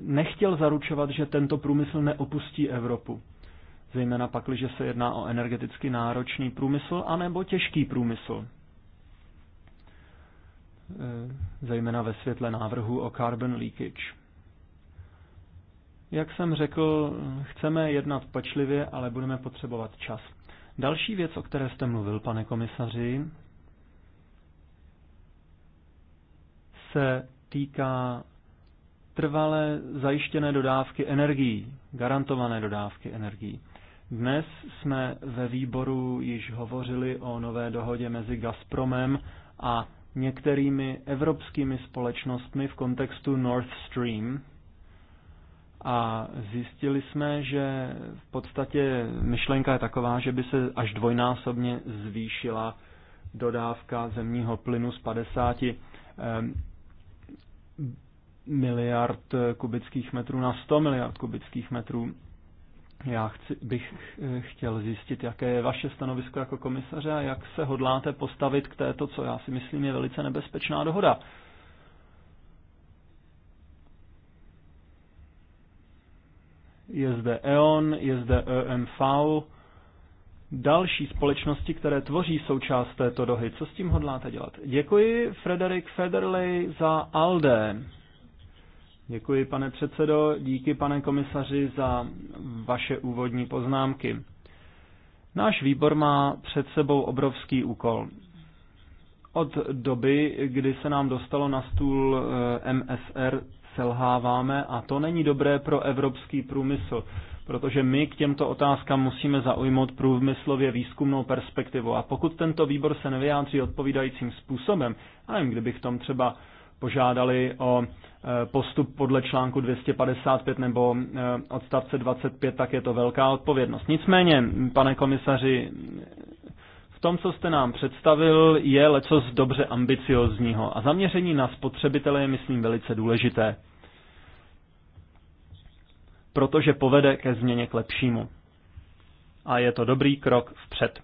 nechtěl zaručovat, že tento průmysl neopustí Evropu. Zejména pak, že se jedná o energeticky náročný průmysl anebo těžký průmysl. Eh, zejména ve světle návrhu o carbon leakage. Jak jsem řekl, chceme jednat pečlivě, ale budeme potřebovat čas. Další věc, o které jste mluvil, pane komisaři, se týká trvalé zajištěné dodávky energií, garantované dodávky energií. Dnes jsme ve výboru již hovořili o nové dohodě mezi Gazpromem a některými evropskými společnostmi v kontextu North Stream a zjistili jsme, že v podstatě myšlenka je taková, že by se až dvojnásobně zvýšila dodávka zemního plynu z 50 miliard kubických metrů na 100 miliard kubických metrů. Já chci, bych eh, chtěl zjistit, jaké je vaše stanovisko jako komisaře a jak se hodláte postavit k této, co já si myslím je velice nebezpečná dohoda. Je zde E.ON, je zde EMV, další společnosti, které tvoří součást této dohy. Co s tím hodláte dělat? Děkuji Frederik Federley za ALDE. Děkuji, pane předsedo, díky, pane komisaři, za vaše úvodní poznámky. Náš výbor má před sebou obrovský úkol. Od doby, kdy se nám dostalo na stůl eh, MSR, selháváme a to není dobré pro evropský průmysl protože my k těmto otázkám musíme zaujmout průmyslově výzkumnou perspektivu. A pokud tento výbor se nevyjádří odpovídajícím způsobem, a jim kdybych tom třeba požádali o e, postup podle článku 255 nebo e, odstavce 25, tak je to velká odpovědnost. Nicméně, pane komisaři, v tom, co jste nám představil, je lecos dobře ambiciozního a zaměření na spotřebitele je, myslím, velice důležité protože povede ke změně k lepšímu. A je to dobrý krok vpřed.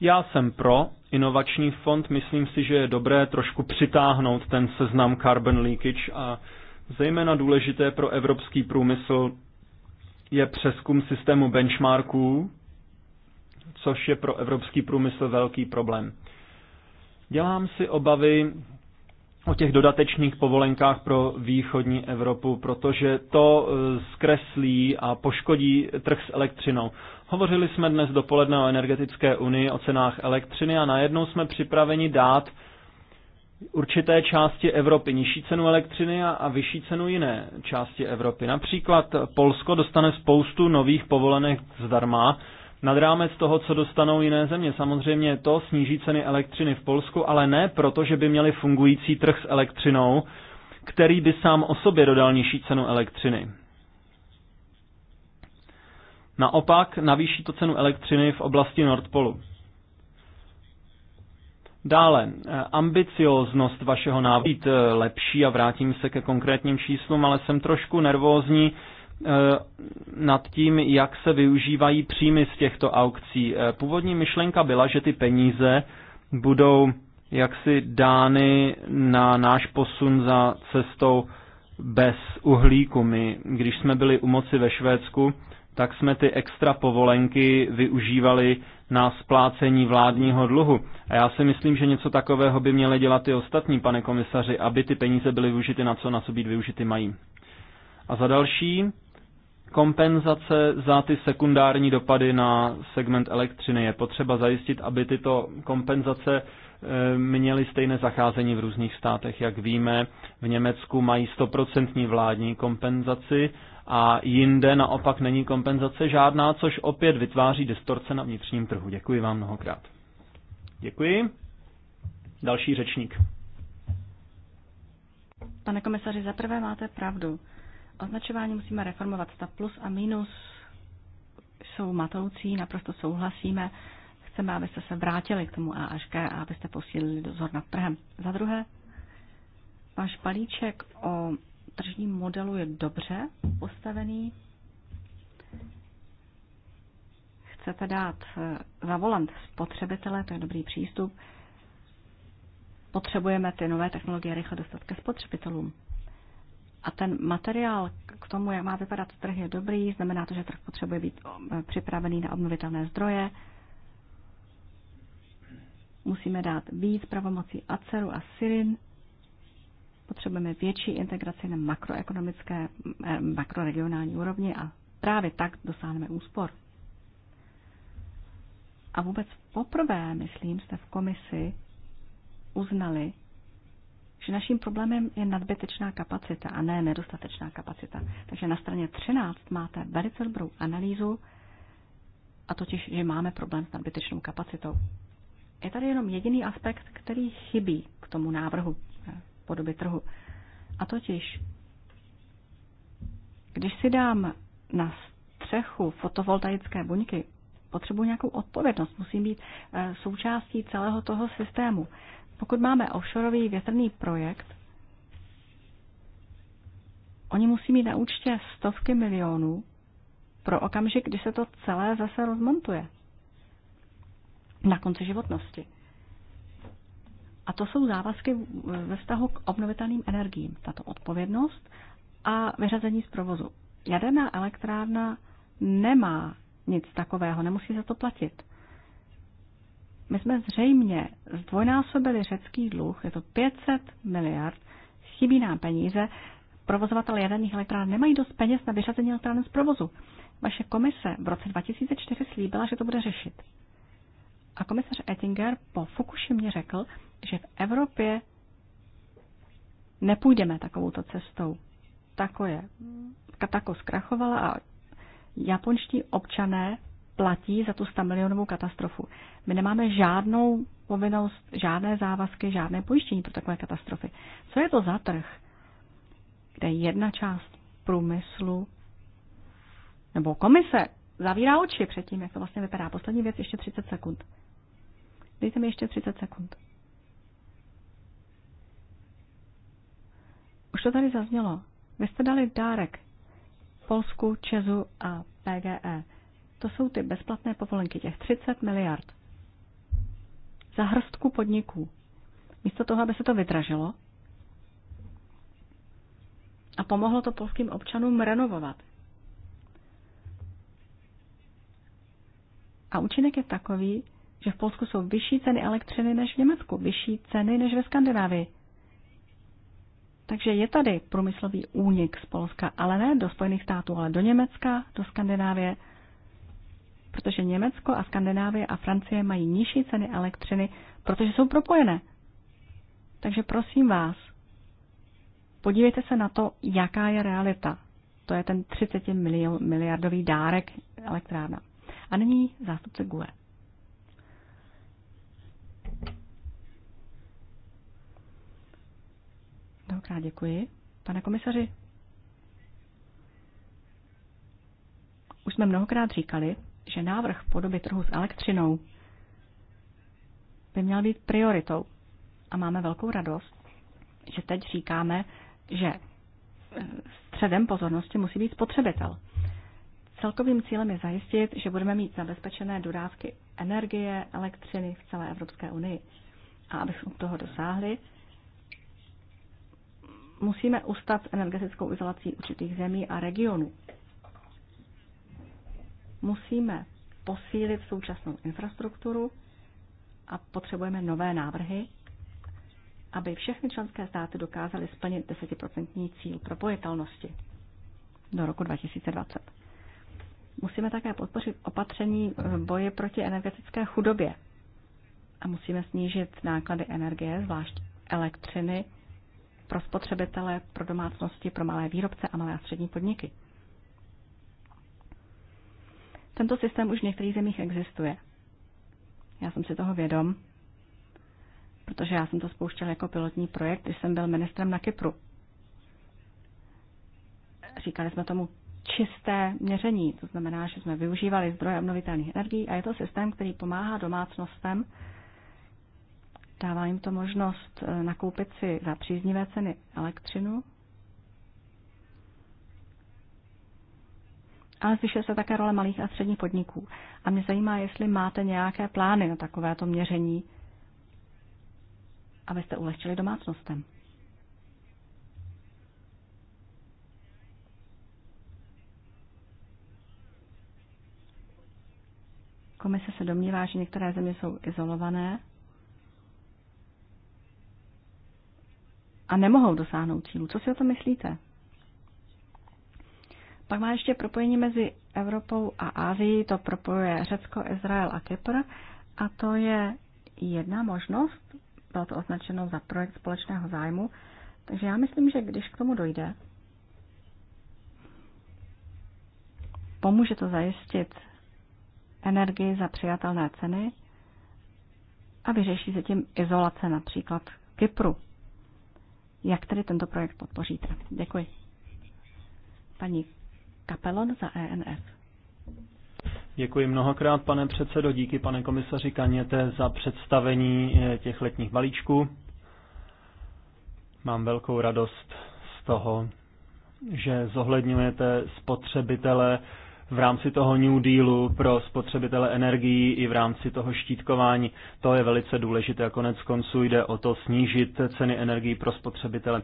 Já jsem pro inovační fond, myslím si, že je dobré trošku přitáhnout ten seznam carbon leakage a zejména důležité pro evropský průmysl je přeskum systému benchmarků, což je pro evropský průmysl velký problém. Dělám si obavy, o těch dodatečných povolenkách pro východní Evropu, protože to e, zkreslí a poškodí trh s elektřinou. Hovořili jsme dnes dopoledne o energetické unii, o cenách elektřiny a najednou jsme připraveni dát určité části Evropy nižší cenu elektřiny a, a vyšší cenu jiné části Evropy. Například Polsko dostane spoustu nových povolenek zdarma, nad rámec toho, co dostanou jiné země. Samozřejmě to sníží ceny elektřiny v Polsku, ale ne proto, že by měli fungující trh s elektřinou, který by sám o sobě dodal nižší cenu elektřiny. Naopak navýší to cenu elektřiny v oblasti Nordpolu. Dále, eh, ambicióznost vašeho návrhu eh, lepší a vrátím se ke konkrétním číslům, ale jsem trošku nervózní, Eh, nad tím, jak se využívají příjmy z těchto aukcí. Eh, původní myšlenka byla, že ty peníze budou jaksi dány na náš posun za cestou bez uhlíku. My, když jsme byli u moci ve Švédsku, tak jsme ty extra povolenky využívali na splácení vládního dluhu. A já si myslím, že něco takového by měly dělat i ostatní, pane komisaři, aby ty peníze byly využity na co, na co být využity mají. A za další, kompenzace za ty sekundární dopady na segment elektřiny. Je potřeba zajistit, aby tyto kompenzace eh, měly stejné zacházení v různých státech. Jak víme, v Německu mají 100% vládní kompenzaci a jinde naopak není kompenzace žádná, což opět vytváří distorce na vnitřním trhu. Děkuji vám mnohokrát. Děkuji. Další řečník. Pane komisaři, zaprvé máte pravdu. Označování musíme reformovat. Ta plus a minus jsou matoucí, naprosto souhlasíme. Chceme, abyste se vrátili k tomu A až G a abyste posílili dozor nad trhem. Za druhé, váš palíček o tržním modelu je dobře postavený. Chcete dát eh, za volant spotřebitele, to je dobrý přístup. Potřebujeme ty nové technologie rychle dostat ke spotřebitelům. A ten materiál k tomu, jak má vypadat trh, je dobrý. Znamená to, že trh potřebuje být připravený na obnovitelné zdroje. Musíme dát víc pravomocí ACERu a SIRIN. Potřebujeme větší integraci na makroekonomické, makroregionální úrovni a právě tak dosáhneme úspor. A vůbec poprvé, myslím, jste v komisi uznali, že naším problémem je nadbytečná kapacita a ne nedostatečná kapacita. Takže na straně 13 máte velice dobrou analýzu, a totiž, že máme problém s nadbytečnou kapacitou. Je tady jenom jediný aspekt, který chybí k tomu návrhu eh, podoby trhu. A totiž, když si dám na střechu fotovoltaické buňky, potřebuji nějakou odpovědnost, musím být eh, součástí celého toho systému. Pokud máme offshoreový větrný projekt, oni musí mít na účtě stovky milionů pro okamžik, kdy se to celé zase rozmontuje na konci životnosti. A to jsou závazky ve vztahu k obnovitelným energiím, tato odpovědnost a vyřazení z provozu. Jaderná elektrárna nemá nic takového, nemusí za to platit. My jsme zřejmě zdvojnásobili řecký dluh, je to 500 miliard, chybí nám peníze, Provozovatel jaderných elektrán nemají dost peněz na vyřazení elektrán z provozu. Vaše komise v roce 2004 slíbila, že to bude řešit. A komisař Ettinger po Fukushimě řekl, že v Evropě nepůjdeme takovouto cestou. Tako je. Katako zkrachovala a japonští občané platí za tu 100 milionovou katastrofu. My nemáme žádnou povinnost, žádné závazky, žádné pojištění pro takové katastrofy. Co je to za trh, kde jedna část průmyslu nebo komise zavírá oči před tím, jak to vlastně vypadá. Poslední věc, ještě 30 sekund. Dejte mi ještě 30 sekund. Už to tady zaznělo. Vy jste dali dárek Polsku, Česu a PGE. To jsou ty bezplatné povolenky, těch 30 miliard. Za hrstku podniků. Místo toho, aby se to vydražilo a pomohlo to polským občanům renovovat. A účinek je takový, že v Polsku jsou vyšší ceny elektřiny než v Německu, vyšší ceny než ve Skandinávii. Takže je tady průmyslový únik z Polska, ale ne do Spojených států, ale do Německa, do Skandinávie protože Německo a Skandinávie a Francie mají nižší ceny elektřiny, protože jsou propojené. Takže prosím vás, podívejte se na to, jaká je realita. To je ten 30 miliardový dárek elektrárna. A nyní zástupce GUE. Dobrá, děkuji. Pane komisaři, už jsme mnohokrát říkali, že návrh podoby trhu s elektřinou by měl být prioritou. A máme velkou radost, že teď říkáme, že eh, středem pozornosti musí být spotřebitel. Celkovým cílem je zajistit, že budeme mít zabezpečené dodávky energie, elektřiny v celé Evropské unii. A abychom toho dosáhli, musíme ustat energetickou izolací určitých zemí a regionů. Musíme posílit současnou infrastrukturu a potřebujeme nové návrhy, aby všechny členské státy dokázaly splnit 10% cíl propojitelnosti do roku 2020. Musíme také podpořit opatření eh, boje proti energetické chudobě a musíme snížit náklady energie, zvlášť elektřiny, pro spotřebitele, pro domácnosti, pro malé výrobce a malé a střední podniky. Tento systém už v některých zemích existuje. Já jsem si toho vědom, protože já jsem to spouštěl jako pilotní projekt, když jsem byl ministrem na Kypru. Říkali jsme tomu čisté měření, to znamená, že jsme využívali zdroje obnovitelných energií a je to systém, který pomáhá domácnostem, dává jim to možnost eh, nakoupit si za příznivé ceny elektřinu A zvyšuje se také role malých a středních podniků. A mě zajímá, jestli máte nějaké plány na takovéto měření, abyste ulehčili domácnostem. Komise se domnívá, že některé země jsou izolované a nemohou dosáhnout cílu. Co si o to myslíte? Pak má ještě propojení mezi Evropou a Ázií, to propojuje Řecko, Izrael a Kypr a to je jedna možnost, bylo to označeno za projekt společného zájmu, takže já myslím, že když k tomu dojde, pomůže to zajistit energii za přijatelné ceny a vyřeší se tím izolace například Kypru. Jak tedy tento projekt podpoříte? Děkuji. Paní Kapelon za ENF. Děkuji mnohokrát, pane předsedo, díky pane komisaři Kaněte za představení eh, těch letních balíčků. Mám velkou radost z toho, že zohledňujete spotřebitele v rámci toho New Dealu pro spotřebitele energií i v rámci toho štítkování. To je velice důležité a konec konců jde o to snížit ceny energií pro spotřebitele.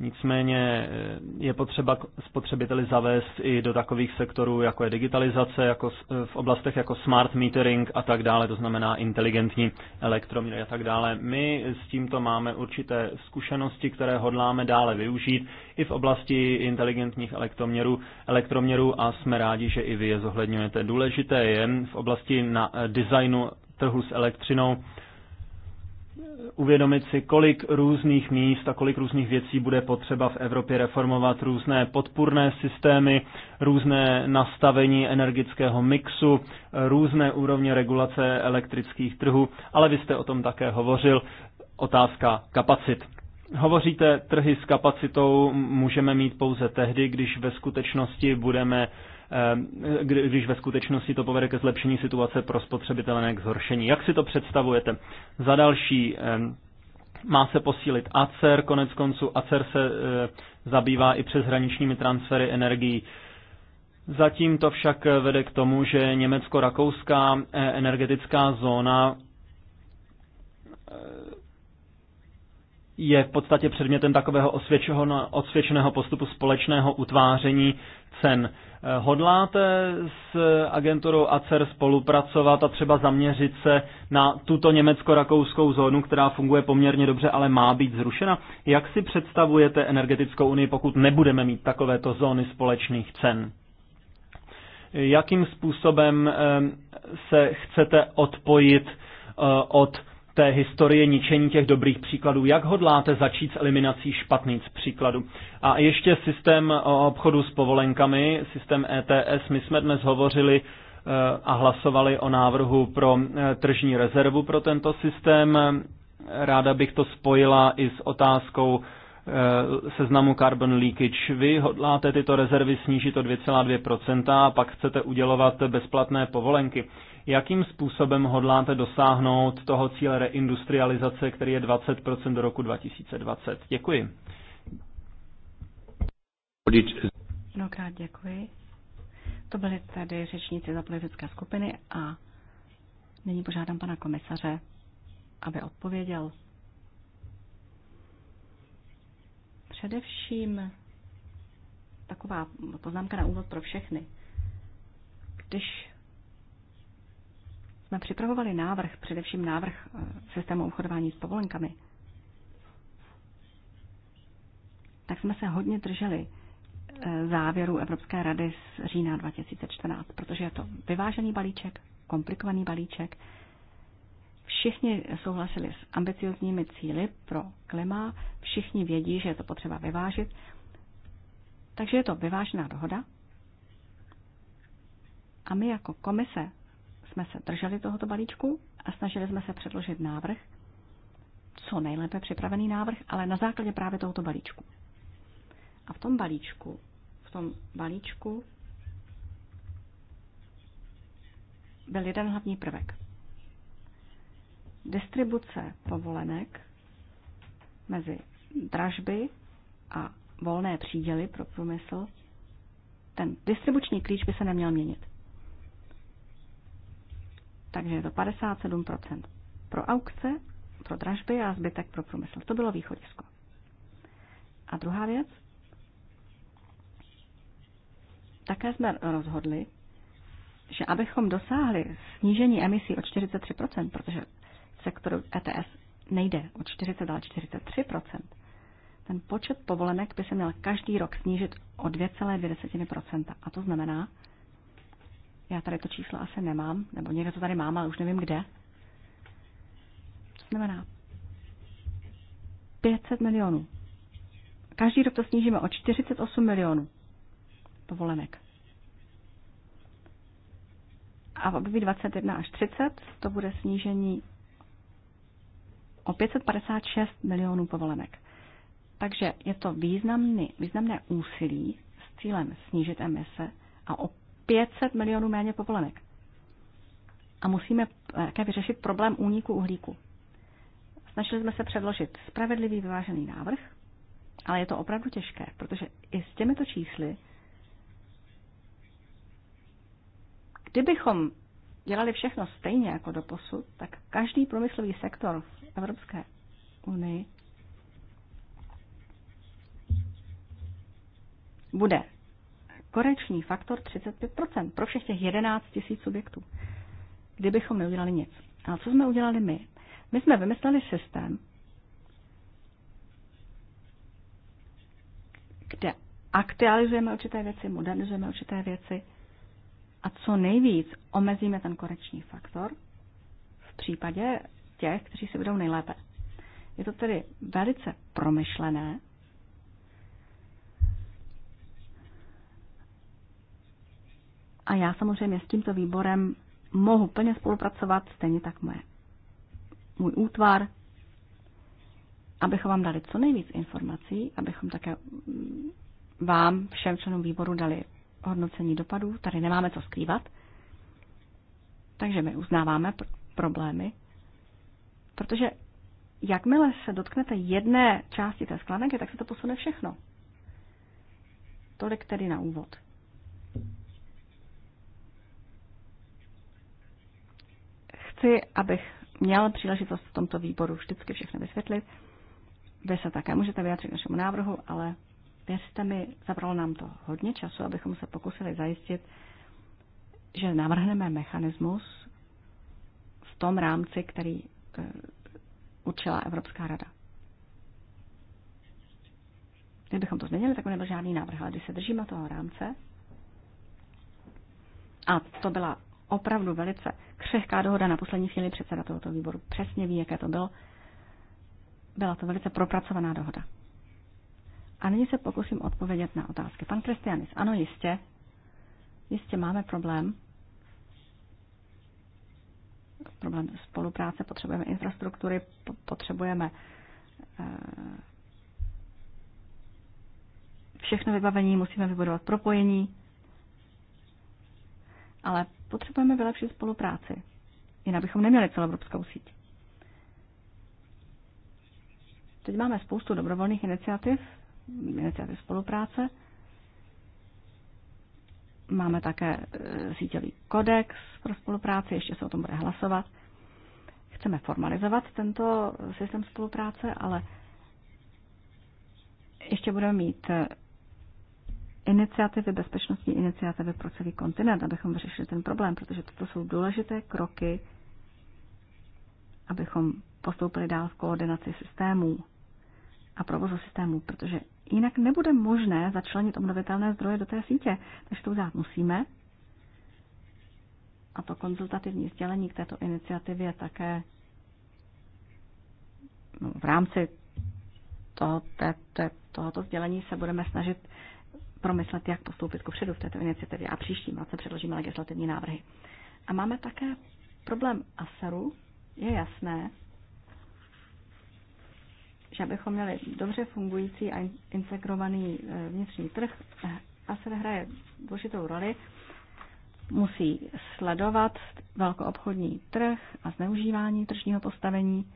Nicméně eh, je potřeba spotřebiteli zavést i do takových sektorů, jako je digitalizace, jako eh, v oblastech jako smart metering a tak dále, to znamená inteligentní elektromíry a tak dále. My s tímto máme určité zkušenosti, které hodláme dále využít i v oblasti inteligentních elektroměrů, elektroměrů a jsme rádi, že i vy je zohledňujete. Důležité je v oblasti na eh, designu trhu s elektřinou, uvědomit si, kolik různých míst a kolik různých věcí bude potřeba v Evropě reformovat, různé podpůrné systémy, různé nastavení energetického mixu, různé úrovně regulace elektrických trhů, ale vy jste o tom také hovořil, otázka kapacit. Hovoříte, trhy s kapacitou můžeme mít pouze tehdy, když ve skutečnosti budeme Ehm, když ve skutečnosti to povede ke zlepšení situace pro spotřebitele, ne k zhoršení. Jak si to představujete? Za další, ehm, má se posílit ACER, konec konců ACER se eh, zabývá i přeshraničními transfery energií. Zatím to však vede k tomu, že německo-rakouská eh, energetická zóna eh, je v podstatě předmětem takového osvědčeného postupu společného utváření cen. Eh, hodláte s agenturou ACER spolupracovat a třeba zaměřit se na tuto německo-rakouskou zónu, která funguje poměrně dobře, ale má být zrušena? Jak si představujete energetickou unii, pokud nebudeme mít takovéto zóny společných cen? Jakým způsobem eh, se chcete odpojit eh, od té historie ničení těch dobrých příkladů. Jak hodláte začít s eliminací špatných příkladů? A ještě systém obchodu s povolenkami, systém ETS. My jsme dnes hovořili eh, a hlasovali o návrhu pro eh, tržní rezervu pro tento systém. Ráda bych to spojila i s otázkou eh, seznamu carbon leakage. Vy hodláte tyto rezervy snížit o 2,2% a pak chcete udělovat bezplatné povolenky. Jakým způsobem hodláte dosáhnout toho cíle reindustrializace, který je 20% do roku 2020? Děkuji. Mnohokrát děkuji. To byly tady řečníci za politické skupiny a nyní požádám pana komisaře, aby odpověděl. Především taková poznámka na úvod pro všechny. Když jsme připravovali návrh, především návrh eh, systému obchodování s povolenkami, tak jsme se hodně drželi eh, závěru Evropské rady z října 2014, protože je to vyvážený balíček, komplikovaný balíček. Všichni souhlasili s ambiciozními cíly pro klima, všichni vědí, že je to potřeba vyvážit, takže je to vyvážená dohoda. A my jako komise jsme se drželi tohoto balíčku a snažili jsme se předložit návrh, co nejlépe připravený návrh, ale na základě právě tohoto balíčku. A v tom balíčku, v tom balíčku byl jeden hlavní prvek. Distribuce povolenek mezi dražby a volné příděly pro průmysl, ten distribuční klíč by se neměl měnit. Takže je to 57% pro aukce, pro dražby a zbytek pro průmysl. To bylo východisko. A druhá věc, také jsme rozhodli, že abychom dosáhli snížení emisí o 43%, protože v sektoru ETS nejde o 40, ale 43%, ten počet povolenek by se měl každý rok snížit o 2,2%. A to znamená, já tady to číslo asi nemám, nebo někde to tady mám, ale už nevím kde. Co znamená 500 milionů. Každý rok to snížíme o 48 milionů povolenek. A v období 21 až 30 to bude snížení o 556 milionů povolenek. Takže je to významný, významné úsilí s cílem snížit emise a o 500 milionů méně povolenek. A musíme také vyřešit problém úniku uhlíku. Snažili jsme se předložit spravedlivý vyvážený návrh, ale je to opravdu těžké, protože i s těmito čísly, kdybychom dělali všechno stejně jako do posud, tak každý průmyslový sektor v Evropské unii bude Korekční faktor 35% pro všech těch 11 tisíc subjektů, kdybychom neudělali nic. A co jsme udělali my? My jsme vymysleli systém, kde aktualizujeme určité věci, modernizujeme určité věci a co nejvíc omezíme ten korekční faktor v případě těch, kteří si budou nejlépe. Je to tedy velice promyšlené, A já samozřejmě s tímto výborem mohu plně spolupracovat, stejně tak moje, můj útvar, abychom vám dali co nejvíc informací, abychom také mm, vám, všem členům výboru, dali hodnocení dopadů. Tady nemáme co skrývat, takže my uznáváme pr- problémy, protože jakmile se dotknete jedné části té skládanky, tak se to posune všechno. Tolik tedy na úvod. Chci, abych měl příležitost v tomto výboru vždycky všechno vysvětlit. Vy se také můžete vyjádřit k našemu návrhu, ale věřte mi, zabralo nám to hodně času, abychom se pokusili zajistit, že navrhneme mechanismus v tom rámci, který eh, určila Evropská rada. Kdybychom to změnili, tak by nebyl žádný návrh, ale když se držíme toho rámce, a to byla opravdu velice křehká dohoda na poslední chvíli předseda tohoto výboru. Přesně ví, jaké to bylo. Byla to velice propracovaná dohoda. A nyní se pokusím odpovědět na otázky. Pan Kristianis, ano, jistě. Jistě máme problém. Problém spolupráce, potřebujeme infrastruktury, potřebujeme eh, všechno vybavení, musíme vybudovat propojení, ale Potřebujeme vylepšit spolupráci, jinak bychom neměli evropskou síť. Teď máme spoustu dobrovolných iniciativ, iniciativ spolupráce. Máme také e, síťový kodex pro spolupráci, ještě se o tom bude hlasovat. Chceme formalizovat tento systém spolupráce, ale ještě budeme mít e, iniciativy, bezpečnostní iniciativy pro celý kontinent, abychom vyřešili ten problém, protože toto jsou důležité kroky, abychom postoupili dál v koordinaci systémů a provozu systémů, protože jinak nebude možné začlenit obnovitelné zdroje do té sítě, takže to udělat musíme. A to konzultativní sdělení k této iniciativě je také no, v rámci toho, te, te, tohoto sdělení se budeme snažit promyslet, jak postoupit kupředu v této iniciativě a příštím roce předložíme legislativní návrhy. A máme také problém ASARu. Je jasné, že abychom měli dobře fungující a integrovaný eh, vnitřní trh, ASAR hraje důležitou roli, musí sledovat velkoobchodní trh a zneužívání tržního postavení.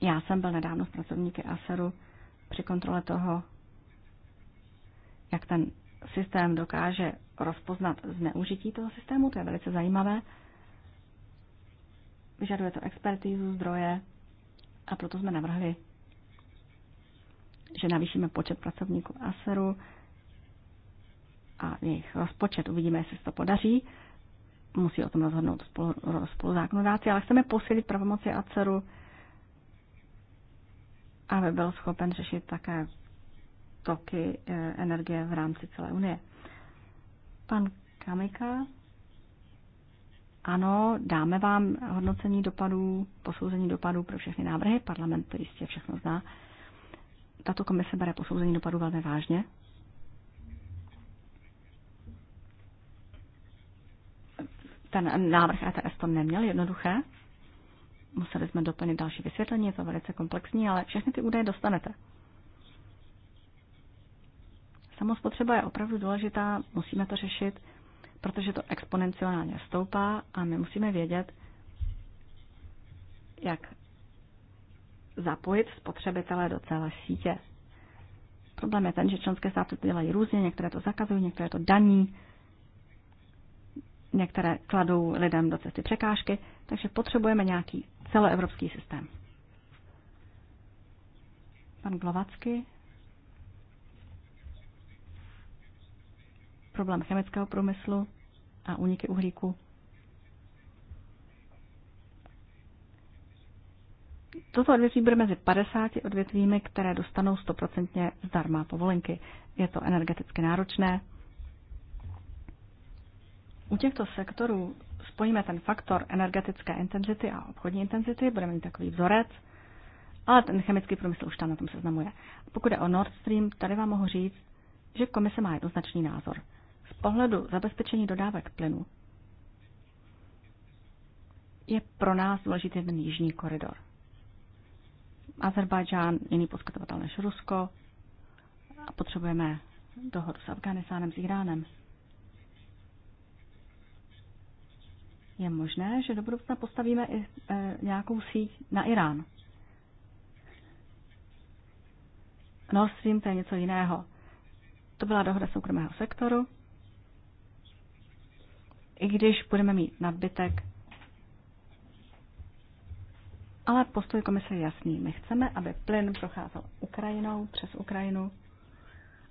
Já jsem byl nedávno s pracovníky ASARu při kontrole toho, jak ten systém dokáže rozpoznat zneužití toho systému, to je velice zajímavé. Vyžaduje to expertízu, zdroje a proto jsme navrhli, že navýšíme počet pracovníků ASERu a jejich rozpočet. Uvidíme, jestli se to podaří. Musí o tom rozhodnout spolu, spoluzákonodáci, ale chceme posílit pravomoci ACERu, aby byl schopen řešit také toky eh, energie v rámci celé Unie. Pan Kamika, ano, dáme vám hodnocení dopadů, posouzení dopadů pro všechny návrhy. Parlament to jistě všechno zná. Tato komise bere posouzení dopadů velmi vážně. Ten návrh ETS to neměl jednoduché. Museli jsme doplnit další vysvětlení, je to velice komplexní, ale všechny ty údaje dostanete. Samospotřeba je opravdu důležitá, musíme to řešit, protože to exponenciálně stoupá a my musíme vědět, jak zapojit spotřebitele do celé sítě. Problém je ten, že členské státy to dělají různě, některé to zakazují, některé to daní, některé kladou lidem do cesty překážky, takže potřebujeme nějaký celoevropský systém. Pan Glovacky problém chemického průmyslu a úniky uhlíku. Toto odvětví bude mezi 50 odvětvími, které dostanou 100% zdarma povolenky. Je to energeticky náročné. U těchto sektorů spojíme ten faktor energetické intenzity a obchodní intenzity, budeme mít takový vzorec, ale ten chemický průmysl už tam na tom seznamuje. Pokud je o Nord Stream, tady vám mohu říct, že komise má jednoznačný názor. Pohledu zabezpečení dodávek plynu je pro nás důležitý ten jižní koridor. Azerbajdžán, jiný poskytovatel než Rusko, a potřebujeme dohodu s Afganistánem, s Iránem. Je možné, že do budoucna postavíme i e, nějakou síť na Irán. Nord Stream to je něco jiného. To byla dohoda soukromého sektoru, i když budeme mít nadbytek. Ale postoj komise je jasný. My chceme, aby plyn procházel Ukrajinou, přes Ukrajinu.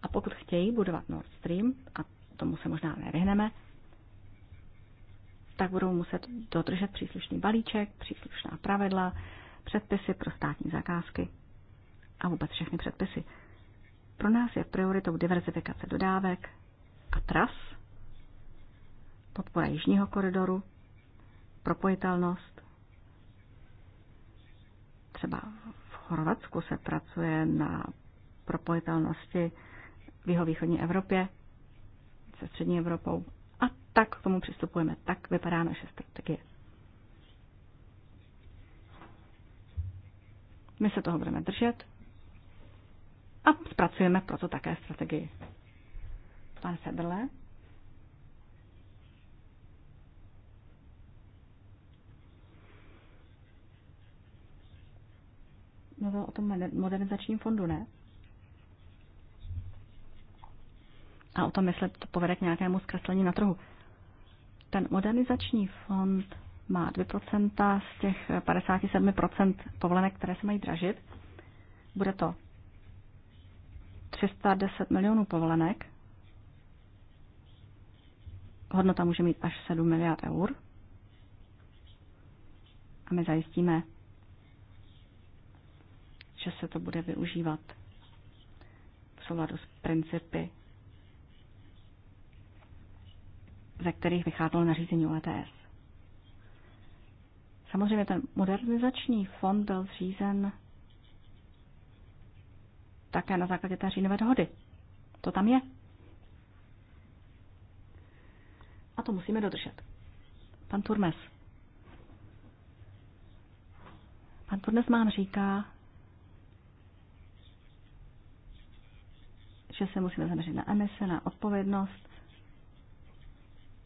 A pokud chtějí budovat Nord Stream, a tomu se možná nevyhneme, tak budou muset dodržet příslušný balíček, příslušná pravidla, předpisy pro státní zakázky a vůbec všechny předpisy. Pro nás je prioritou diverzifikace dodávek a tras podpora jižního koridoru, propojitelnost. Třeba v Chorvatsku se pracuje na propojitelnosti v jihovýchodní Evropě se střední Evropou a tak k tomu přistupujeme. Tak vypadá naše strategie. My se toho budeme držet a zpracujeme proto také strategii. Pan Seberle. mluvil o tom modernizačním fondu, ne? A o tom, jestli to povede k nějakému zkreslení na trhu. Ten modernizační fond má 2% z těch 57% povolenek, které se mají dražit. Bude to 310 milionů povolenek. Hodnota může mít až 7 miliard eur. A my zajistíme že se to bude využívat v souladu s principy, ze kterých vycházelo nařízení o e Samozřejmě ten modernizační fond byl zřízen také na základě té říjnové dohody. To tam je. A to musíme dodržet. Pan Turmes. Pan Turmes nám říká, že se musíme zaměřit na emise, na odpovědnost.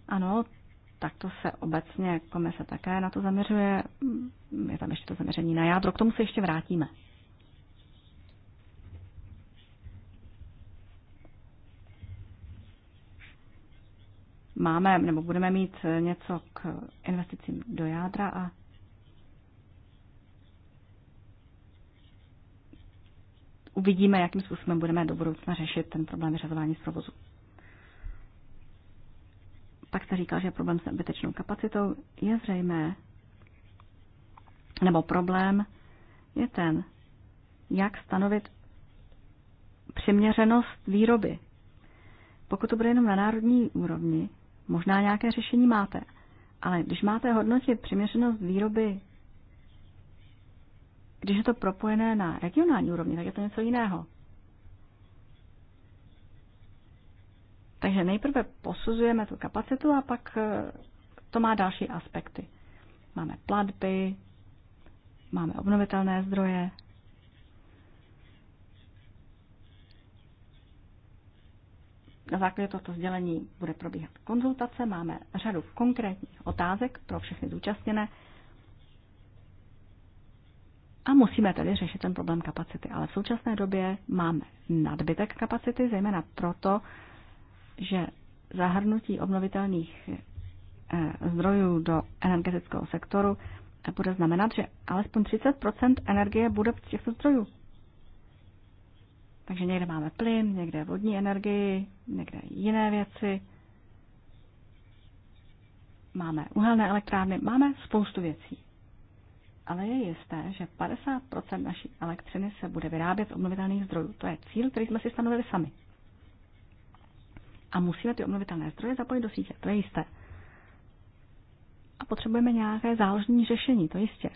Ano, tak to se obecně komise také na to zaměřuje. Je tam ještě to zaměření na jádro, k tomu se ještě vrátíme. Máme nebo budeme mít něco k investicím do jádra a uvidíme, jakým způsobem budeme do budoucna řešit ten problém vyřazování z provozu. Pak se říkal, že problém s nebytečnou kapacitou je zřejmé, nebo problém je ten, jak stanovit přiměřenost výroby. Pokud to bude jenom na národní úrovni, možná nějaké řešení máte, ale když máte hodnotit přiměřenost výroby když je to propojené na regionální úrovni, tak je to něco jiného. Takže nejprve posuzujeme tu kapacitu a pak eh, to má další aspekty. Máme platby, máme obnovitelné zdroje. Na základě tohoto sdělení bude probíhat konzultace, máme řadu konkrétních otázek pro všechny zúčastněné a musíme tedy řešit ten problém kapacity. Ale v současné době máme nadbytek kapacity, zejména proto, že zahrnutí obnovitelných eh, zdrojů do energetického sektoru eh, bude znamenat, že alespoň 30 energie bude z těchto zdrojů. Takže někde máme plyn, někde vodní energii, někde jiné věci. Máme uhelné elektrárny, máme spoustu věcí ale je jisté, že 50% naší elektřiny se bude vyrábět z obnovitelných zdrojů. To je cíl, který jsme si stanovili sami. A musíme ty obnovitelné zdroje zapojit do sítě, to je jisté. A potřebujeme nějaké záložní řešení, to jistě.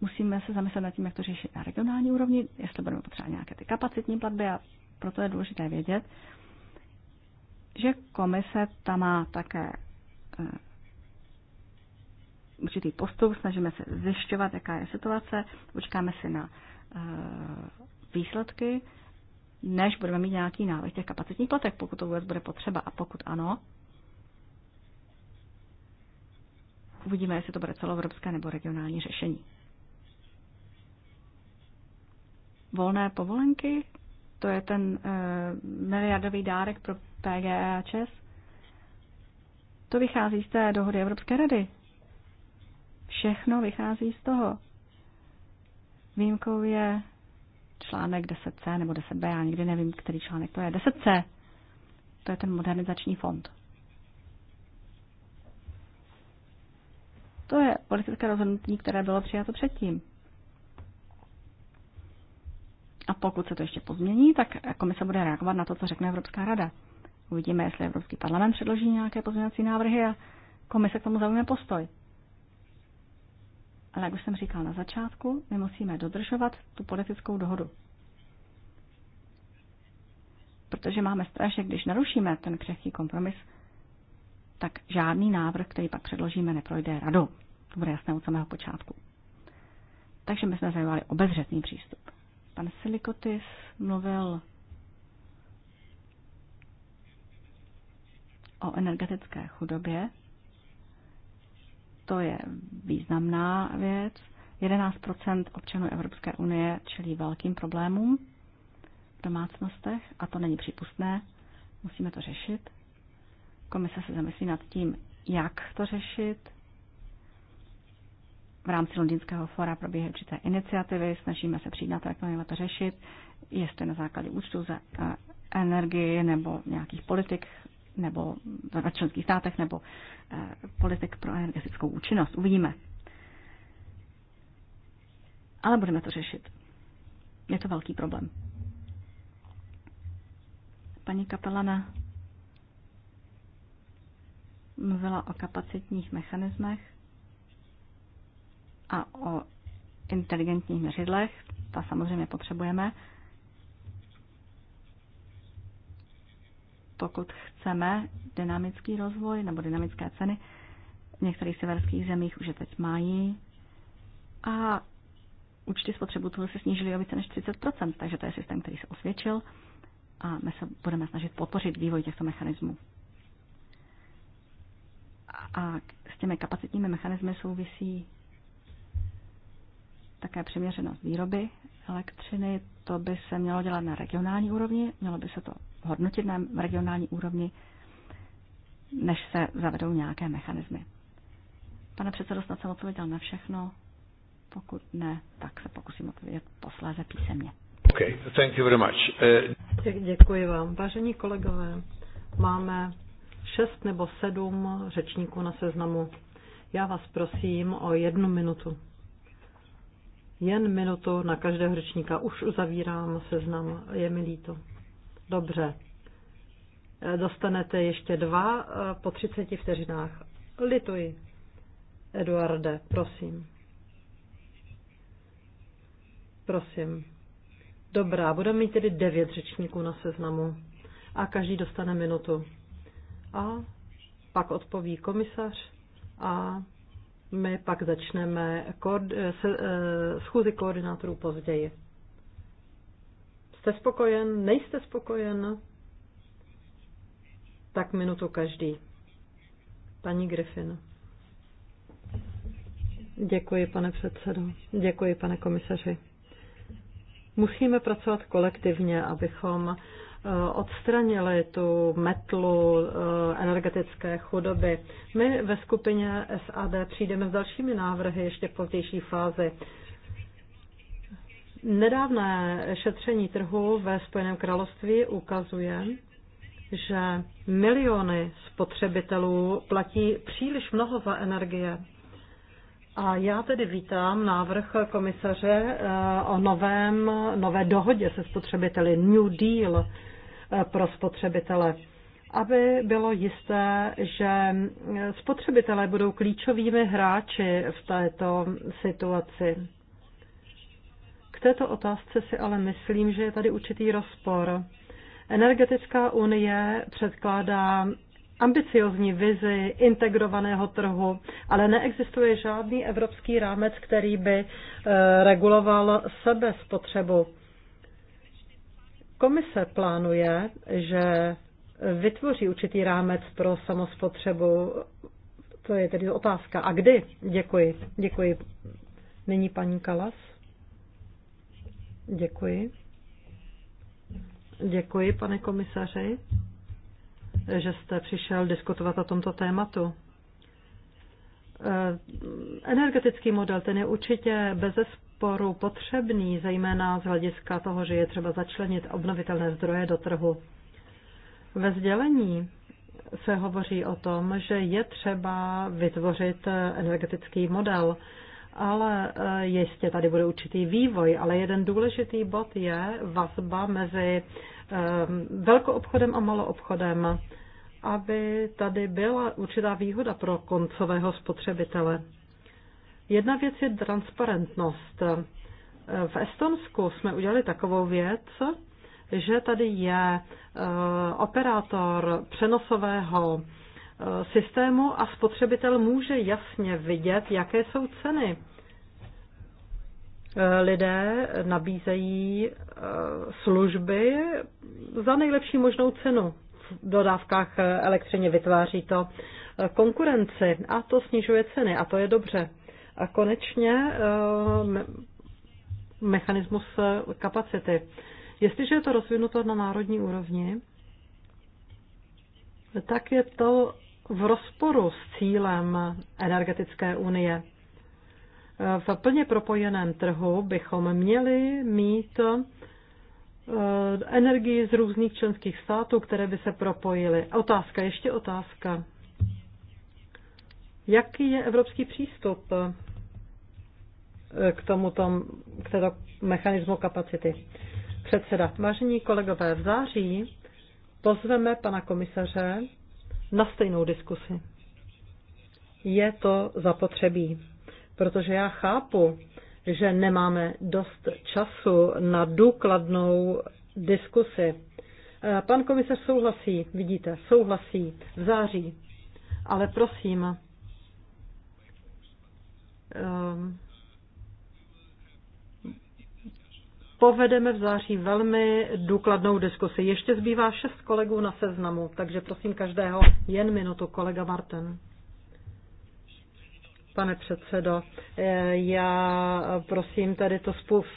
Musíme se zamyslet nad tím, jak to řešit na regionální úrovni, jestli budeme potřebovat nějaké ty kapacitní platby a proto je důležité vědět, že komise tam má také eh, určitý postup, snažíme se zjišťovat, jaká je situace, počkáme si na uh, výsledky, než budeme mít nějaký návrh těch kapacitních platek, pokud to vůbec bude potřeba a pokud ano, uvidíme, jestli to bude celoevropské nebo regionální řešení. Volné povolenky, to je ten uh, miliardový dárek pro PGE a ČES. To vychází z té dohody Evropské rady. Všechno vychází z toho. Výjimkou je článek 10C nebo 10B, já nikdy nevím, který článek to je. 10C, to je ten modernizační fond. To je politické rozhodnutí, které bylo přijato předtím. A pokud se to ještě pozmění, tak komise bude reagovat na to, co řekne Evropská rada. Uvidíme, jestli Evropský parlament předloží nějaké pozměňovací návrhy a komise k tomu zaujme postoj. Ale jak už jsem říkal na začátku, my musíme dodržovat tu politickou dohodu. Protože máme strach, že když narušíme ten křehký kompromis, tak žádný návrh, který pak předložíme, neprojde radou. To bude jasné od samého počátku. Takže my jsme zajímali obezřetný přístup. Pan Silikotis mluvil o energetické chudobě to je významná věc. 11 občanů Evropské unie čelí velkým problémům v domácnostech a to není přípustné. Musíme to řešit. Komise se zamyslí nad tím, jak to řešit. V rámci Londýnského fora probíhají určité iniciativy, snažíme se přijít na to, jak máme to řešit, jestli na základě účtu za eh, energii nebo nějakých politik nebo ve členských státech nebo eh, politik pro energetickou účinnost. Uvidíme. Ale budeme to řešit. Je to velký problém. Paní Kapelana mluvila o kapacitních mechanismech a o inteligentních měřidlech. Ta samozřejmě potřebujeme pokud chceme dynamický rozvoj nebo dynamické ceny, v některých severských zemích už je teď mají a účty spotřebu spotřebitelů se snížily o více než 30%, takže to je systém, který se osvědčil a my se budeme snažit podpořit vývoj těchto mechanismů. A s těmi kapacitními mechanismy souvisí také přiměřenost výroby elektřiny. To by se mělo dělat na regionální úrovni, mělo by se to hodnotit na regionální úrovni, než se zavedou nějaké mechanismy. Pane předsedo, snad jsem odpověděl na všechno. Pokud ne, tak se pokusím odpovědět posléze písemně. Okay, thank you very much. Uh... Děkuji vám. Vážení kolegové, máme šest nebo sedm řečníků na seznamu. Já vás prosím o jednu minutu. Jen minutu na každého řečníka. Už uzavírám seznam. Je mi líto. Dobře. Eh, dostanete ještě dva eh, po 30 vteřinách. Lituji. Eduarde, prosím. Prosím. Dobrá, budeme mít tedy devět řečníků na seznamu a každý dostane minutu. A pak odpoví komisař a my pak začneme eh, schůzi koordinátorů později. Jste spokojen? Nejste spokojen? Tak minutu každý. Paní Griffin. Děkuji, pane předsedo. Děkuji, pane komisaři. Musíme pracovat kolektivně, abychom eh, odstranili tu metlu eh, energetické chudoby. My ve skupině SAD přijdeme s dalšími návrhy ještě v pozdější fázi. Nedávné šetření trhu ve Spojeném království ukazuje, že miliony spotřebitelů platí příliš mnoho za energie. A já tedy vítám návrh komisaře eh, o novém, nové dohodě se spotřebiteli, New Deal eh, pro spotřebitele, aby bylo jisté, že eh, spotřebitelé budou klíčovými hráči v této situaci této otázce si ale myslím, že je tady určitý rozpor. Energetická unie předkládá ambiciozní vizi integrovaného trhu, ale neexistuje žádný evropský rámec, který by eh, reguloval sebe spotřebu. Komise plánuje, že vytvoří určitý rámec pro samospotřebu. To je tedy otázka. A kdy? Děkuji. Děkuji. není paní Kalas. Děkuji. Děkuji, pane komisaři, že jste přišel diskutovat o tomto tématu. Eh, energetický model, ten je určitě bez sporu potřebný, zejména z hlediska toho, že je třeba začlenit obnovitelné zdroje do trhu. Ve sdělení se hovoří o tom, že je třeba vytvořit energetický model ale e, jistě tady bude určitý vývoj, ale jeden důležitý bod je vazba mezi e, velkou obchodem a malou obchodem, aby tady byla určitá výhoda pro koncového spotřebitele. Jedna věc je transparentnost. E, v Estonsku jsme udělali takovou věc, že tady je operátor přenosového Eh, systému a spotřebitel může jasně vidět, jaké jsou ceny. Eh, lidé nabízejí eh, služby za nejlepší možnou cenu. V dodávkách elektřině vytváří to konkurenci a to snižuje ceny a to je dobře. A konečně mechanismus kapacity. Jestliže je to rozvinuto na národní úrovni, tak je to v rozporu s cílem energetické unie. V plně propojeném trhu bychom měli mít eh, energii z různých členských států, které by se propojily. Otázka, ještě otázka. Jaký je evropský přístup eh, k tomuto, k této mechanismu kapacity? Předseda, vážení kolegové, v září pozveme pana komisaře na stejnou diskusi. Je to zapotřebí, protože já chápu, že nemáme dost času na důkladnou diskusi. Eh, pan komisař souhlasí, vidíte, souhlasí v září, ale prosím, ehm, povedeme v září velmi důkladnou diskusi. Ještě zbývá šest kolegů na seznamu, takže prosím každého jen minutu. Kolega Martin. Pane předsedo, eh, já prosím, tady to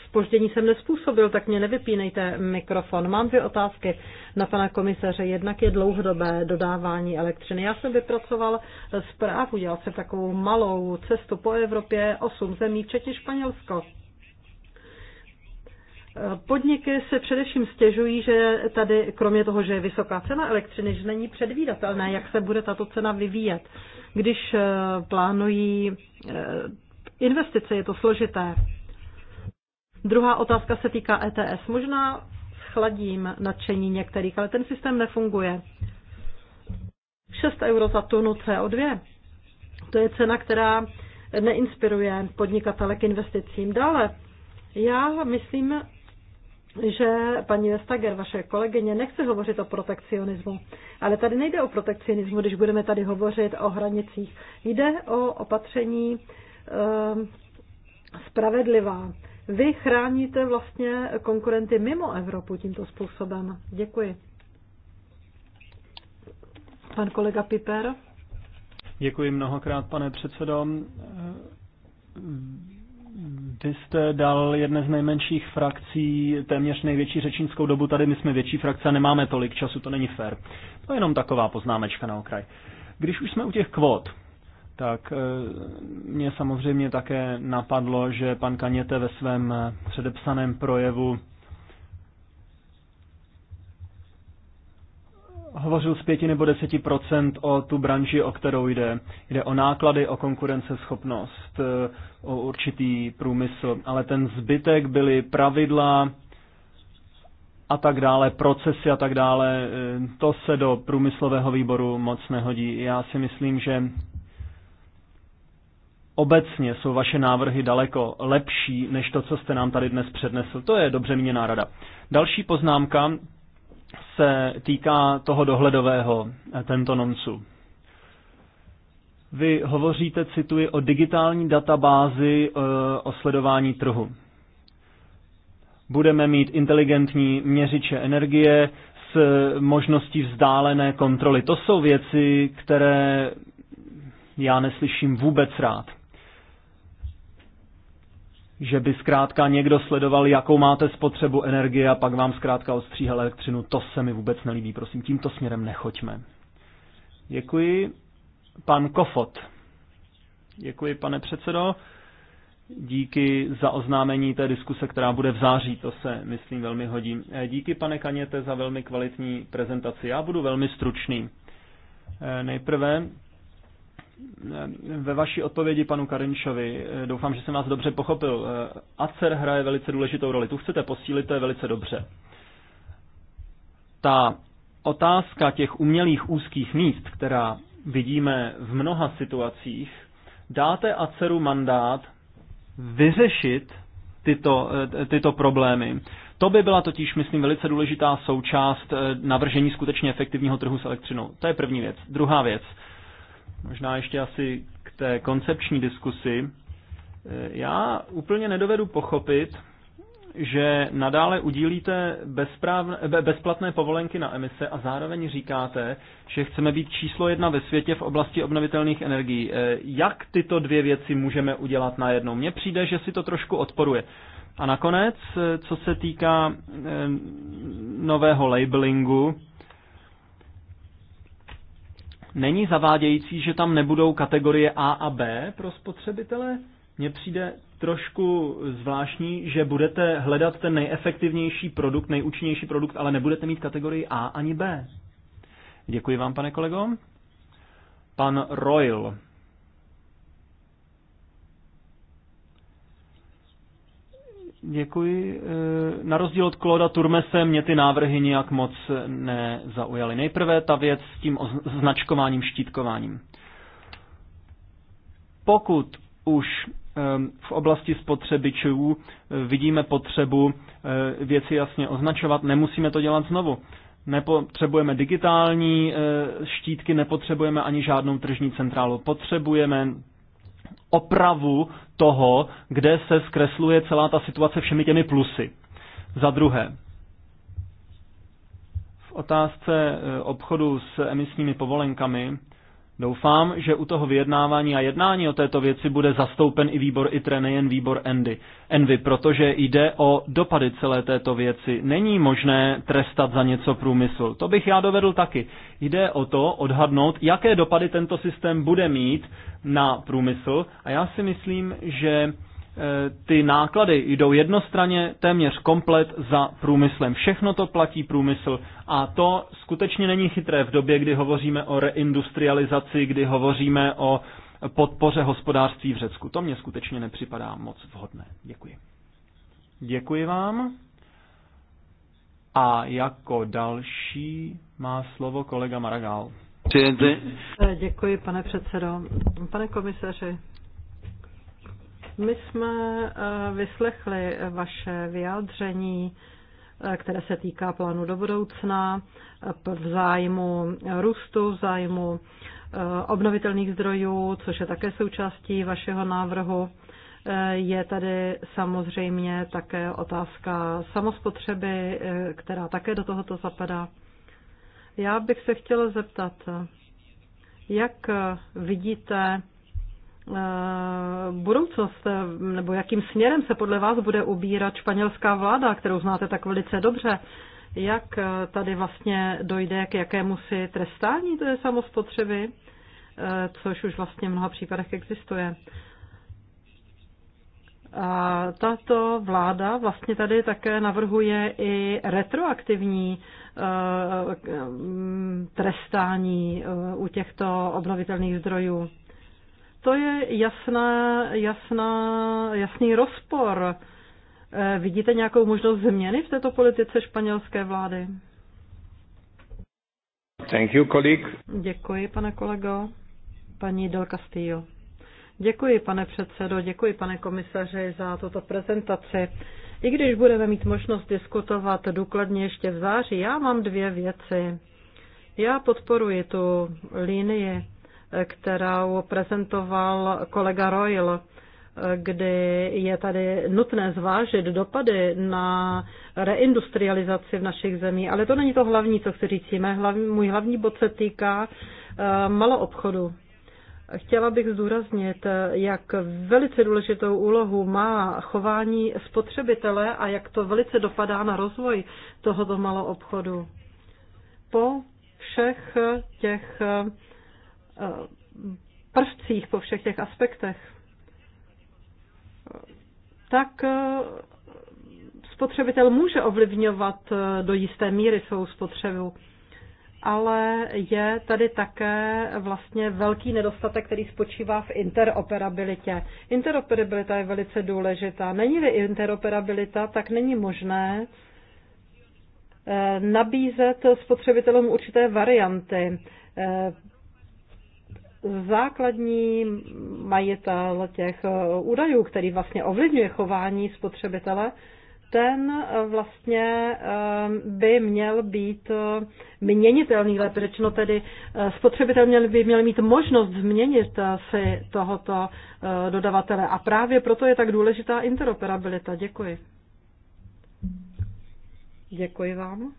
spoždění jsem nespůsobil, tak mě nevypínejte mikrofon. Mám dvě otázky na pana komisaře. Jednak je dlouhodobé dodávání elektřiny. Já jsem vypracoval zprávu, dělal jsem takovou malou cestu po Evropě, osm zemí, včetně Španělsko Podniky se především stěžují, že tady, kromě toho, že je vysoká cena elektřiny, že není předvídatelné, jak se bude tato cena vyvíjet. Když eh, plánují eh, investice, je to složité. Druhá otázka se týká ETS. Možná schladím nadšení některých, ale ten systém nefunguje. 6 euro za tunu CO2. To je cena, která neinspiruje podnikatele k investicím. Dále, já myslím, že paní Vestager, vaše kolegyně, nechce hovořit o protekcionismu. Ale tady nejde o protekcionismu, když budeme tady hovořit o hranicích. Jde o opatření ehm, spravedlivá. Vy chráníte vlastně konkurenty mimo Evropu tímto způsobem. Děkuji. Pan kolega Piper. Děkuji mnohokrát, pane předsedo. Vy jste dal jedné z nejmenších frakcí téměř největší řečnickou dobu. Tady my jsme větší frakce a nemáme tolik času, to není fér. To je jenom taková poznámečka na okraj. Když už jsme u těch kvót, tak eh, mě samozřejmě také napadlo, že pan Kaněte ve svém eh, předepsaném projevu hovořil z pěti nebo deseti procent o tu branži, o kterou jde. Jde o náklady, o konkurenceschopnost, eh, o určitý průmysl, ale ten zbytek byly pravidla a tak dále, procesy a tak dále. Eh, to se do průmyslového výboru moc nehodí. Já si myslím, že obecně jsou vaše návrhy daleko lepší než to, co jste nám tady dnes přednesl. To je dobře míněná rada. Další poznámka se týká toho dohledového eh, tento noncu. Vy hovoříte, cituji, o digitální databázi eh, o sledování trhu. Budeme mít inteligentní měřiče energie s možností vzdálené kontroly. To jsou věci, které já neslyším vůbec rád že by zkrátka někdo sledoval, jakou máte spotřebu energie a pak vám zkrátka ostříhal elektřinu. To se mi vůbec nelíbí, prosím, tímto směrem nechoďme. Děkuji. Pan Kofot. Děkuji, pane předsedo. Díky za oznámení té diskuse, která bude v září, to se, myslím, velmi hodí. Eh, díky, pane Kaněte, za velmi kvalitní prezentaci. Já budu velmi stručný. Eh, nejprve ve vaší odpovědi panu Karinčovi, eh, doufám, že jsem vás dobře pochopil, eh, ACER hraje velice důležitou roli. Tu chcete posílit, to je velice dobře. Ta otázka těch umělých úzkých míst, která vidíme v mnoha situacích, dáte ACERu mandát vyřešit tyto, eh, tyto problémy. To by byla totiž, myslím, velice důležitá součást navržení skutečně efektivního trhu s elektřinou. To je první věc. Druhá věc. Možná ještě asi k té koncepční diskusi. E, já úplně nedovedu pochopit, že nadále udílíte bezplatné povolenky na emise a zároveň říkáte, že chceme být číslo jedna ve světě v oblasti obnovitelných energií. E, jak tyto dvě věci můžeme udělat najednou? Mně přijde, že si to trošku odporuje. A nakonec, e, co se týká nového labelingu, Není zavádějící, že tam nebudou kategorie A a B pro spotřebitele? Mně přijde trošku zvláštní, že budete hledat ten nejefektivnější produkt, nejúčinnější produkt, ale nebudete mít kategorii A ani B. Děkuji vám, pane kolego. Pan Royal Děkuji. Eh, na rozdíl od Kloda Turmese mě ty návrhy nijak moc nezaujaly. Nejprve ta věc s tím označkováním štítkováním. Pokud už ehm, v oblasti spotřebičů eh, vidíme potřebu eh, věci jasně označovat, nemusíme to dělat znovu. Nepotřebujeme digitální štítky, nepotřebujeme ani žádnou tržní centrálu. Potřebujeme opravu toho, kde se zkresluje celá ta situace všemi těmi plusy. Za druhé, v otázce eh, obchodu s emisními povolenkami Doufám, že u toho vyjednávání a jednání o této věci bude zastoupen i výbor ITRE, nejen výbor Endy. Envy, protože jde o dopady celé této věci. Není možné trestat za něco průmysl. To bych já dovedl taky. Jde o to odhadnout, jaké dopady tento systém bude mít na průmysl a já si myslím, že Eh, ty náklady jdou jednostranně téměř komplet za průmyslem. Všechno to platí průmysl a to skutečně není chytré v době, kdy hovoříme o reindustrializaci, kdy hovoříme o podpoře hospodářství v Řecku. To mně skutečně nepřipadá moc vhodné. Děkuji. Děkuji vám. A jako další má slovo kolega Maragall. Eh, děkuji, pane předsedo. Pane komisaři, my jsme eh, vyslechli vaše vyjádření, eh, které se týká plánu do budoucna, eh, v zájmu růstu, v zájmu obnovitelných zdrojů, což je také součástí vašeho návrhu. Je tady samozřejmě také otázka samospotřeby, která také do tohoto zapadá. Já bych se chtěla zeptat, jak vidíte Eh, budoucnost, eh, nebo jakým směrem se podle vás bude ubírat španělská vláda, kterou znáte tak velice dobře. Jak eh, tady vlastně dojde k jakému si trestání té samospotřeby, což už vlastně v mnoha případech existuje. A tato vláda vlastně tady také navrhuje i retroaktivní mm, trestání u těchto obnovitelných zdrojů. To je jasná, jasná, jasný rozpor. Eh, vidíte nějakou možnost změny v této politice španělské vlády? Thank you, colleague. Děkuji, pane kolego. Paní Del Castillo. Děkuji, pane předsedo, děkuji, pane komisaři, za tuto prezentaci. I když budeme mít možnost diskutovat důkladně ještě v září, já mám dvě věci. Já podporuji tu linii kterou prezentoval kolega Royal, kdy je tady nutné zvážit dopady na reindustrializaci v našich zemích. Ale to není to hlavní, co chci říct. Mé hlavní, můj hlavní bod se týká eh, maloobchodu. Chtěla bych zdůraznit, jak velice důležitou úlohu má chování spotřebitele a jak to velice dopadá na rozvoj tohoto maloobchodu. Po všech těch Eh, prvcích, po všech těch aspektech, tak eh, spotřebitel může ovlivňovat eh, do jisté míry svou spotřebu. Ale je tady také vlastně velký nedostatek, který spočívá v interoperabilitě. Interoperabilita je velice důležitá. Není-li interoperabilita, tak není možné nabízet spotřebitelům určité varianty základní majitel těch eh, údajů, který vlastně ovlivňuje chování spotřebitele, ten eh, vlastně eh, by měl být měnitelný, lépe řečeno tedy spotřebitel měl by měl mít možnost změnit si tohoto dodavatele. A právě proto je tak důležitá interoperabilita. Děkuji. Děkuji vám.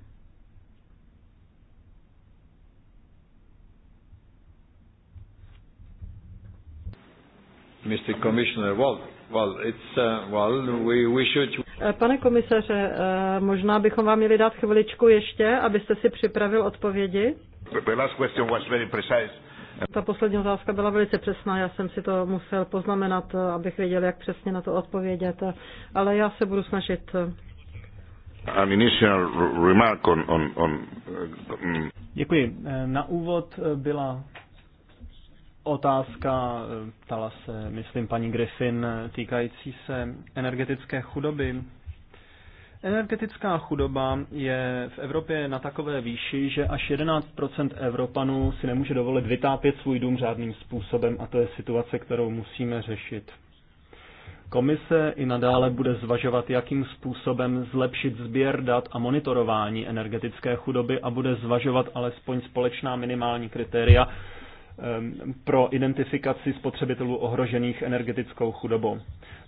Mr. Commissioner, well, well, it's, uh, well, we, we should... Eh, pane komisaře, eh, možná bychom vám měli dát chviličku ještě, abyste si připravil odpovědi. The last question was very precise. Ta poslední otázka byla velice přesná, já jsem si to musel poznamenat, eh, abych věděl, jak přesně na to odpovědět, ale já se budu snažit. An initial remark on, on, on... Mm. Děkuji. Na úvod byla otázka, eh, ptala se, myslím, paní Griffin, eh, týkající se energetické chudoby. Energetická chudoba je v Evropě na takové výši, že až 11 Evropanů si nemůže dovolit vytápět svůj dům žádným způsobem a to je situace, kterou musíme řešit. Komise i nadále bude zvažovat, jakým způsobem zlepšit sběr dat a monitorování energetické chudoby a bude zvažovat alespoň společná minimální kritéria, Ehm, pro identifikaci spotřebitelů ohrožených energetickou chudobou.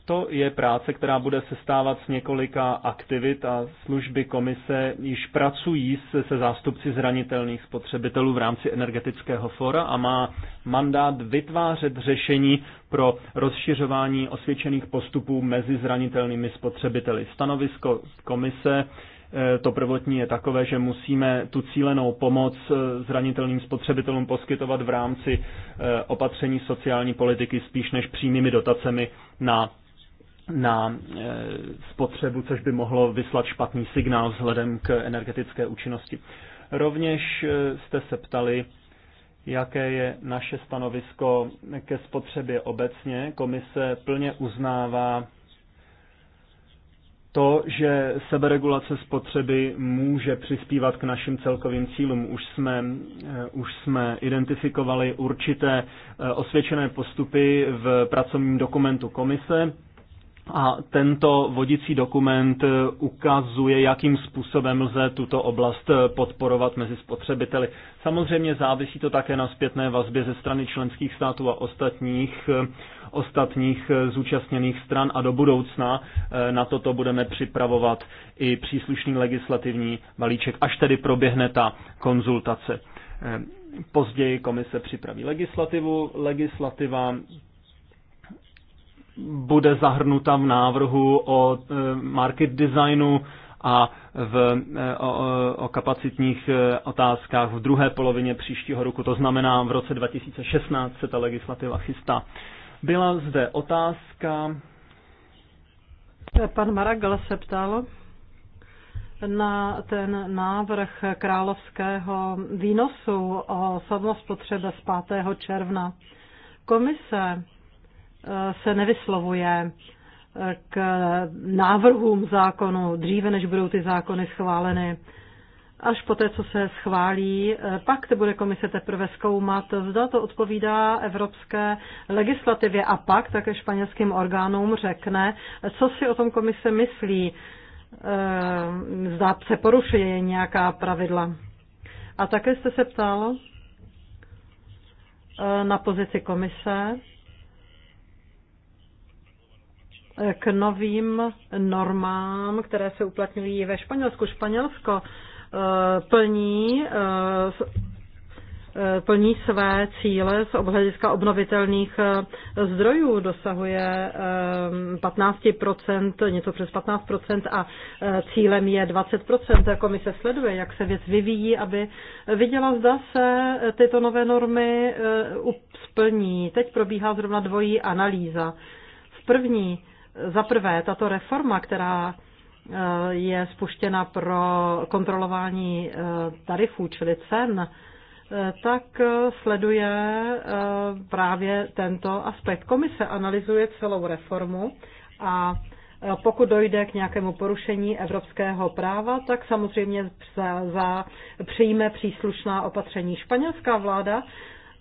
To je práce, která bude sestávat z několika aktivit a služby komise již pracují se, se zástupci zranitelných spotřebitelů v rámci energetického fora a má mandát vytvářet řešení pro rozšiřování osvědčených postupů mezi zranitelnými spotřebiteli. Stanovisko komise Eh, to prvotní je takové, že musíme tu cílenou pomoc eh, zranitelným spotřebitelům poskytovat v rámci eh, opatření sociální politiky spíš než přímými dotacemi na na spotřebu, což by mohlo vyslat špatný signál vzhledem k energetické účinnosti. Rovněž jste se ptali, jaké je naše stanovisko ke spotřebě obecně. Komise plně uznává to, že seberegulace spotřeby může přispívat k našim celkovým cílům. Už jsme, eh, už jsme identifikovali určité eh, osvědčené postupy v pracovním dokumentu komise a tento vodicí dokument eh, ukazuje, jakým způsobem lze tuto oblast eh, podporovat mezi spotřebiteli. Samozřejmě závisí to také na zpětné vazbě ze strany členských států a ostatních, eh, ostatních zúčastněných stran a do budoucna na toto budeme připravovat i příslušný legislativní balíček, až tedy proběhne ta konzultace. Později komise připraví legislativu, legislativa bude zahrnuta v návrhu o e, market designu a v, e, o, o kapacitních e, otázkách v druhé polovině příštího roku, to znamená v roce 2016 se ta legislativa chystá. Byla zde otázka. Pan Maragal se ptal na ten návrh královského výnosu o samospotřebe z 5. června. Komise se nevyslovuje eh, k návrhům zákonu dříve, než budou ty zákony schváleny. Až poté, co se schválí, eh, pak to bude komise teprve zkoumat, zda to odpovídá evropské legislativě a pak také španělským orgánům řekne, co si o tom komise myslí, eh, zda se porušuje nějaká pravidla. A také jste se ptal na pozici komise k novým normám, které se uplatňují ve Španělsku. Španělsko eh, plní eh, eh, plní své cíle z obhlediska obnovitelných zdrojů, dosahuje 15%, něco přes 15% a cílem je 20%. Komise sleduje, jak se věc vyvíjí, aby viděla, zda se tyto nové normy splní. Teď probíhá zrovna dvojí analýza. V první za prvé, tato reforma, která eh, je spuštěna pro kontrolování eh, tarifů, čili cen, eh, tak sleduje právě tento aspekt. Komise analyzuje celou reformu a pokud dojde k nějakému porušení evropského práva, tak samozřejmě za, za, přijme příslušná opatření. Španělská vláda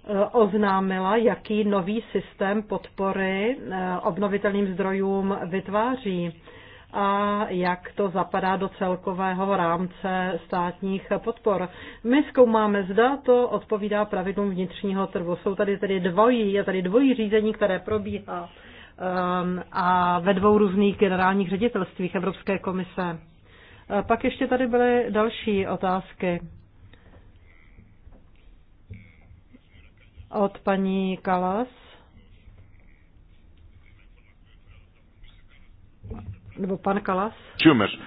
Eh, oznámila, jaký nový systém podpory eh, obnovitelným zdrojům vytváří a jak to zapadá do celkového rámce státních podpor. My zkoumáme, zda to odpovídá pravidlům vnitřního trhu. Jsou tady tedy dvojí, je tady dvojí řízení, které probíhá ehm, a ve dvou různých generálních ředitelstvích Evropské komise. Eh, pak ještě tady byly další otázky. od paní Kalas. Nebo pan Kalas? Čumeš.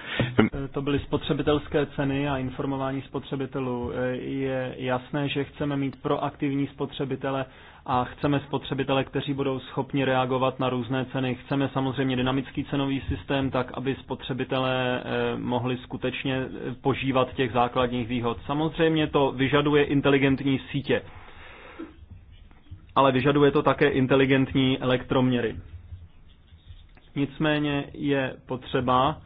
To byly spotřebitelské ceny a informování spotřebitelů. Je jasné, že chceme mít proaktivní spotřebitele a chceme spotřebitele, kteří budou schopni reagovat na různé ceny. Chceme samozřejmě dynamický cenový systém, tak aby spotřebitelé eh, mohli skutečně požívat těch základních výhod. Samozřejmě to vyžaduje inteligentní sítě ale vyžaduje to také inteligentní elektroměry. Nicméně je potřeba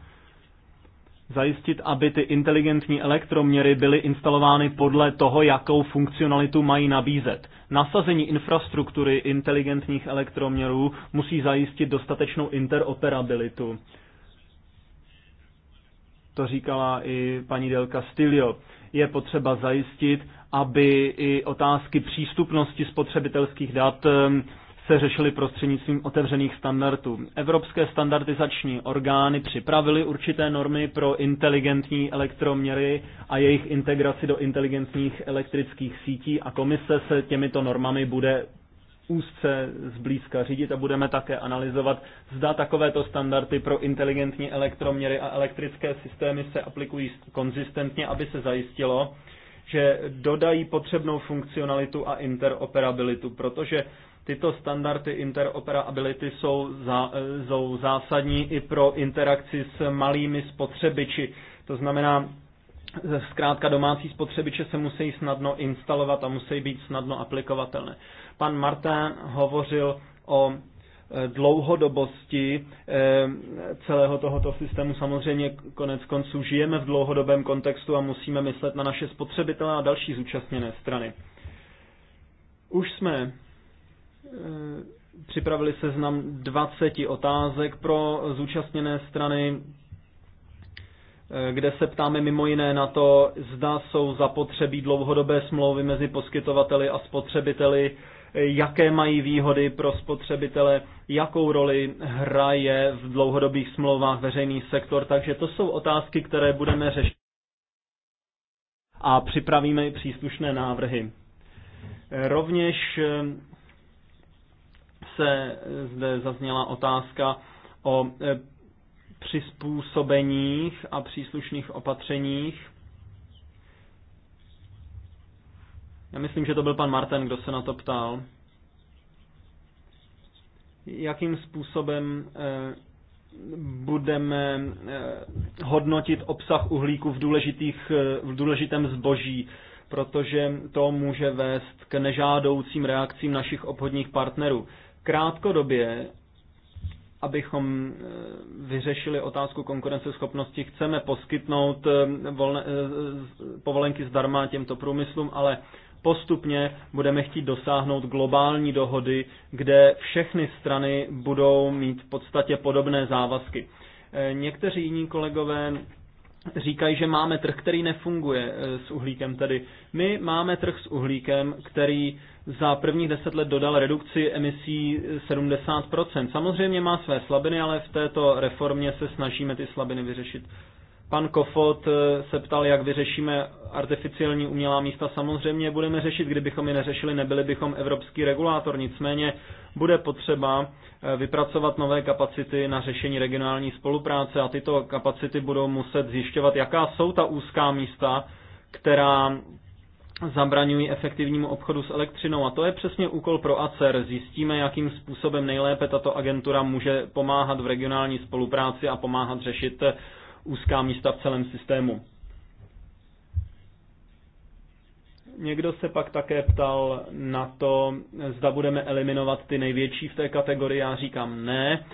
zajistit, aby ty inteligentní elektroměry byly instalovány podle toho, jakou funkcionalitu mají nabízet. Nasazení infrastruktury inteligentních elektroměrů musí zajistit dostatečnou interoperabilitu. To říkala i paní Delka Stilio. Je potřeba zajistit, aby i otázky přístupnosti spotřebitelských dat ehm, se řešily prostřednictvím otevřených standardů. Evropské standardizační orgány připravily určité normy pro inteligentní elektroměry a jejich integraci do inteligentních elektrických sítí a komise se těmito normami bude úzce zblízka řídit a budeme také analyzovat, zda takovéto standardy pro inteligentní elektroměry a elektrické systémy se aplikují konzistentně, aby se zajistilo, že dodají potřebnou funkcionalitu a interoperabilitu, protože tyto standardy interoperability jsou, zá, jsou zásadní i pro interakci s malými spotřebiči. To znamená, zkrátka domácí spotřebiče se musí snadno instalovat a musí být snadno aplikovatelné. Pan Martin hovořil o dlouhodobosti eh, celého tohoto systému. Samozřejmě konec konců žijeme v dlouhodobém kontextu a musíme myslet na naše spotřebitele a další zúčastněné strany. Už jsme eh, připravili seznam 20 otázek pro zúčastněné strany, eh, kde se ptáme mimo jiné na to, zda jsou zapotřebí dlouhodobé smlouvy mezi poskytovateli a spotřebiteli, jaké mají výhody pro spotřebitele, jakou roli hraje v dlouhodobých smlouvách veřejný sektor. Takže to jsou otázky, které budeme řešit a připravíme i příslušné návrhy. Rovněž eh, se zde zazněla otázka o eh, přizpůsobeních a příslušných opatřeních Já myslím, že to byl pan Martin, kdo se na to ptal. Jakým způsobem eh, budeme eh, hodnotit obsah uhlíku v, důležitých, eh, v důležitém zboží, protože to může vést k nežádoucím reakcím našich obchodních partnerů. Krátkodobě, abychom vyřešili otázku konkurenceschopnosti, chceme poskytnout volne, povolenky zdarma těmto průmyslům, ale Postupně budeme chtít dosáhnout globální dohody, kde všechny strany budou mít v podstatě podobné závazky. E, někteří jiní kolegové říkají, že máme trh, který nefunguje e, s uhlíkem. Tedy my máme trh s uhlíkem, který za prvních deset let dodal redukci emisí 70%. Samozřejmě má své slabiny, ale v této reformě se snažíme ty slabiny vyřešit Pan Kofot eh, se ptal, jak vyřešíme artificiální umělá místa. Samozřejmě budeme řešit, kdybychom je neřešili, nebyli bychom evropský regulátor. Nicméně bude potřeba eh, vypracovat nové kapacity na řešení regionální spolupráce a tyto kapacity budou muset zjišťovat, jaká jsou ta úzká místa, která zabraňují efektivnímu obchodu s elektřinou. A to je přesně úkol pro ACER. Zjistíme, jakým způsobem nejlépe tato agentura může pomáhat v regionální spolupráci a pomáhat řešit eh, úzká místa v celém systému. Někdo se pak také ptal na to, zda budeme eliminovat ty největší v té kategorii. Já říkám ne.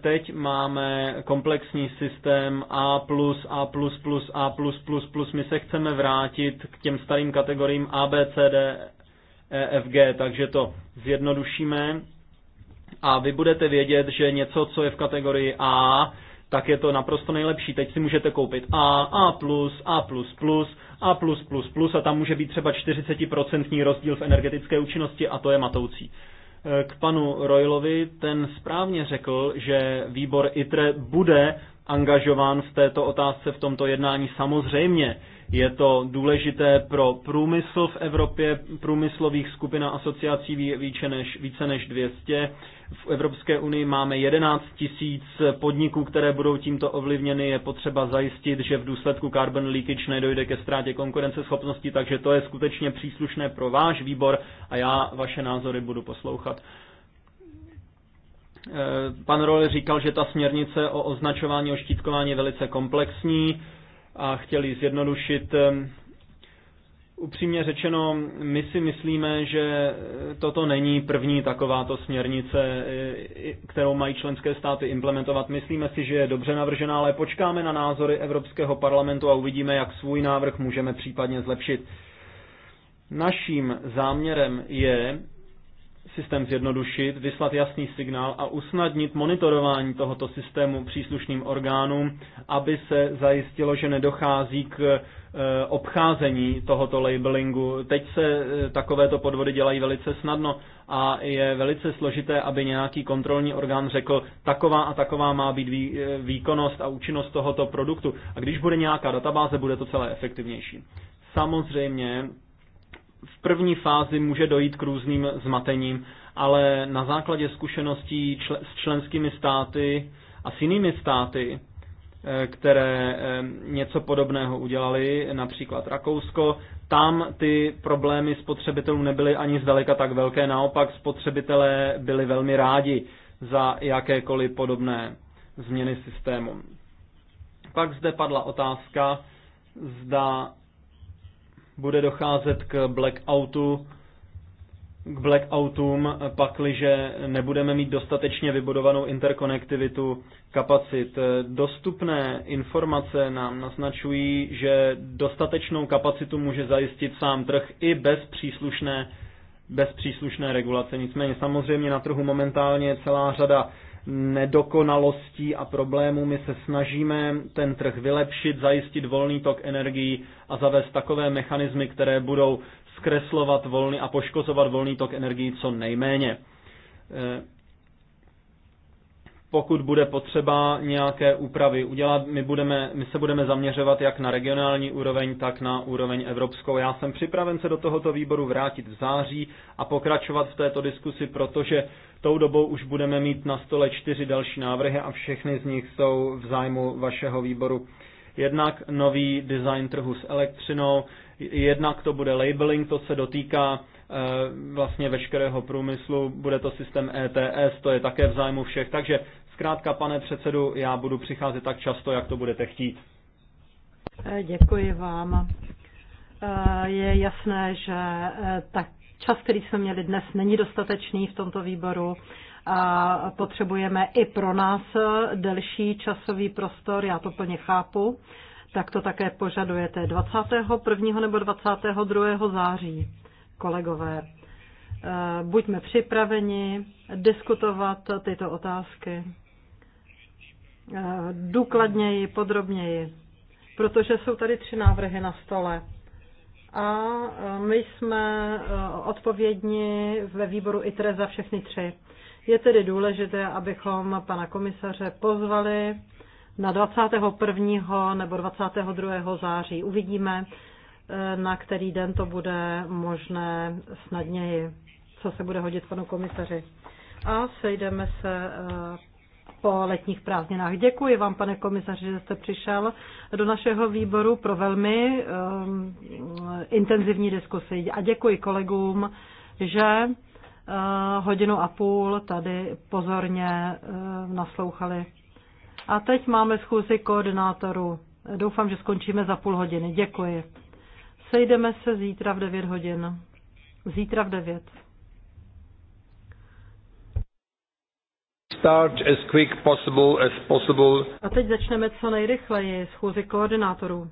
Teď máme komplexní systém A+, A++, A++, my se chceme vrátit k těm starým kategoriím A, B, C, D, E, F, G, takže to zjednodušíme a vy budete vědět, že něco, co je v kategorii A, tak je to naprosto nejlepší. Teď si můžete koupit A, A+, A++, A++, a tam může být třeba 40% rozdíl v energetické účinnosti a to je matoucí. E, k panu Roylovi ten správně řekl, že výbor ITRE bude angažován v této otázce v tomto jednání samozřejmě. Je to důležité pro průmysl v Evropě, průmyslových skupin a asociací více než, více než 200. V Evropské unii máme 11 tisíc podniků, které budou tímto ovlivněny. Je potřeba zajistit, že v důsledku carbon leakage nedojde ke ztrátě konkurenceschopnosti, takže to je skutečně příslušné pro váš výbor a já vaše názory budu poslouchat. Eh, pan Role říkal, že ta směrnice o označování o štítkování je velice komplexní a chtěli zjednodušit eh, Upřímně řečeno, my si myslíme, že toto není první takováto směrnice, kterou mají členské státy implementovat. Myslíme si, že je dobře navržená, ale počkáme na názory Evropského parlamentu a uvidíme, jak svůj návrh můžeme případně zlepšit. Naším záměrem je, systém zjednodušit, vyslat jasný signál a usnadnit monitorování tohoto systému příslušným orgánům, aby se zajistilo, že nedochází k e, obcházení tohoto labelingu. Teď se e, takovéto podvody dělají velice snadno a je velice složité, aby nějaký kontrolní orgán řekl, taková a taková má být e, výkonnost a účinnost tohoto produktu. A když bude nějaká databáze, bude to celé efektivnější. Samozřejmě v první fázi může dojít k různým zmatením, ale na základě zkušeností čl- s členskými státy a s jinými státy, eh, které eh, něco podobného udělali, například Rakousko, tam ty problémy spotřebitelů nebyly ani zdaleka tak velké, naopak spotřebitelé byli velmi rádi za jakékoliv podobné změny systému. Pak zde padla otázka, zda bude docházet k blackoutu, k blackoutům, pakliže nebudeme mít dostatečně vybudovanou interkonektivitu kapacit. Dostupné informace nám naznačují, že dostatečnou kapacitu může zajistit sám trh i bez příslušné, bez příslušné regulace. Nicméně samozřejmě na trhu momentálně je celá řada nedokonalostí a problémů. My se snažíme ten trh vylepšit, zajistit volný tok energií a zavést takové mechanismy, které budou zkreslovat volný a poškozovat volný tok energií co nejméně. E, pokud bude potřeba nějaké úpravy udělat, my, budeme, my se budeme zaměřovat jak na regionální úroveň, tak na úroveň evropskou. Já jsem připraven se do tohoto výboru vrátit v září a pokračovat v této diskusi, protože Tou dobou už budeme mít na stole čtyři další návrhy a všechny z nich jsou v zájmu vašeho výboru. Jednak nový design trhu s elektřinou, jednak to bude labeling, to se dotýká eh, vlastně veškerého průmyslu, bude to systém ETS, to je také v zájmu všech. Takže zkrátka, pane předsedu, já budu přicházet tak často, jak to budete chtít. Eh, děkuji vám. Eh, je jasné, že tak Čas, který jsme měli dnes, není dostatečný v tomto výboru a potřebujeme i pro nás delší časový prostor, já to plně chápu, tak to také požadujete 21. nebo 22. září, kolegové. E, buďme připraveni diskutovat tyto otázky e, důkladněji, podrobněji, protože jsou tady tři návrhy na stole a e, my jsme e, odpovědní ve výboru ITRE za všechny tři. Je tedy důležité, abychom pana komisaře pozvali na 21. nebo 22. září. Uvidíme, e, na který den to bude možné snadněji, co se bude hodit panu komisaři. A sejdeme se po letních prázdninách. Děkuji vám, pane komisaři, že jste přišel do našeho výboru pro velmi um, intenzivní diskusi a děkuji kolegům, že uh, hodinu a půl tady pozorně uh, naslouchali. A teď máme schůzi koordinátorů. Doufám, že skončíme za půl hodiny. Děkuji. Sejdeme se zítra v 9 hodin. Zítra v 9. start as quick possible as possible. A teď začneme co nejrychleji schůzi koordinátorů.